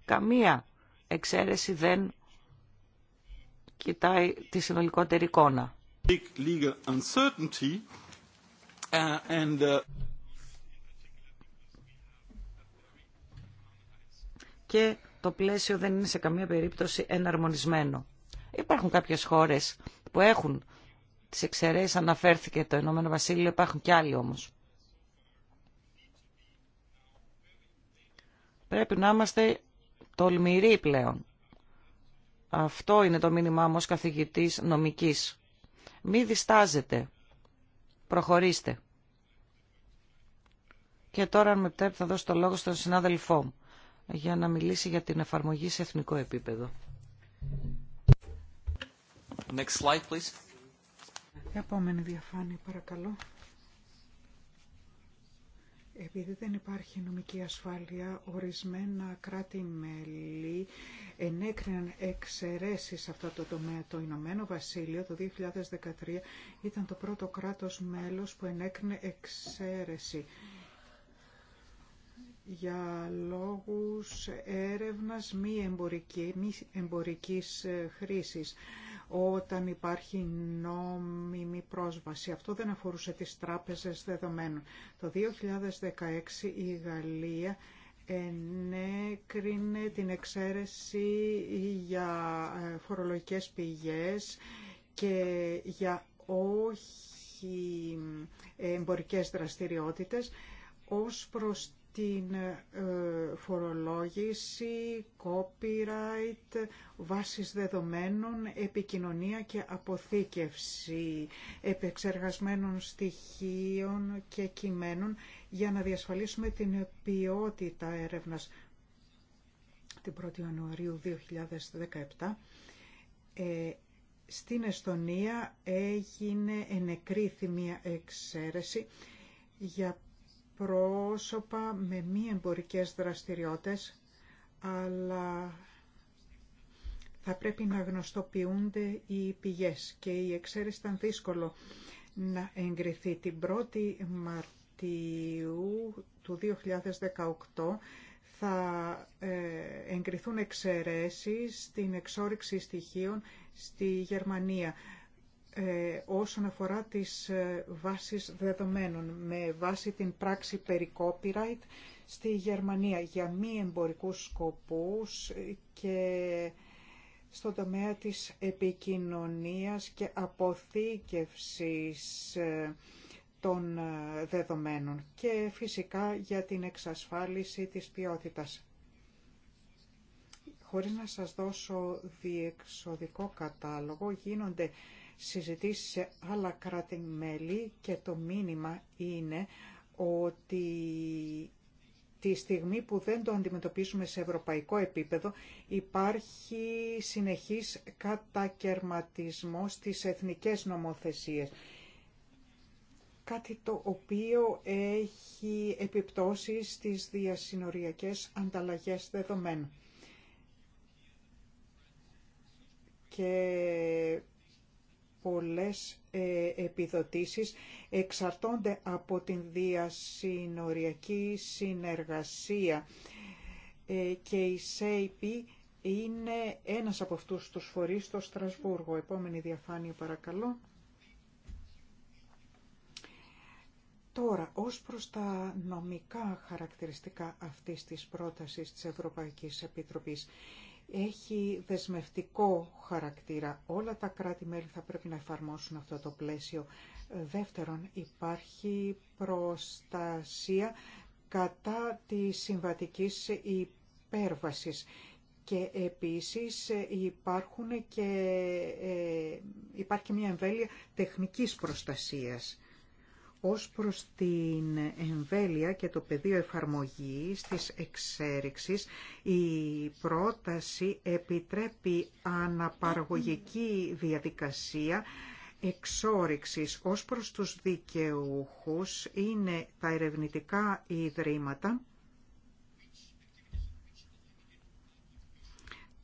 Καμία εξαίρεση δεν κοιτάει τη συνολικότερη εικόνα. Και το πλαίσιο δεν είναι σε καμία περίπτωση εναρμονισμένο. Υπάρχουν κάποιες χώρες που έχουν τις εξαιρέσεις, αναφέρθηκε το Ηνωμένο Βασίλειο, υπάρχουν και άλλοι όμως. Πρέπει να είμαστε τολμηροί πλέον. Αυτό είναι το μήνυμά μου ως καθηγητής νομικής. Μη διστάζετε. Προχωρήστε. Και τώρα, αν με επιτρέπετε, θα δώσω το λόγο στον συνάδελφό μου για να μιλήσει για την εφαρμογή σε εθνικό επίπεδο. Next slide, please. Επόμενη διαφάνεια, παρακαλώ. Επειδή δεν υπάρχει νομική ασφάλεια, ορισμένα κράτη-μέλη ενέκριναν εξαιρέσεις σε αυτό το τομέα. Το Ηνωμένο Βασίλειο το 2013 ήταν το πρώτο κράτος μέλος που ενέκρινε εξαίρεση για λόγους έρευνας μη, εμπορική, μη εμπορικής ε, χρήσης όταν υπάρχει νόμιμη πρόσβαση. Αυτό δεν αφορούσε τις τράπεζες δεδομένων. Το 2016 η Γαλλία ενέκρινε την εξαίρεση για ε, φορολογικές πηγές και για όχι ε, εμπορικές δραστηριότητες ως προς την ε, φορολόγηση, copyright, βάσεις δεδομένων, επικοινωνία και αποθήκευση επεξεργασμένων στοιχείων και κειμένων για να διασφαλίσουμε την ποιότητα έρευνας. Την 1η Ιανουαρίου 2017 ε, στην Εστονία έγινε ενεκρίθη μια εξαίρεση για πρόσωπα με μη εμπορικές δραστηριότητες, αλλά θα πρέπει να γνωστοποιούνται οι πηγές και η εξαίρεση ήταν δύσκολο να εγκριθεί την 1η Μαρτίου του 2018 θα ε, εγκριθούν εξαιρέσεις στην εξόριξη στοιχείων στη Γερμανία. Ε, όσον αφορά τις ε, βάσεις δεδομένων με βάση την πράξη περί copyright στη Γερμανία για μη εμπορικούς σκοπούς και στον τομέα της επικοινωνίας και αποθήκευσης ε, των δεδομένων και φυσικά για την εξασφάλιση της ποιότητας. Χωρίς να σας δώσω διεξοδικό κατάλογο, γίνονται συζητήσει σε άλλα κράτη-μέλη και το μήνυμα είναι ότι τη στιγμή που δεν το αντιμετωπίσουμε σε ευρωπαϊκό επίπεδο υπάρχει συνεχής κατακερματισμός στις εθνικές νομοθεσίες. Κάτι το οποίο έχει επιπτώσει στις διασυνοριακές ανταλλαγές δεδομένων. Και πολλές ε, επιδοτήσεις εξαρτώνται από την διασυνοριακή συνεργασία ε, και η ΣΕΙΠΗ είναι ένας από αυτούς τους φορείς στο Στρασβούργο. Επόμενη διαφάνεια παρακαλώ. Τώρα, ως προς τα νομικά χαρακτηριστικά αυτής της πρότασης της Ευρωπαϊκής Επιτροπής, έχει δεσμευτικό χαρακτήρα. Όλα τα κράτη-μέλη θα πρέπει να εφαρμόσουν αυτό το πλαίσιο. Δεύτερον, υπάρχει προστασία κατά της συμβατικής υπέρβασης και επίσης υπάρχουν και, ε, υπάρχει και μια εμβέλεια τεχνικής προστασίας. Ως προς την εμβέλεια και το πεδίο εφαρμογής της εξέριξης, η πρόταση επιτρέπει αναπαραγωγική διαδικασία εξόριξης ως προς τους δικαιούχους είναι τα ερευνητικά ιδρύματα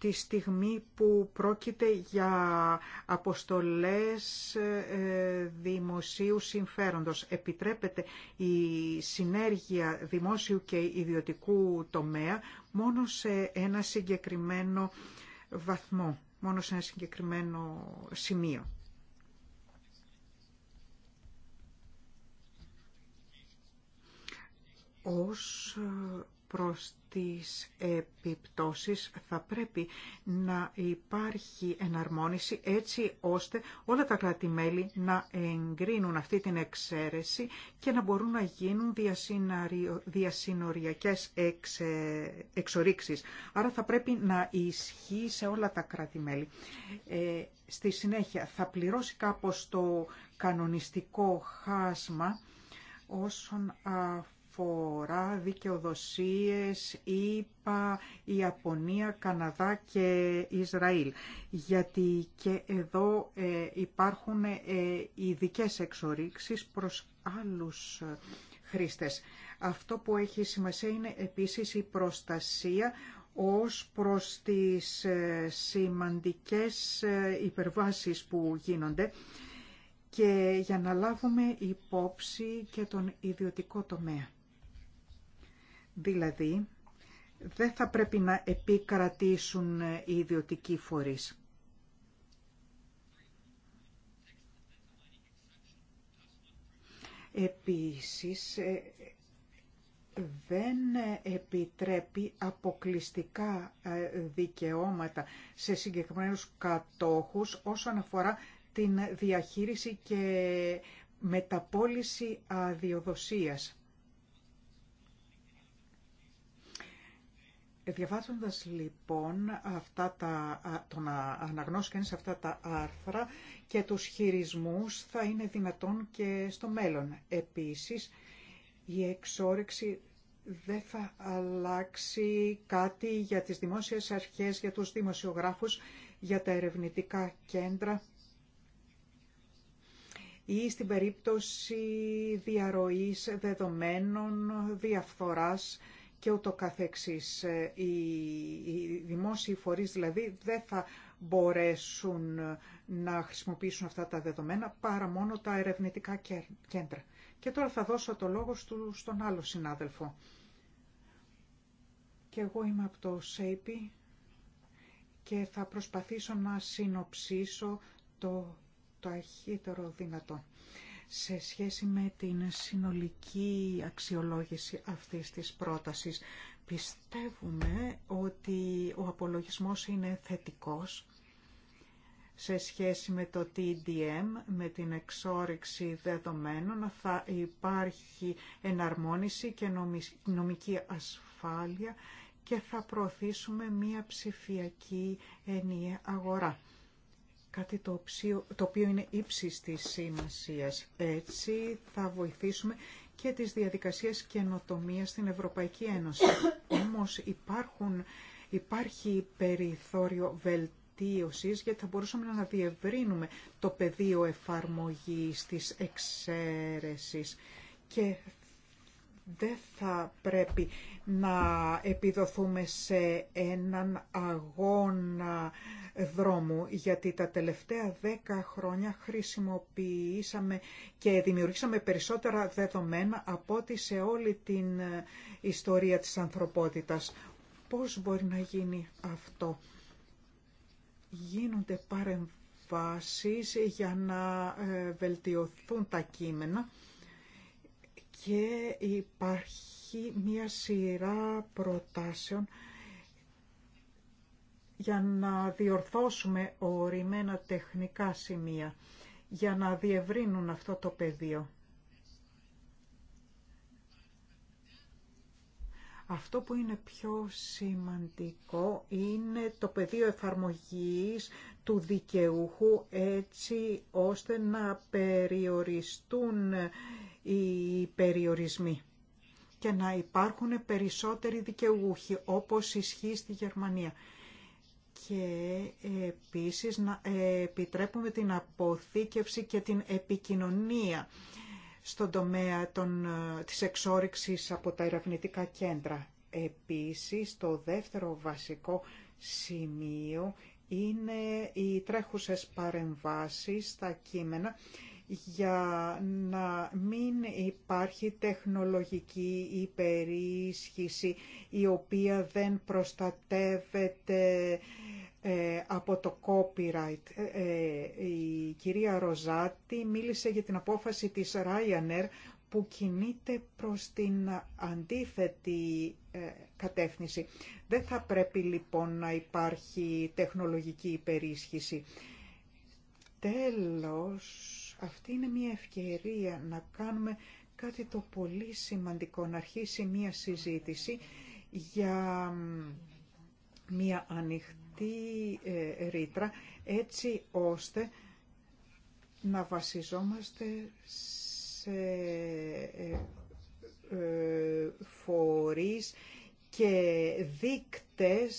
τη στιγμή που πρόκειται για αποστολές ε, δημοσίου συμφέροντος. Επιτρέπεται η συνέργεια δημόσιου και ιδιωτικού τομέα μόνο σε ένα συγκεκριμένο βαθμό, μόνο σε ένα συγκεκριμένο σημείο. Ως προς τις επιπτώσεις θα πρέπει να υπάρχει εναρμόνιση έτσι ώστε όλα τα κράτη-μέλη να εγκρίνουν αυτή την εξαίρεση και να μπορούν να γίνουν διασυνοριακές εξε... εξορίξεις. Άρα θα πρέπει να ισχύει σε όλα τα κρατη ε, στη συνέχεια θα πληρώσει κάπως το κανονιστικό χάσμα όσον Φορά, δικαιοδοσίες η Ιαπωνία, Καναδά και Ισραήλ. Γιατί και εδώ ε, υπάρχουν ε, ειδικέ εξορίξεις προς άλλους ε, χρήστες. Αυτό που έχει σημασία είναι επίσης η προστασία ως προς τις ε, σημαντικές υπερβάσεις που γίνονται και για να λάβουμε υπόψη και τον ιδιωτικό τομέα. Δηλαδή, δεν θα πρέπει να επικρατήσουν ε, οι ιδιωτικοί φορείς. Επίσης, ε, δεν ε, επιτρέπει αποκλειστικά δικαιώματα σε συγκεκριμένους κατόχους όσον αφορά την διαχείριση και μεταπόληση αδειοδοσίας. Διαβάζοντας λοιπόν αυτά τα, το να αναγνώσει αυτά τα άρθρα και τους χειρισμούς θα είναι δυνατόν και στο μέλλον. Επίσης, η εξόρεξη δεν θα αλλάξει κάτι για τις δημόσιες αρχές, για τους δημοσιογράφους, για τα ερευνητικά κέντρα ή στην περίπτωση διαρροής δεδομένων, διαφθοράς και ούτω καθεξής. Ε, οι δημόσιοι φορείς δηλαδή δεν θα μπορέσουν να χρησιμοποιήσουν αυτά τα δεδομένα παρά μόνο τα ερευνητικά κέντρα. Και τώρα θα δώσω το λόγο στον άλλο συνάδελφο. Και εγώ είμαι από το ΣΕΙΠΗ και θα προσπαθήσω να συνοψίσω το αχύτερο δυνατό σε σχέση με την συνολική αξιολόγηση αυτής της πρότασης. Πιστεύουμε ότι ο απολογισμός είναι θετικός σε σχέση με το TDM, με την εξόριξη δεδομένων, θα υπάρχει εναρμόνιση και νομική ασφάλεια και θα προωθήσουμε μία ψηφιακή ενιαία αγορά κάτι το οποίο είναι ύψης της σημασίας. Έτσι θα βοηθήσουμε και τις διαδικασίες καινοτομίας στην Ευρωπαϊκή Ένωση. Όμως υπάρχουν, υπάρχει περιθώριο βελτίωσης γιατί θα μπορούσαμε να διευρύνουμε το πεδίο εφαρμογής της εξαίρεσης και δεν θα πρέπει να επιδοθούμε σε έναν αγώνα δρόμου, γιατί τα τελευταία δέκα χρόνια χρησιμοποιήσαμε και δημιουργήσαμε περισσότερα δεδομένα από ό,τι σε όλη την ε, ιστορία της ανθρωπότητας. Πώς μπορεί να γίνει αυτό. Γίνονται παρεμβάσεις για να ε, βελτιωθούν τα κείμενα και υπάρχει μια σειρά προτάσεων για να διορθώσουμε οριμένα τεχνικά σημεία, για να διευρύνουν αυτό το πεδίο. Αυτό που είναι πιο σημαντικό είναι το πεδίο εφαρμογής του δικαιούχου έτσι ώστε να περιοριστούν οι περιορισμοί και να υπάρχουν περισσότεροι δικαιούχοι όπως ισχύει στη Γερμανία και επίσης να επιτρέπουμε την αποθήκευση και την επικοινωνία στον τομέα των, της εξόριξης από τα ερευνητικά κέντρα. Επίσης, το δεύτερο βασικό σημείο είναι οι τρέχουσες παρεμβάσεις στα κείμενα για να μην υπάρχει τεχνολογική υπερίσχυση η οποία δεν προστατεύεται ε, από το copyright. Ε, ε, η κυρία Ροζάτη μίλησε για την απόφαση της Ryanair που κινείται προς την αντίθετη κατεύθυνση. Δεν θα πρέπει λοιπόν να υπάρχει τεχνολογική υπερίσχυση. Τέλος αυτή είναι μια ευκαιρία να κάνουμε κάτι το πολύ σημαντικό, να αρχίσει μια συζήτηση για μια ανοιχτή ε, ρήτρα έτσι ώστε να βασιζόμαστε σε ε, ε, φορείς και δίκτες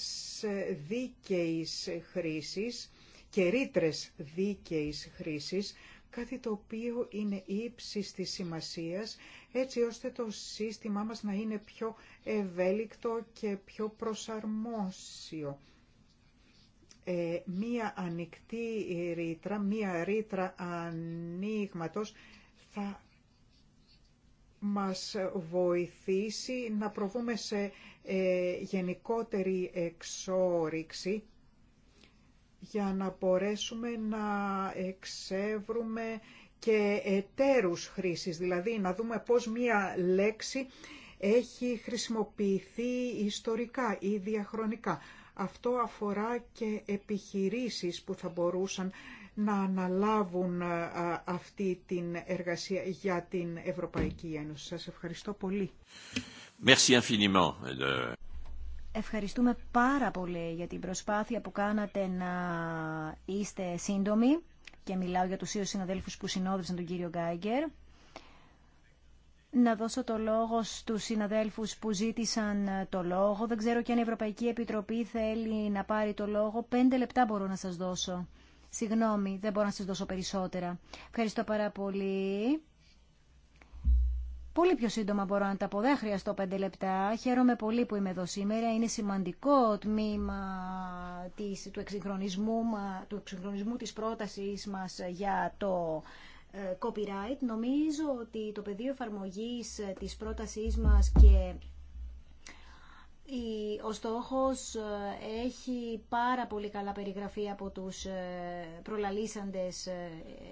δίκαιης χρήσης και ρήτρες δίκαιης χρήσης κάτι το οποίο είναι ύψης τη σημασίας, έτσι ώστε το σύστημά μας να είναι πιο ευέλικτο και πιο προσαρμόσιο. Ε, μία ανοιχτή ρήτρα, μία ρήτρα ανοίγματο θα μας βοηθήσει να προβούμε σε ε, γενικότερη εξόριξη για να μπορέσουμε να εξεύρουμε και έτερους χρήσεις, δηλαδή να δούμε πώς μία λέξη έχει χρησιμοποιηθεί ιστορικά ή διαχρονικά. Αυτό αφορά και επιχειρήσεις που θα μπορούσαν να αναλάβουν αυτή την εργασία για την Ευρωπαϊκή Ένωση. Σας ευχαριστώ πολύ. Merci Ευχαριστούμε πάρα πολύ για την προσπάθεια που κάνατε να είστε σύντομοι και μιλάω για τους ίδιους συναδέλφους που συνόδευσαν τον κύριο Γκάγκερ. Να δώσω το λόγο στους συναδέλφους που ζήτησαν το λόγο. Δεν ξέρω και αν η Ευρωπαϊκή Επιτροπή θέλει να πάρει το λόγο. Πέντε λεπτά μπορώ να σας δώσω. Συγγνώμη, δεν μπορώ να σας δώσω περισσότερα. Ευχαριστώ πάρα πολύ. Πολύ πιο σύντομα μπορώ να τα πω, δεν χρειαστώ πέντε λεπτά. Χαίρομαι πολύ που είμαι εδώ σήμερα. Είναι σημαντικό τμήμα της, του, εξυγχρονισμού, του εξυγχρονισμού της πρότασης μας για το ε, copyright. Νομίζω ότι το πεδίο εφαρμογής ε, της πρότασής μας και ο στόχος ε, έχει πάρα πολύ καλά περιγραφεί από τους ε, προλαλήσαντες ε,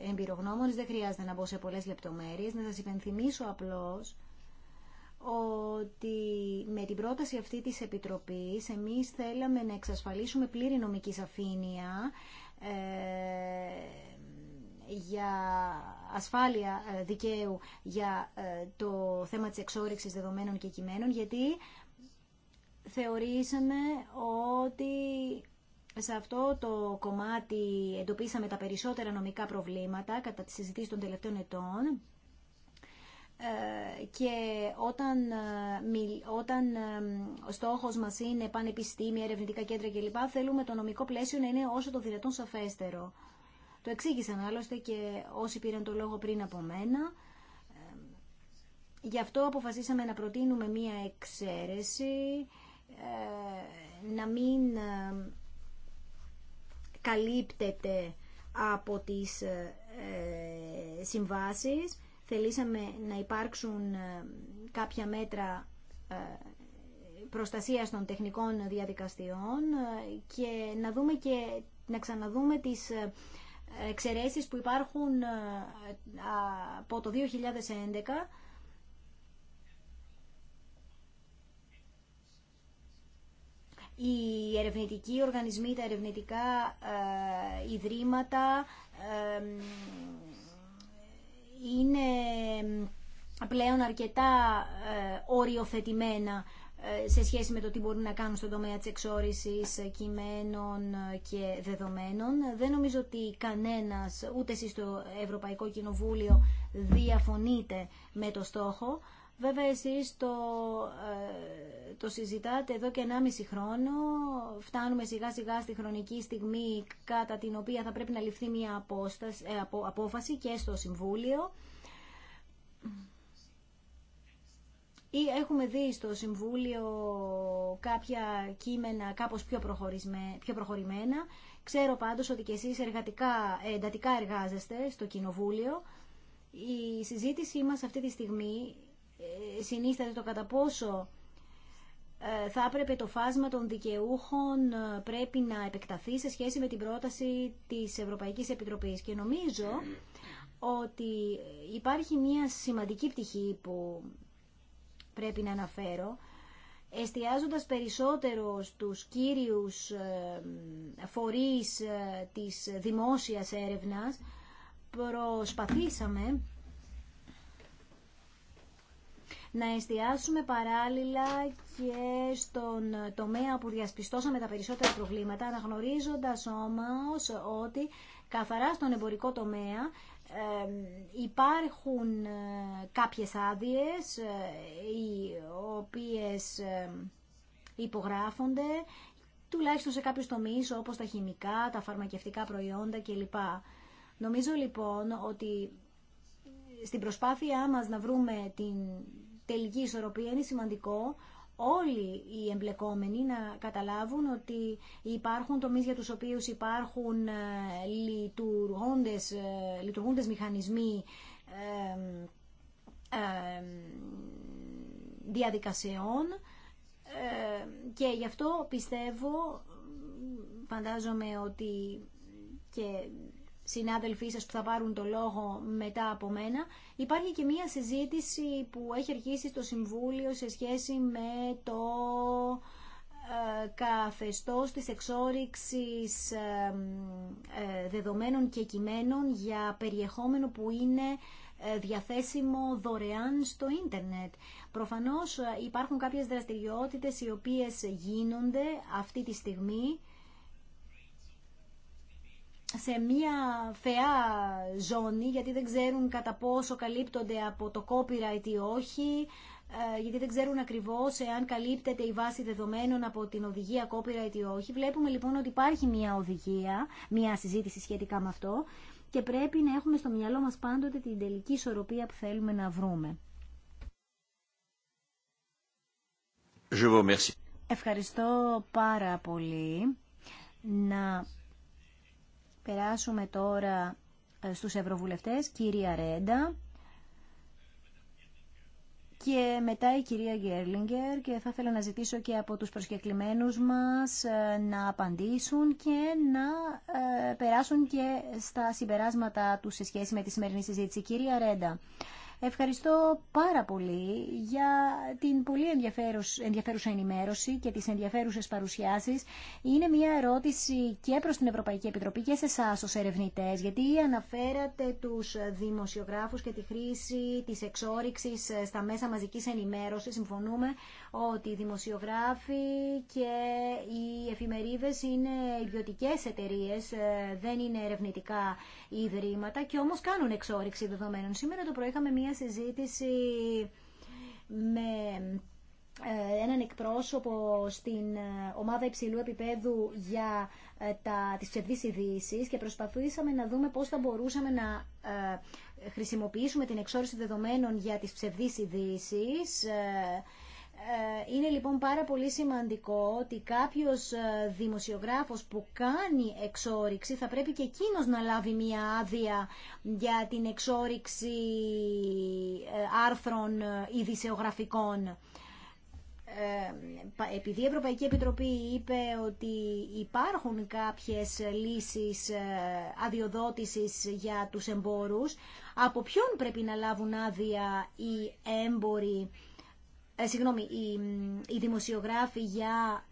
εμπειρογνώμονες. Δεν χρειάζεται να μπω σε πολλές λεπτομέρειες. Να σας υπενθυμίσω απλώς ότι με την πρόταση αυτή της Επιτροπής εμείς θέλαμε να εξασφαλίσουμε πλήρη νομική σαφήνεια για ασφάλεια δικαίου για το θέμα της εξόρυξης δεδομένων και κειμένων γιατί θεωρήσαμε ότι σε αυτό το κομμάτι εντοπίσαμε τα περισσότερα νομικά προβλήματα κατά τη συζήτηση των τελευταίων ετών ε, και όταν, ε, όταν ε, ο στόχος μας είναι πανεπιστήμια, ερευνητικά κέντρα κλπ. θέλουμε το νομικό πλαίσιο να είναι όσο το δυνατόν σαφέστερο. Το εξήγησαν άλλωστε και όσοι πήραν το λόγο πριν από μένα. Γι' αυτό αποφασίσαμε να προτείνουμε μία εξαίρεση ε, να μην ε, καλύπτεται από τις ε, συμβάσεις. Θελήσαμε να υπάρξουν κάποια μέτρα προστασίας των τεχνικών διαδικαστιών και να δούμε και να ξαναδούμε τις εξαιρέσεις που υπάρχουν από το 2011 οι ερευνητικοί οργανισμοί, τα ερευνητικά ε, ιδρύματα είναι πλέον αρκετά ε, οριοθετημένα ε, σε σχέση με το τι μπορούν να κάνουν στον τομέα της εξόρισης κειμένων και δεδομένων. Δεν νομίζω ότι κανένας, ούτε εσείς στο Ευρωπαϊκό Κοινοβούλιο, διαφωνείτε με το στόχο. Βέβαια εσείς το, ε, το συζητάτε εδώ και 1,5 χρόνο. Φτάνουμε σιγά σιγά στη χρονική στιγμή κατά την οποία θα πρέπει να ληφθεί μια ε, απόφαση και στο Συμβούλιο. Ή έχουμε δει στο Συμβούλιο κάποια κείμενα κάπως πιο, πιο προχωρημένα. Ξέρω πάντως ότι και εσείς εργατικά, εντατικά εργάζεστε στο Κοινοβούλιο. Η συζήτησή μας αυτή τη στιγμή ε, συνίσταται το κατά πόσο ε, θα έπρεπε το φάσμα των δικαιούχων ε, πρέπει να επεκταθεί σε σχέση με την πρόταση της Ευρωπαϊκής Επιτροπής. Και νομίζω ότι υπάρχει μια σημαντική πτυχή που πρέπει να αναφέρω, εστιάζοντας περισσότερο στους κύριους φορείς της δημόσιας έρευνας, προσπαθήσαμε να εστιάσουμε παράλληλα και στον τομέα που διασπιστώσαμε τα περισσότερα προβλήματα, αναγνωρίζοντας όμως ότι καθαρά στον εμπορικό τομέα υπάρχουν ε, κάποιες άδειες ε, οι οποίες υπογράφονται τουλάχιστον σε κάποιους τομείς όπως τα χημικά, τα φαρμακευτικά προϊόντα κλπ. Νομίζω λοιπόν ότι στην προσπάθειά μας να βρούμε την τελική ισορροπία. Είναι σημαντικό όλοι οι εμπλεκόμενοι να καταλάβουν ότι υπάρχουν τομείς για τους οποίους υπάρχουν ε, λειτουργώντες ε, μηχανισμοί διαδικασιών και γι' αυτό πιστεύω, φαντάζομαι ότι και συνάδελφοί σας που θα πάρουν το λόγο μετά από μένα. Υπάρχει και μία συζήτηση που έχει αρχίσει στο Συμβούλιο σε σχέση με το ε, καθεστώς της εξόριξης ε, δεδομένων και κειμένων για περιεχόμενο που είναι ε, διαθέσιμο δωρεάν στο ίντερνετ. Προφανώς υπάρχουν κάποιες δραστηριότητες οι οποίες γίνονται αυτή τη στιγμή σε μία φαιά ζώνη, γιατί δεν ξέρουν κατά πόσο καλύπτονται από το copyright ή όχι, ε, γιατί δεν ξέρουν ακριβώς εάν καλύπτεται η βάση δεδομένων από την οδηγία copyright ή όχι. Βλέπουμε λοιπόν ότι υπάρχει μία οδηγία, μία συζήτηση σχετικά με αυτό και πρέπει να έχουμε στο μυαλό μας πάντοτε την τελική ισορροπία που θέλουμε να βρούμε. Ευχαριστώ πάρα πολύ. Να Περάσουμε τώρα ε, στους Ευρωβουλευτές, κυρία Ρέντα και μετά η κυρία Γκέρλιγκερ και θα ήθελα να ζητήσω και από τους προσκεκλημένους μας ε, να απαντήσουν και να ε, περάσουν και στα συμπεράσματα τους σε σχέση με τη σημερινή συζήτηση. Κυρία Ρέντα, Ευχαριστώ πάρα πολύ για την πολύ ενδιαφέρουσα ενημέρωση και τις ενδιαφέρουσες παρουσιάσεις. Είναι μια ερώτηση και προς την Ευρωπαϊκή Επιτροπή και σε εσά ως ερευνητές, γιατί αναφέρατε τους δημοσιογράφους και τη χρήση της εξόριξης στα μέσα μαζικής ενημέρωσης. Συμφωνούμε ότι οι δημοσιογράφοι και οι εφημερίδες είναι ιδιωτικέ εταιρείε, ε, δεν είναι ερευνητικά ιδρύματα και όμως κάνουν εξόριξη δεδομένων. Σήμερα το πρωί μια μια συζήτηση με ε, έναν εκπρόσωπο στην ε, ομάδα υψηλού επίπεδου για ε, τα, τις ψευδείς ειδήσει και προσπαθήσαμε να δούμε πώς θα μπορούσαμε να χρησιμοποιήσουμε την εξόριση δεδομένων για τις ψευδείς ειδήσει ε, είναι λοιπόν πάρα πολύ σημαντικό ότι κάποιος ε, δημοσιογράφος που κάνει εξόριξη θα πρέπει και εκείνος να λάβει μία άδεια για την εξόριξη ε, άρθρων ειδησεογραφικών. Επειδή η Ευρωπαϊκή Επιτροπή είπε ότι υπάρχουν κάποιες λύσεις αδειοδότησης για τους εμπόρους, από ποιον πρέπει να λάβουν άδεια οι έμποροι ε, συγγνώμη, οι, δημοσιογράφοι για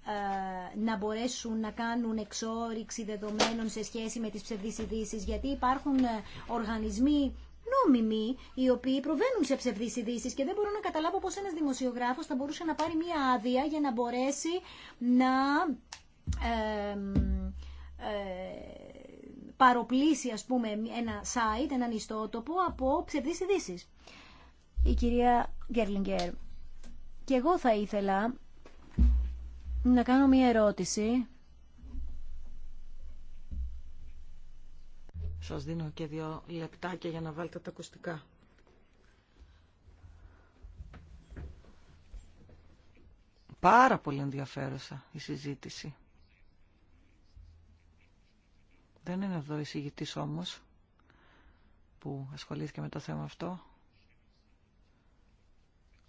ε, να μπορέσουν να κάνουν εξόριξη δεδομένων σε σχέση με τις ψευδείς ειδήσει, γιατί υπάρχουν ε, οργανισμοί νόμιμοι οι οποίοι προβαίνουν σε ψευδείς ειδήσει και δεν μπορώ να καταλάβω πώς ένας δημοσιογράφος θα μπορούσε να πάρει μία άδεια για να μπορέσει να ε, παροπλήσει ας πούμε ένα site, έναν ιστότοπο από ψευδείς ειδήσει. Η κυρία Γκέρλιγκερ, και εγώ θα ήθελα να κάνω μία ερώτηση. Σας δίνω και δύο λεπτάκια για να βάλετε τα ακουστικά. Πάρα πολύ ενδιαφέρουσα η συζήτηση. Δεν είναι εδώ η συγητής όμως που ασχολήθηκε με το θέμα αυτό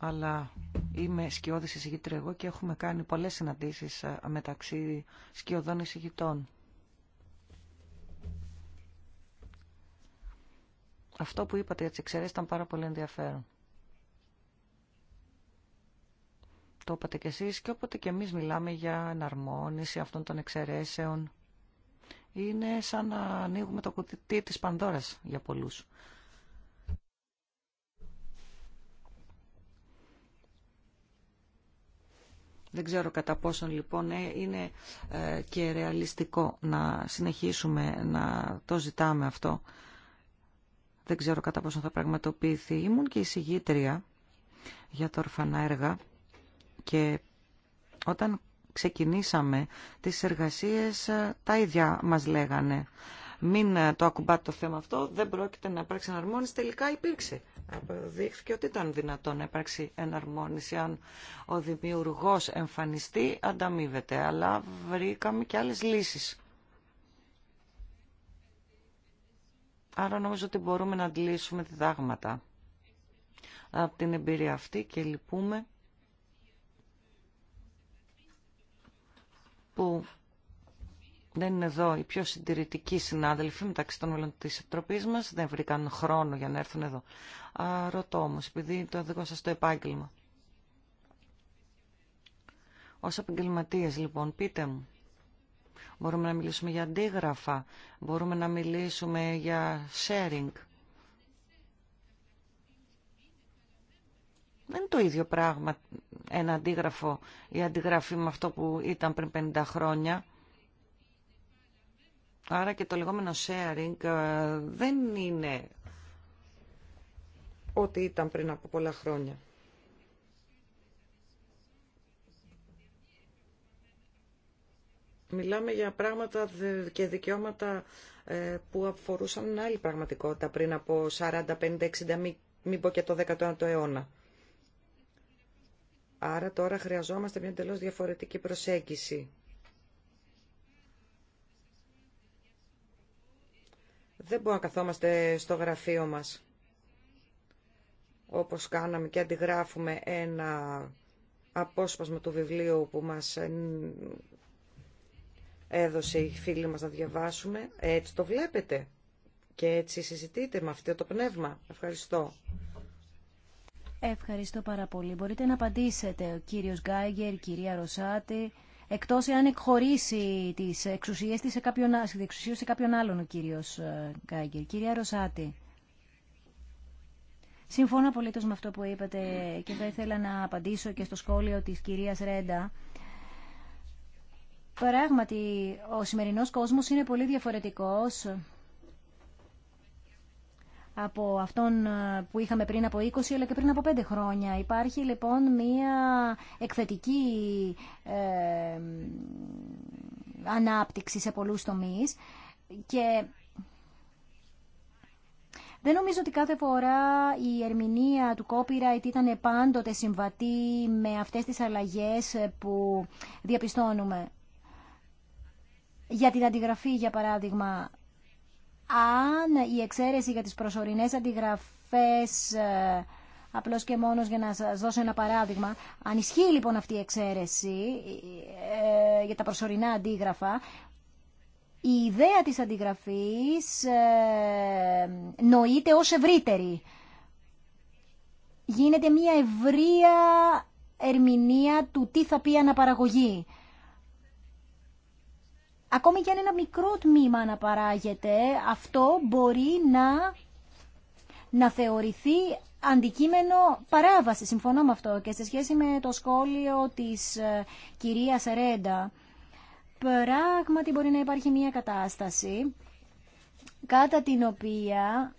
αλλά είμαι σκιώδης εισηγήτρια εγώ και έχουμε κάνει πολλές συναντήσεις ε, μεταξύ σκιωδών εισηγητών. Αυτό που είπατε για τις εξαιρέσεις ήταν πάρα πολύ ενδιαφέρον. Το είπατε κι εσείς και όποτε κι εμείς μιλάμε για εναρμόνιση αυτών των εξαιρέσεων. Είναι σαν να ανοίγουμε το κουτί της Πανδώρας για πολλούς. Δεν ξέρω κατά πόσον λοιπόν ε, είναι ε, και ρεαλιστικό να συνεχίσουμε να το ζητάμε αυτό. Δεν ξέρω κατά πόσον θα πραγματοποιηθεί. Ήμουν και η εισηγήτρια για το ορφανά έργα και όταν ξεκινήσαμε τις εργασίες ε, τα ίδια μας λέγανε. Μην το ακουμπάτε το θέμα αυτό, δεν πρόκειται να υπάρξει εναρμόνιση. Τελικά υπήρξε Δείχθηκε ότι ήταν δυνατόν να υπάρξει εναρμόνιση αν ο δημιουργός εμφανιστεί ανταμείβεται αλλά βρήκαμε και άλλες λύσεις άρα νομίζω ότι μπορούμε να αντλήσουμε διδάγματα από την εμπειρία αυτή και λυπούμε που δεν είναι εδώ οι πιο συντηρητικοί συνάδελφοι μεταξύ των μελών της Επιτροπής μας, δεν βρήκαν χρόνο για να έρθουν εδώ. ρωτώ όμως, επειδή το δικό σας το επάγγελμα. Ως επαγγελματίε, λοιπόν, πείτε μου. Μπορούμε να μιλήσουμε για αντίγραφα, μπορούμε να μιλήσουμε για sharing. Δεν είναι το ίδιο πράγμα ένα αντίγραφο ή αντιγραφή με αυτό που ήταν πριν 50 χρόνια. Άρα και το λεγόμενο sharing ε, δεν είναι ό,τι ήταν πριν από πολλά χρόνια. Μιλάμε για πράγματα και δικαιώματα ε, που αφορούσαν άλλη πραγματικότητα πριν από 40, 50, 60, μην και το 19ο αιώνα. Άρα τώρα χρειαζόμαστε μια εντελώ διαφορετική προσέγγιση. Δεν μπορούμε να καθόμαστε στο γραφείο μας όπως κάναμε και αντιγράφουμε ένα απόσπασμα του βιβλίου που μας ε, έδωσε η φίλη μας να διαβάσουμε. Έτσι το βλέπετε και έτσι συζητείτε με αυτό το πνεύμα. Ευχαριστώ. Ευχαριστώ πάρα πολύ. Μπορείτε να απαντήσετε, ο κύριος Γκάιγερ, η κυρία Ρωσάτη. Εκτό εάν εκχωρήσει τι εξουσίες της σε κάποιον, σε κάποιον άλλον ο κύριο ε, Γκάγκερ. Κυρία Ρωσάτη. Συμφωνώ απολύτω με αυτό που είπατε και θα ήθελα να απαντήσω και στο σχόλιο της κυρία Ρέντα. Πράγματι, ο σημερινός κόσμος είναι πολύ διαφορετικός από αυτόν ε, που είχαμε πριν από 20 αλλά και πριν από 5 χρόνια. Υπάρχει λοιπόν μία εκθετική ε, ανάπτυξη σε πολλούς τομείς και δεν νομίζω ότι κάθε φορά η ερμηνεία του copyright ήταν πάντοτε συμβατή με αυτές τις αλλαγές που διαπιστώνουμε. Για την αντιγραφή, για παράδειγμα, αν η εξαίρεση για τις προσωρινές αντιγραφές, ε, απλώς και μόνος για να σας δώσω ένα παράδειγμα, αν ισχύει λοιπόν αυτή η εξαίρεση ε, για τα προσωρινά αντίγραφα, η ιδέα της αντιγραφής ε, νοείται ως ευρύτερη. Γίνεται μια ευρεία ερμηνεία του τι θα πει αναπαραγωγή ακόμη και αν ένα μικρό τμήμα αναπαράγεται, αυτό μπορεί να, να θεωρηθεί αντικείμενο παράβαση. Συμφωνώ με αυτό και σε σχέση με το σχόλιο της ε, κυρίας Ρέντα. Πράγματι μπορεί να υπάρχει μια κατάσταση κατά την οποία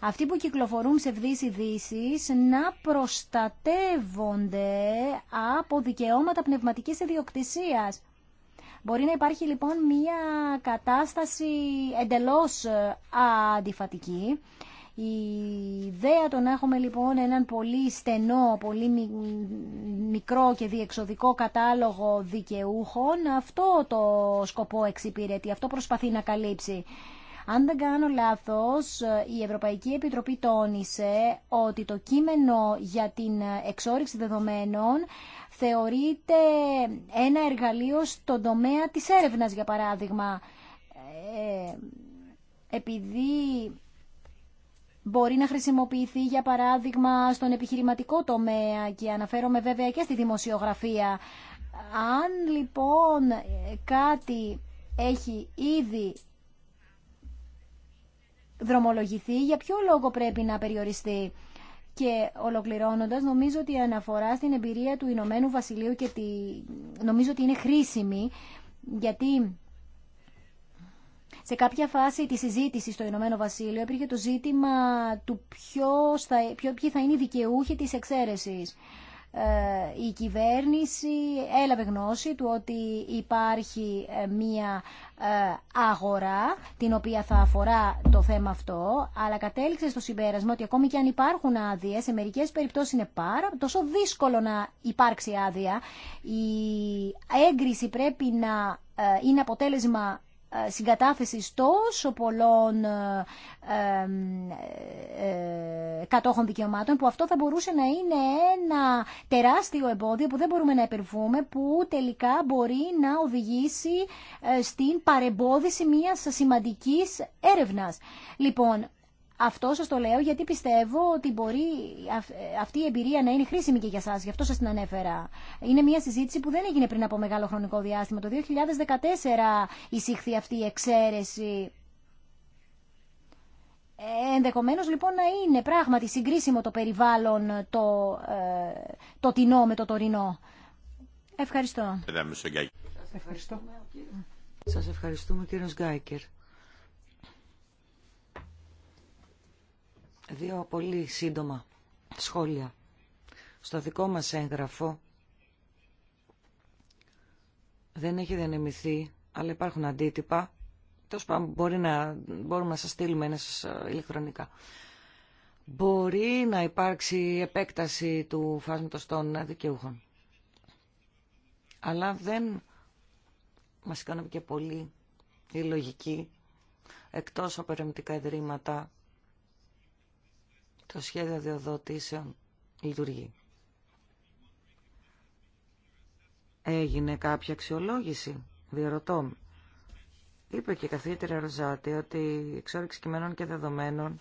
αυτοί που κυκλοφορούν σε ειδήσει να προστατεύονται από δικαιώματα πνευματικής ιδιοκτησίας. Μπορεί να υπάρχει λοιπόν μια κατάσταση εντελώς ε, αντιφατική. Η ιδέα το να έχουμε λοιπόν έναν πολύ στενό, πολύ μικρό και διεξοδικό κατάλογο δικαιούχων, αυτό το σκοπό εξυπηρετεί, αυτό προσπαθεί να καλύψει. Αν δεν κάνω λάθος, η Ευρωπαϊκή Επιτροπή τόνισε ότι το κείμενο για την εξόριξη δεδομένων θεωρείται ένα εργαλείο στον τομέα της έρευνας, για παράδειγμα. Ε, επειδή μπορεί να χρησιμοποιηθεί για παράδειγμα στον επιχειρηματικό τομέα και αναφέρομαι βέβαια και στη δημοσιογραφία. Αν λοιπόν κάτι έχει ήδη δρομολογηθεί, για ποιο λόγο πρέπει να περιοριστεί. Και ολοκληρώνοντας, νομίζω ότι η αναφορά στην εμπειρία του Ηνωμένου Βασιλείου και τη... νομίζω ότι είναι χρήσιμη, γιατί σε κάποια φάση τη συζήτηση στο Ηνωμένο Βασίλειο υπήρχε το ζήτημα του ποιος θα, ποιο, ποιοι θα είναι οι δικαιούχοι της εξαίρεσης. Ε, η κυβέρνηση έλαβε γνώση του ότι υπάρχει ε, μία ε, αγορά την οποία θα αφορά το θέμα αυτό αλλά κατέληξε στο συμπέρασμα ότι ακόμη και αν υπάρχουν άδειες σε μερικές περιπτώσεις είναι πάρα τόσο δύσκολο να υπάρξει άδεια η έγκριση πρέπει να είναι αποτέλεσμα ε, συγκατάθεσης τόσο πολλών ε, ε, κατόχων δικαιωμάτων που αυτό θα μπορούσε να είναι ένα τεράστιο εμπόδιο που δεν μπορούμε να υπερβούμε που τελικά μπορεί να οδηγήσει στην παρεμπόδιση μιας σημαντικής έρευνας. Λοιπόν, αυτό σας το λέω γιατί πιστεύω ότι μπορεί αυτή η εμπειρία να είναι χρήσιμη και για σας. Γι' αυτό σας την ανέφερα. Είναι μια συζήτηση που δεν έγινε πριν από μεγάλο χρονικό διάστημα. Το 2014 εισήχθη αυτή η εξαίρεση. Ε, Ενδεχομένω λοιπόν να είναι πράγματι συγκρίσιμο το περιβάλλον το, ε, το τεινό με το τωρινό. Ευχαριστώ. Σας ευχαριστούμε, Σας ευχαριστούμε κύριος Γκάικερ. Δύο πολύ σύντομα σχόλια. Στο δικό μας έγγραφο δεν έχει διανεμηθεί, αλλά υπάρχουν αντίτυπα. Τόσο πάνω μπορεί να, μπορούμε να σας στείλουμε ένα ε, ηλεκτρονικά. Μπορεί να υπάρξει επέκταση του φάσματος των δικαιούχων. Αλλά δεν μας ικανοποιεί και πολύ η λογική, εκτός από ερευνητικά ιδρύματα, το σχέδιο διοδοτήσεων λειτουργεί. Έγινε κάποια αξιολόγηση, διαρωτώ. Είπε και η καθήτρια Ροζάτη ότι η εξόριξη κειμένων και δεδομένων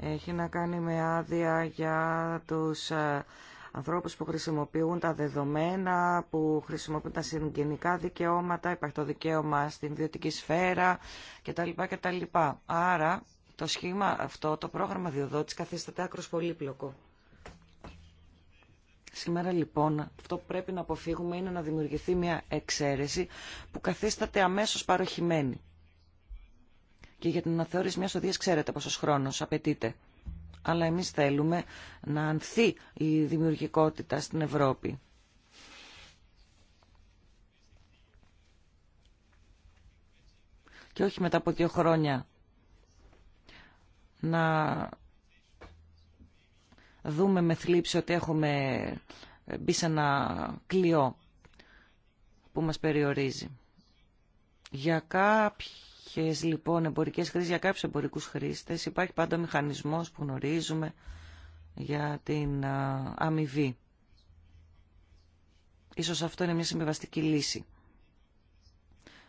έχει να κάνει με άδεια για τους ε, ανθρώπους που χρησιμοποιούν τα δεδομένα, που χρησιμοποιούν τα συγγενικά δικαιώματα, υπάρχει το δικαίωμα στην ιδιωτική σφαίρα κτλ. κτλ. Άρα το σχήμα αυτό, το πρόγραμμα διοδότης καθίσταται άκρος πολύπλοκο. Σήμερα λοιπόν αυτό που πρέπει να αποφύγουμε είναι να δημιουργηθεί μια εξαίρεση που καθίσταται αμέσως παροχημένη. Και για την αναθεώρηση μιας οδείας ξέρετε πόσος χρόνος απαιτείται. Αλλά εμείς θέλουμε να ανθεί η δημιουργικότητα στην Ευρώπη. Και όχι μετά από δύο χρόνια να δούμε με θλίψη ότι έχουμε μπει σε ένα κλειό που μας περιορίζει. Για κάποιες λοιπόν εμπορικές χρήσεις, για κάποιους εμπορικούς χρήστες υπάρχει πάντα μηχανισμός που γνωρίζουμε για την αμοιβή. Ίσως αυτό είναι μια συμβιβαστική λύση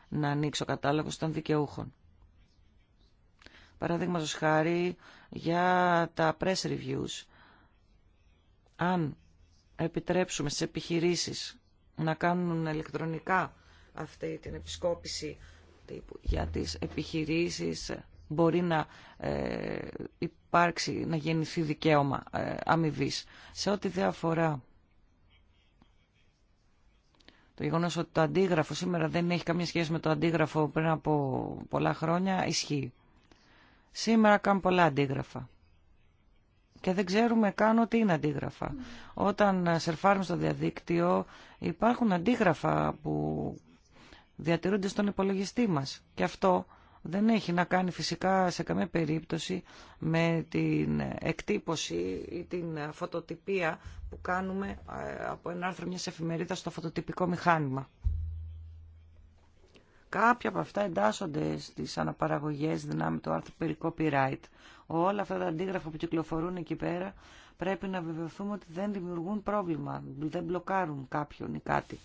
να ανοίξω κατάλογο των δικαιούχων. Παραδείγματο χάρη για τα press reviews. Αν επιτρέψουμε στις επιχειρήσεις να κάνουν ηλεκτρονικά αυτή την επισκόπηση για τις επιχειρήσεις μπορεί να ε, υπάρξει, να γεννηθεί δικαίωμα ε, αμοιβή. Σε ό,τι διαφορά αφορά το γεγονό ότι το αντίγραφο σήμερα δεν έχει καμία σχέση με το αντίγραφο πριν από πολλά χρόνια, ισχύει. Σήμερα κάνουν πολλά αντίγραφα. Και δεν ξέρουμε καν ότι είναι αντίγραφα. Όταν ε, σερφάρουμε στο διαδίκτυο υπάρχουν αντίγραφα που διατηρούνται στον υπολογιστή μας. Και αυτό δεν έχει να κάνει φυσικά σε καμία περίπτωση με την εκτύπωση ή την φωτοτυπία που κάνουμε ε, από ένα άρθρο μιας εφημερίδας στο φωτοτυπικό μηχάνημα. Κάποια από αυτά εντάσσονται στις αναπαραγωγές δυνάμει του άρθρου περί copyright. Όλα αυτά τα αντίγραφα που κυκλοφορούν εκεί πέρα πρέπει να βεβαιωθούμε ότι δεν δημιουργούν πρόβλημα, δεν μπλοκάρουν κάποιον ή κάτι.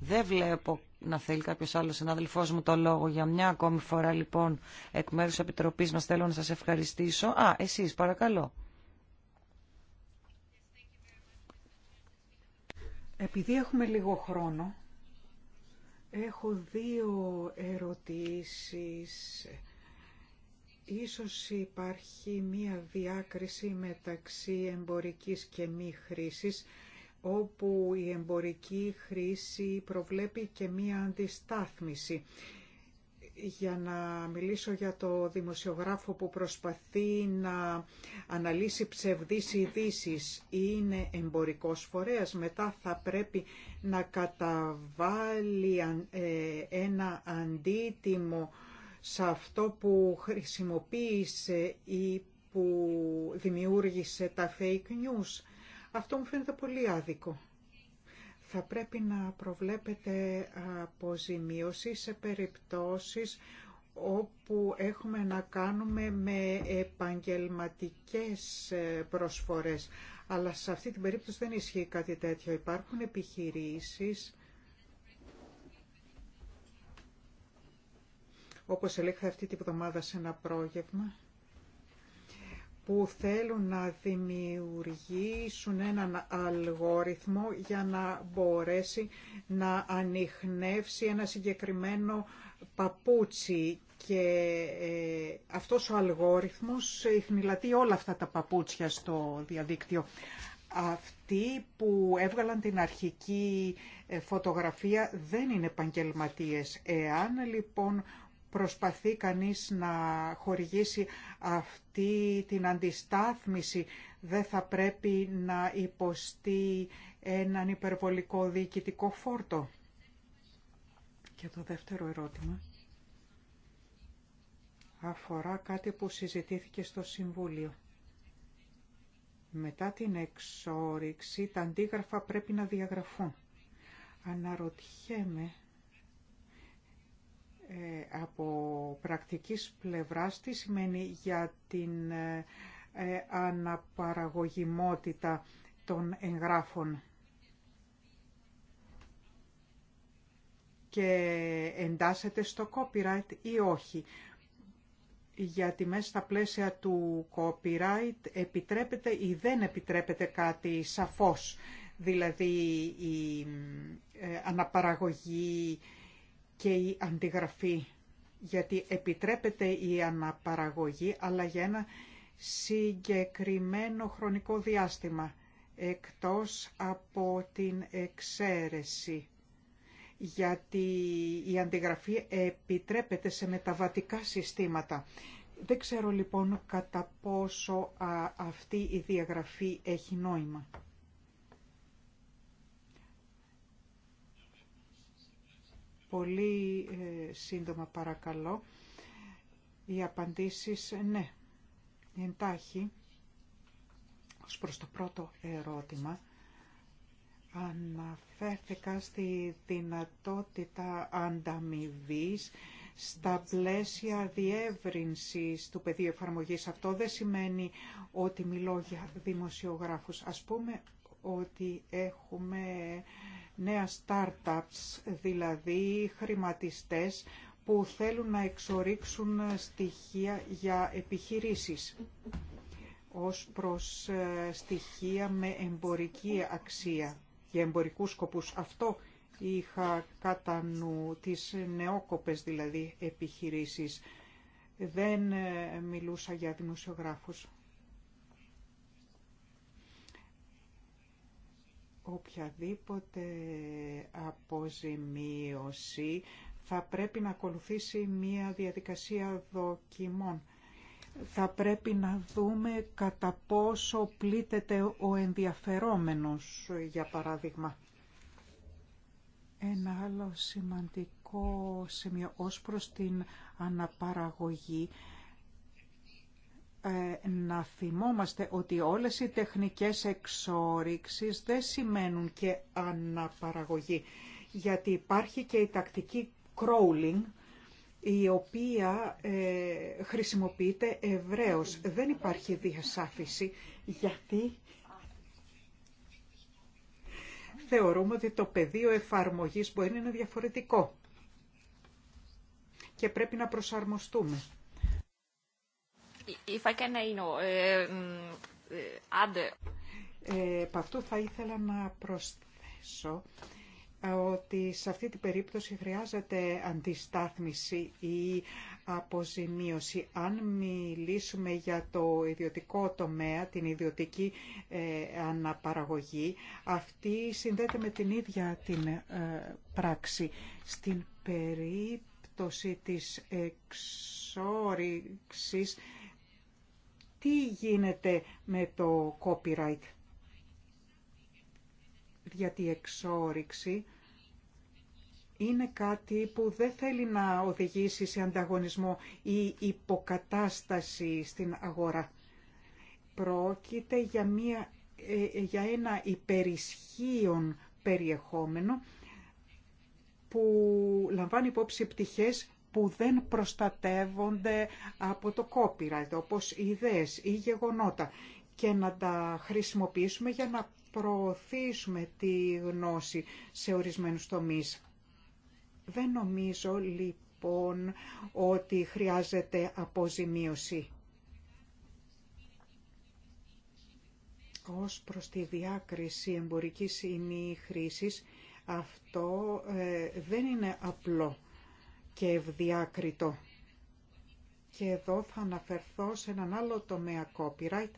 Δεν βλέπω να θέλει κάποιο άλλο συνάδελφό μου το λόγο. Για μια ακόμη φορά, λοιπόν, εκ μέρου Επιτροπή μα θέλω να σα ευχαριστήσω. Α, εσεί, παρακαλώ. Επειδή έχουμε λίγο χρόνο, Έχω δύο ερωτήσεις. Ίσως υπάρχει μία διάκριση μεταξύ εμπορικής και μη χρήσης, όπου η εμπορική χρήση προβλέπει και μία αντιστάθμιση για να μιλήσω για το δημοσιογράφο που προσπαθεί να αναλύσει ψευδείς ειδήσει είναι εμπορικός φορέας, μετά θα πρέπει να καταβάλει ε, ένα αντίτιμο σε αυτό που χρησιμοποίησε ή που δημιούργησε τα fake news. Αυτό μου φαίνεται πολύ άδικο θα πρέπει να προβλέπετε αποζημίωση σε περιπτώσεις όπου έχουμε να κάνουμε με επαγγελματικές ε, προσφορές. Αλλά σε αυτή την περίπτωση δεν ισχύει κάτι τέτοιο. Υπάρχουν επιχειρήσεις, όπως ελέγχθη αυτή την εβδομάδα σε ένα πρόγευμα, που θέλουν να δημιουργήσουν έναν αλγόριθμο για να μπορέσει να ανοιχνεύσει ένα συγκεκριμένο παπούτσι και ε, αυτός ο αλγόριθμος ειχνηλατεί όλα αυτά τα παπούτσια στο διαδίκτυο. Αυτοί που έβγαλαν την αρχική ε, φωτογραφία δεν είναι επαγγελματίε. Εάν λοιπόν προσπαθεί κανείς να χορηγήσει αυτή την αντιστάθμιση δεν θα πρέπει να υποστεί έναν υπερβολικό διοικητικό φόρτο. Και το δεύτερο ερώτημα αφορά κάτι που συζητήθηκε στο Συμβούλιο. Μετά την εξόριξη τα αντίγραφα πρέπει να διαγραφούν. Αναρωτιέμαι ε, από πρακτικής πλευράς τι σημαίνει για την ε, αναπαραγωγιμότητα των εγγράφων και εντάσσεται στο copyright ή όχι γιατί μέσα στα πλαίσια του copyright επιτρέπεται ή δεν επιτρέπεται κάτι σαφώς δηλαδή η ε, αναπαραγωγή και η αντιγραφή, γιατί επιτρέπεται η αναπαραγωγή, αλλά για ένα συγκεκριμένο χρονικό διάστημα, εκτός από την εξαίρεση γιατί η αντιγραφή επιτρέπεται σε μεταβατικά συστήματα. Δεν ξέρω λοιπόν κατά πόσο αυτή η διαγραφή έχει νόημα. πολύ ε, σύντομα παρακαλώ. Οι απαντήσεις, ε, ναι, εντάχει, ως προς το πρώτο ερώτημα, αναφέρθηκα στη δυνατότητα ανταμοιβή στα πλαίσια διεύρυνσης του πεδίου εφαρμογής. Αυτό δεν σημαίνει ότι μιλώ για δημοσιογράφους. Ας πούμε ότι έχουμε νέα startups, δηλαδή χρηματιστές που θέλουν να εξορίξουν στοιχεία για επιχειρήσεις ως προς ε, στοιχεία με εμπορική αξία για εμπορικούς σκοπούς. Αυτό είχα κατά νου τις νεόκοπες δηλαδή επιχειρήσεις. Δεν ε, μιλούσα για δημοσιογράφους. οποιαδήποτε αποζημίωση θα πρέπει να ακολουθήσει μία διαδικασία δοκιμών. Θα πρέπει να δούμε κατά πόσο πλήττεται ο ενδιαφερόμενος, για παράδειγμα. Ένα άλλο σημαντικό σημείο ως προς την αναπαραγωγή ε, να θυμόμαστε ότι όλες οι τεχνικές εξόριξεις δεν σημαίνουν και αναπαραγωγή, γιατί υπάρχει και η τακτική crawling, η οποία ε, χρησιμοποιείται ευρέως. Δεν υπάρχει διασάφηση, γιατί θεωρούμε ότι το πεδίο εφαρμογής μπορεί να είναι διαφορετικό και πρέπει να προσαρμοστούμε. If I can, uh, know, um, uh, uh, επ' αυτού θα ήθελα να προσθέσω ότι σε αυτή την περίπτωση χρειάζεται αντιστάθμιση ή αποζημίωση. Αν μιλήσουμε για το ιδιωτικό τομέα, την ιδιωτική ε, αναπαραγωγή, αυτή συνδέεται με την ίδια την ε, πράξη. Στην περίπτωση της εξόριξης τι γίνεται με το copyright. Γιατί η εξόριξη είναι κάτι που δεν θέλει να οδηγήσει σε ανταγωνισμό ή υποκατάσταση στην αγορά. Πρόκειται για, μια, ε, για ένα υπερισχύον περιεχόμενο που λαμβάνει υπόψη πτυχές που δεν προστατεύονται από το copyright, όπως ιδέες ή γεγονότα, και να τα χρησιμοποιήσουμε για να προωθήσουμε τη γνώση σε ορισμένους τομείς. Δεν νομίζω λοιπόν ότι χρειάζεται αποζημίωση. Ως προς τη διάκριση εμπορικής ημιχρήσης, αυτό ε, δεν είναι απλό και ευδιάκριτο. Και εδώ θα αναφερθώ σε έναν άλλο τομέα copyright,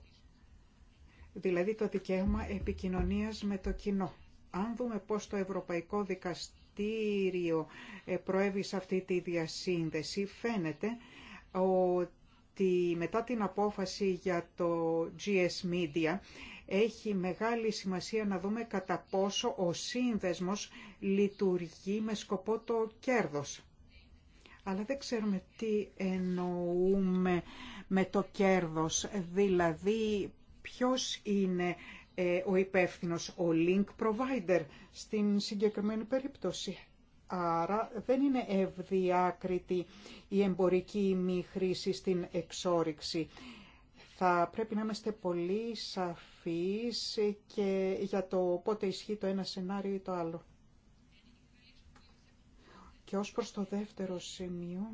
δηλαδή το δικαίωμα επικοινωνίας με το κοινό. Αν δούμε πώς το Ευρωπαϊκό Δικαστήριο ε, προέβη σε αυτή τη διασύνδεση, φαίνεται ότι μετά την απόφαση για το GS Media έχει μεγάλη σημασία να δούμε κατά πόσο ο σύνδεσμος λειτουργεί με σκοπό το κέρδος αλλά δεν ξέρουμε τι εννοούμε με το κέρδος, δηλαδή ποιος είναι ε, ο υπεύθυνος, ο link provider στην συγκεκριμένη περίπτωση. Άρα δεν είναι ευδιάκριτη η εμπορική μη χρήση στην εξόριξη. Θα πρέπει να είμαστε πολύ σαφείς και για το πότε ισχύει το ένα σενάριο ή το άλλο. Και ως προς το δεύτερο σημείο,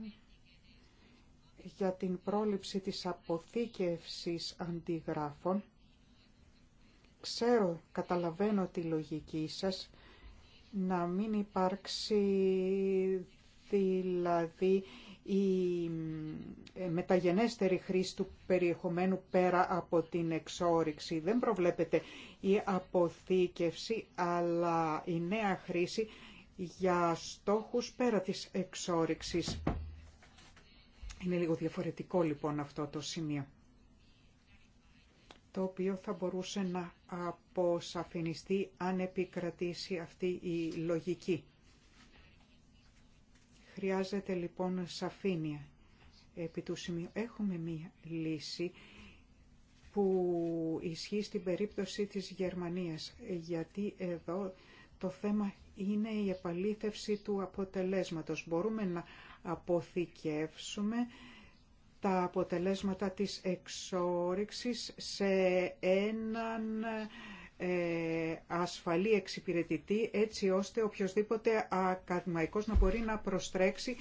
για την πρόληψη της αποθήκευσης αντιγράφων, ξέρω, καταλαβαίνω τη λογική σας, να μην υπάρξει δηλαδή η ε, μεταγενέστερη χρήση του περιεχομένου πέρα από την εξόριξη. Δεν προβλέπεται η αποθήκευση, αλλά η νέα χρήση για στόχους πέρα της εξόρυξης. Είναι λίγο διαφορετικό λοιπόν αυτό το σημείο, το οποίο θα μπορούσε να αποσαφινιστεί αν επικρατήσει αυτή η λογική. Χρειάζεται λοιπόν σαφήνεια επί του σημείου. Έχουμε μία λύση που ισχύει στην περίπτωση της Γερμανίας, γιατί εδώ το θέμα είναι η επαλήθευση του αποτελέσματος. Μπορούμε να αποθηκεύσουμε τα αποτελέσματα της εξόρυξης σε έναν ε, ασφαλή εξυπηρετητή έτσι ώστε οποιοδήποτε ακαδημαϊκός να μπορεί να προστρέξει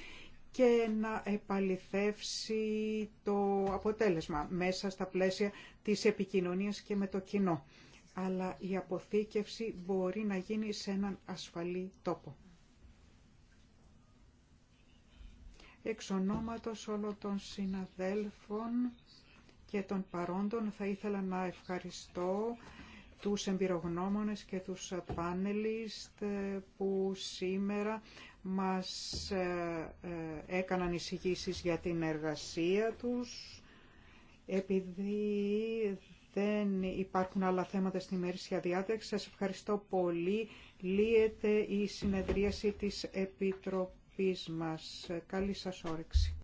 και να επαληθεύσει το αποτέλεσμα μέσα στα πλαίσια της επικοινωνίας και με το κοινό αλλά η αποθήκευση μπορεί να γίνει σε έναν ασφαλή τόπο. Εξ ονόματος όλων των συναδέλφων και των παρόντων θα ήθελα να ευχαριστώ τους εμπειρογνώμονες και τους πάνελιστ που σήμερα μας ε, ε, έκαναν εισηγήσεις για την εργασία τους επειδή δεν υπάρχουν άλλα θέματα στην ημερήσια διάταξη. Σας ευχαριστώ πολύ. Λύεται η συνεδρίαση της Επιτροπής μας. Καλή σας όρεξη.